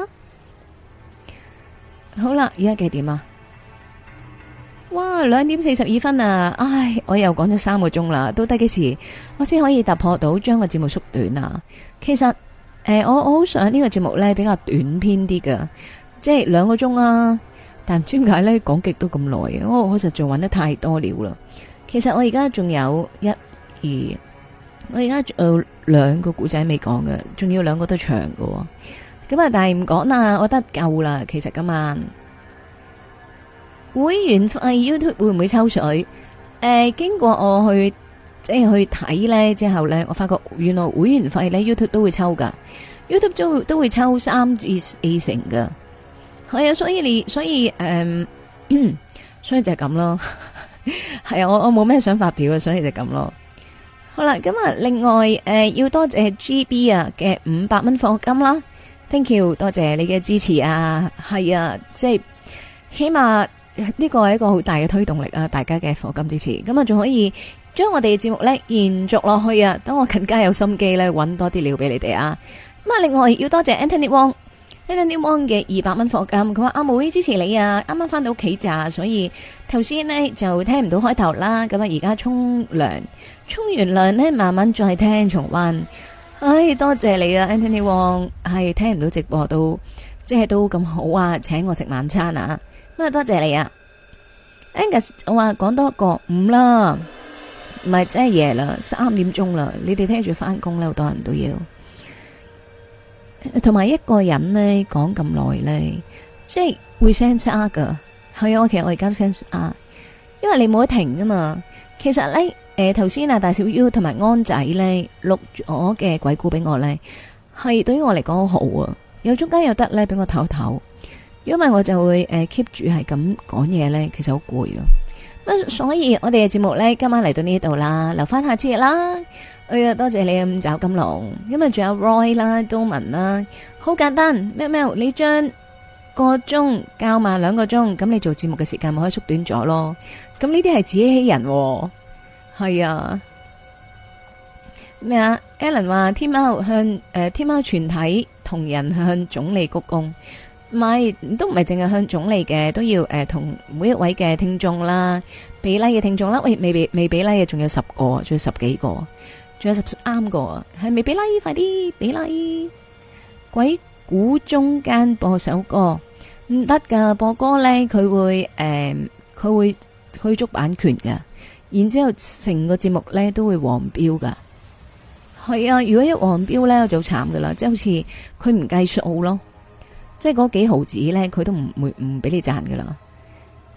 好啦，而家幾點啊？哇，兩點四十二分啊！唉，我又講咗三個鐘啦，到底幾時我先可以突破到將個節目縮短啊？其實誒、呃，我我好想呢個節目呢比較短篇啲嘅，即係兩個鐘啊。但唔知點解呢講極都咁耐，嘅、哦，我我實在揾得太多了啦。其實我而家仲有一二，我而家仲有兩個古仔未講嘅，仲要兩個都長嘅、啊。咁啊！但係唔講啦，我覺得夠啦。其實今晚會員費 YouTube 會唔會抽水？誒，經過我去即係去睇咧之後咧，我發覺原來會員費咧 YouTube 都會抽噶，YouTube 都都會抽三至四成噶。係啊，所以你所以誒，所以就係咁咯。係啊，我我冇咩想發表啊，所以就咁咯。好啦，咁啊，另外誒，要多謝 GB 啊嘅五百蚊課金啦。Thank you，多謝你嘅支持啊，係啊，即係起碼呢個係一個好大嘅推動力啊，大家嘅課金支持，咁啊仲可以將我哋嘅節目咧延續落去啊，等我更加有心機咧揾多啲料俾你哋啊。咁啊，另外要多謝 Anthony Wong，Anthony Wong 嘅二百蚊課金，佢話阿妹支持你啊，啱啱返到屋企咋，所以頭先呢就聽唔到開頭啦，咁啊而家沖涼，沖完涼咧慢慢再聽重溫。唉、哎，多謝你啊，Anthony Wong，係聽唔到直播都，即係都咁好啊，請我食晚餐啊，咁啊多謝你啊，Angus，我話講多一個五啦，唔係即係夜啦，三點鐘啦，你哋聽住翻工啦，好多人都要，同埋一個人呢，講咁耐呢，即係會聲沙㗎，係啊，我其實我而家聲沙，因為你冇得停㗎嘛，其實呢。誒，頭先啊，大小 U 同埋安仔咧，錄咗嘅鬼故俾我咧，係對於我嚟講好好啊，有中間有得咧俾我唞一唞，因為我就會誒 keep 住係咁講嘢咧，其實好攰咯。咁所以我哋嘅節目咧，今晚嚟到呢度啦，留翻下次啦。哎呀，多謝你嘅五爪金龍，因為仲有 Roy 啦、Doman 啦，好簡單，喵喵？你將個鐘較慢兩個鐘，咁你做節目嘅時間咪可以縮短咗咯？咁呢啲係自欺欺人。係啊，咩啊？Alan 話天貓向誒天貓全體同人向總理鞠躬，唔係都唔係淨係向總理嘅，都要誒同每一位嘅聽眾啦，俾 like 嘅聽眾啦。喂，未俾未俾 like 嘅仲有十個，仲有十幾個，仲有十三個，係未俾 like，快啲俾 like。鬼故中間播首歌唔得㗎，播歌咧佢會誒佢會去捉版權嘅。然之後成個節目咧都會黃標噶，係啊！如果一黃標咧就慘噶啦，即係好似佢唔計數咯，即係嗰幾毫子咧佢都唔會唔俾你賺噶啦。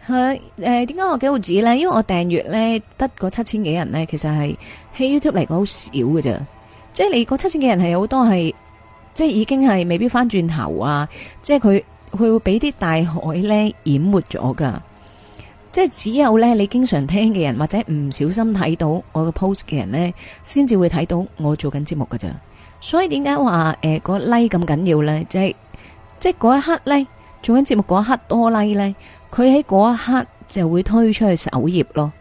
係誒、啊，呃、點解我幾毫子咧？因為我訂閱咧得嗰七千幾人咧，其實係喺 YouTube 嚟講好少嘅啫。即係你嗰七千幾人係好多係，即係已經係未必翻轉頭啊！即係佢佢會俾啲大海咧淹沒咗噶。即係只有咧，你經常聽嘅人或者唔小心睇到我嘅 post 嘅人呢，先至會睇到我做緊節目噶咋。所以點解話誒個 like 咁緊要呢？即係即係嗰一刻呢，做緊節目嗰一刻多 like 呢，佢喺嗰一刻就會推出去首頁咯。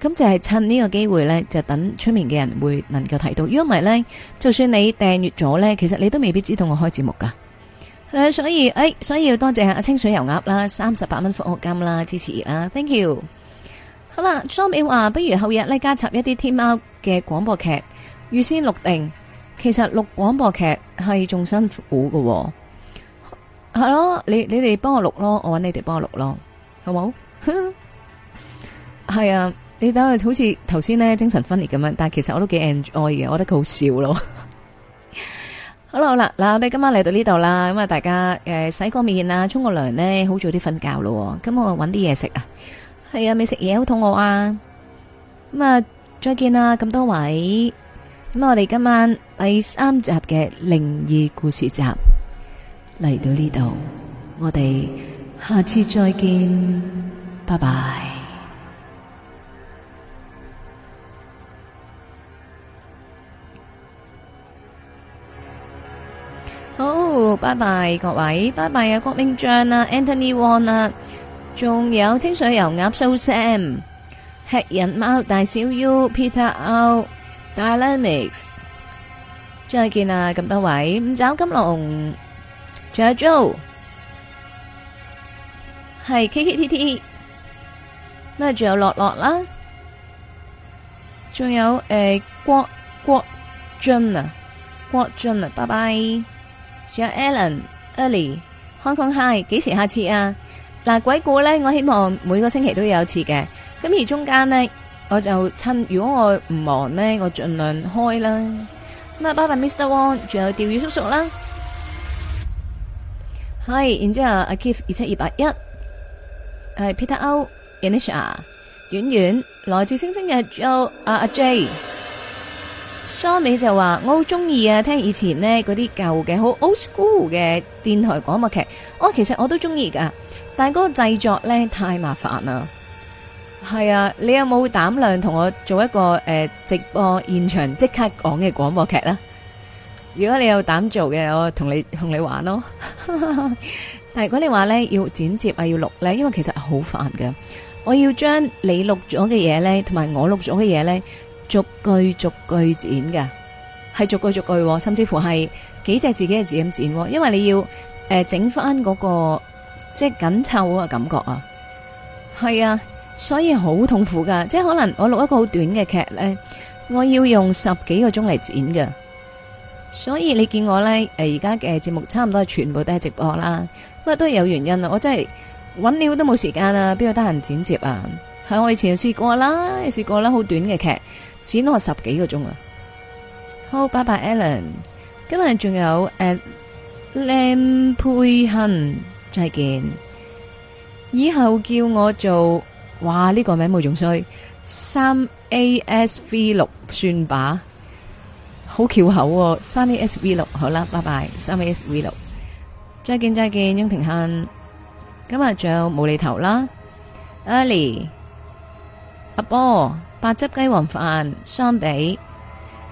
咁就係趁呢個機會呢，就等出面嘅人會能夠睇到。如果唔係呢，就算你訂閱咗呢，其實你都未必知道我開節目噶。誒、嗯，所以誒、哎，所以要多謝阿、啊、清水油鴨啦，三十八蚊復學金啦，支持啦，thank you。好啦，張美話不如後日加插一啲天喵嘅廣播劇，預先錄定。其實錄廣播劇係仲辛苦噶、喔，係、嗯、咯，你你哋幫我錄咯，我搵你哋幫我錄咯，好冇？係 啊，你等下好似頭先呢精神分裂咁樣，但係其實我都幾 enjoy 嘅，我覺得佢好笑咯。好啦好啦，嗱，我哋今晚嚟到呢度啦，咁啊大家誒，洗個面啊，沖個涼咧，好早啲瞓覺咯，咁我搵啲嘢食啊，係啊未食嘢，好肚餓啊，咁啊再見啦咁多位，咁我哋今晚第三集嘅靈異故事集嚟到呢度，我哋下次再見，拜拜。好，拜拜各位，拜拜啊郭明章啦，Anthony Wong 啦，仲有清水油鴨蘇 Sam，吃人貓大小 U，Peter 歐，Dynamics，再見啊咁多位，五爪金龍，仲有 Joe，係 K K T T，咩仲有樂樂啦，仲有誒郭郭俊啊，郭俊啊，拜拜。仲有 Alan、Early、Hong Kong High，幾時下次啊？嗱，鬼故咧，我希望每個星期都有一次嘅。咁而中間咧，我就趁，如果我唔忙咧，我盡量開啦。咁啊，拜拜，Mr. Wong，仲有釣魚叔叔啦。Hi，然之後阿 Keith 二七二八一，係 Peter O、Anisha、婉婉，來自星星嘅有阿 J。收尾就話我好中意啊，聽以前呢嗰啲舊嘅好 old school 嘅電台廣播劇，我、哦、其實我都中意噶，但係嗰個製作呢太麻煩啦。係啊，你有冇膽量同我做一個誒、呃、直播現場即刻講嘅廣播劇呢？如果你有膽做嘅，我同你同你玩咯、哦。 但係如果你話呢要剪接啊，要錄呢，因為其實好煩噶，我要將你錄咗嘅嘢呢，同埋我錄咗嘅嘢呢。逐句逐句剪㗎，係逐句逐句，甚至乎係幾隻自己嘅字咁剪，因為你要誒、呃、整翻嗰、那個即係緊湊嘅感覺啊。係啊，所以好痛苦噶，即係可能我錄一個好短嘅劇呢，我要用十幾個鐘嚟剪㗎。所以你見我呢，誒而家嘅節目差唔多係全部都係直播啦，乜都係有原因啊。我真係揾料都冇時間啊，邊度得閒剪接啊？係、啊、我以前又試過啦，又試過啦，好短嘅劇。剪咗我十幾個鐘啊！好，拜拜，Alan。今日仲有誒，靚佩欣，再見。以後叫我做，哇！呢個名冇仲衰，三 A S V 六算吧，好翹口，三 A S V 六，好啦，拜拜，三 A S V 六，再見再見，英庭漢。今日仲有冇厘頭啦，Ali，阿波。白汁雞皇飯，相比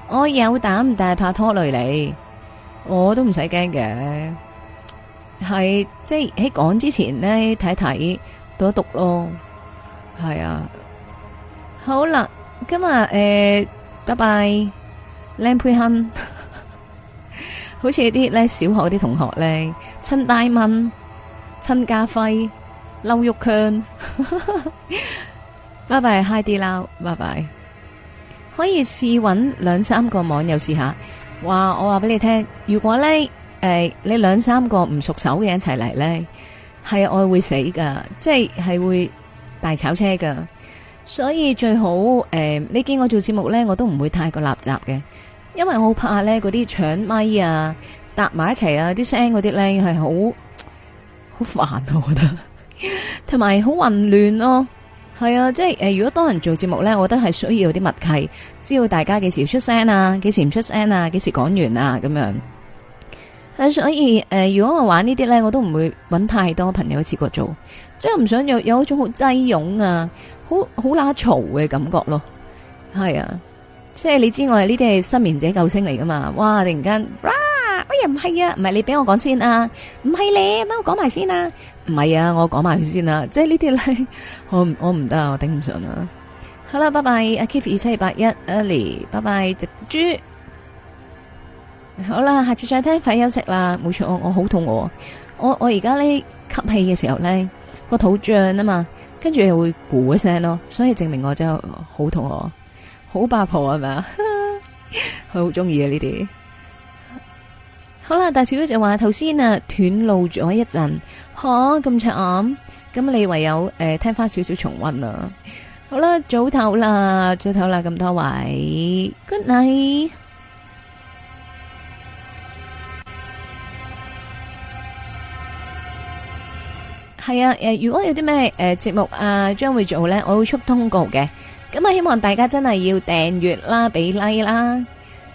我有膽，但係怕拖累你，我都唔使驚嘅。係即係喺講之前咧，睇睇讀一讀咯。係啊，好啦，今日誒，拜拜，靚佩亨，好似啲咧小學啲同學咧，陳大文、陳家輝、劉玉強。拜拜，Hi 啲啦，拜拜。可以試揾兩三個網友試下。話我話俾你聽。如果呢，誒、呃、你兩三個唔熟手嘅，一齊嚟呢，係愛會死噶即係係會大炒車噶。所以最好誒、呃，你見我做節目呢，我都唔會太過立雜嘅，因為我怕呢嗰啲搶咪啊、搭埋一齊啊、啲聲嗰啲呢，係好好煩啊，我覺得還有很、啊，同埋好混亂咯。係啊，即係誒、呃，如果多人做節目呢，我覺得係需要有啲默契，需要大家幾時出聲啊，幾時唔出聲啊，幾時講完啊，咁樣。係所以誒、呃，如果我玩呢啲呢，我都唔會搵太多朋友一次過做，即係唔想有有一種好擠擁啊，好好乸嘈嘅感覺咯，係啊。即係你知我係呢啲係失眠者救星嚟噶嘛？哇！突然間，哇！哎呀，唔係啊，唔係你俾我講先啊，唔係你，等我講埋先啊，唔係啊，我講埋佢先啊。即係呢啲咧，我我唔得啊，我頂唔順啊。好啦，拜拜，阿 Keep 二七二八一，Ellie，拜拜，隻豬。好啦，下次再聽，快休息啦。冇錯，我好肚餓，我我而家呢，吸氣嘅時候咧，個肚脹啊嘛，跟住又會咕一聲咯，所以證明我真係好肚餓。好八婆係咪，佢 好中意啊呢啲。好啦，大小姐就話頭先啊斷路咗一陣，哈咁赤，咁你唯有誒、呃、聽翻少少重溫啦、啊。好啦，早唞啦，早唞啦，咁多位，Good night。係 啊，誒、呃，如果有啲咩誒節目啊將會做呢，我會出通告嘅。咁啊！希望大家真係要訂閱啦，俾 like 啦。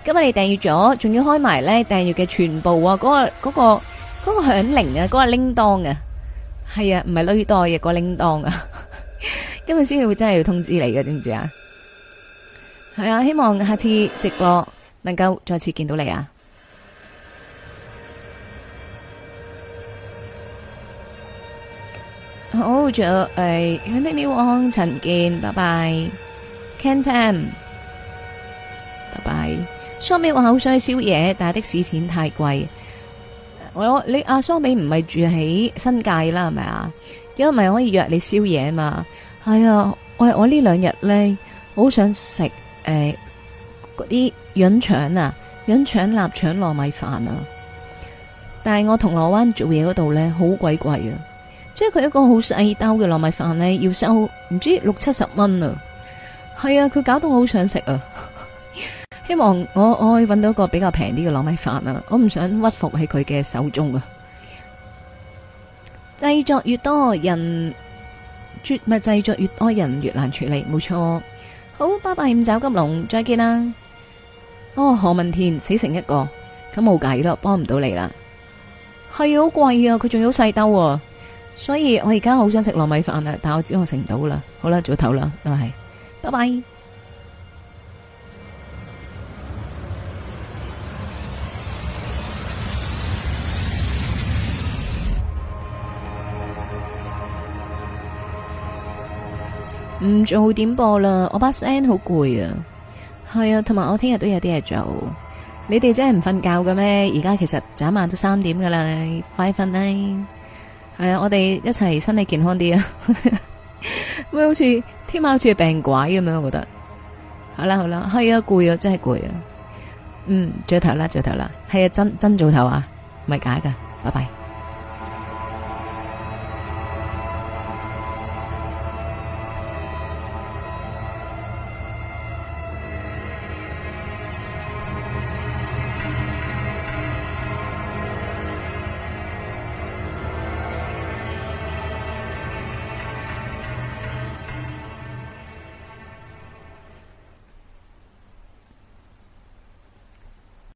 今日你訂閱咗，仲要開埋咧訂閱嘅全部啊！嗰個嗰個嗰個響鈴啊，嗰個鈴鐺啊，係啊，唔係女多嘅個鈴鐺啊。今日先至會真係要通知你嘅，知唔知啊？係啊，希望下次直播能夠再次見到你啊！好，仲有，誒，Andy Wong 陳健，拜拜。聽聽，拜拜。蘇美話好想去宵夜，但係的士錢太貴。我你阿蘇美唔係住喺新界啦，係咪啊？咁咪可以約你宵夜啊嘛？係啊，喂，我呢兩日咧好想食誒嗰啲潤腸啊，潤腸臘腸糯米飯啊。但係我銅鑼灣做嘢嗰度咧好鬼貴啊，即係佢一個好細兜嘅糯米飯咧要收唔知六七十蚊啊！係啊，佢搞到我好想食啊！ 希望我我可以搵到一個比較平啲嘅糯米飯啊！我唔想屈服喺佢嘅手中啊！製作越多人，絕唔係製作越多人越難處理，冇錯。好，拜拜，五爪金龍，再見啦！哦，何文田死成一個，咁冇計咯，幫唔到你啦。係好，啊，貴啊！佢仲有細兜，啊，所以我而家好想食糯米飯啊！但我知我食唔到啦。好啦，早唞啦，都係。拜拜。唔做點播啦，我把聲好攰啊。係啊，同埋我聽日都有啲嘢做。你哋真係唔瞓覺嘅咩？而家其實早一晚都三點噶啦，快瞓啦。係啊，我哋一齊身體健康啲啊。咪好似。天喵好似病鬼咁樣，我覺得好啦好啦，係啊，攰啊，真係攰啊，嗯，早唞啦，早唞啦，係啊，真真早唞啊，唔係假㗎。拜拜。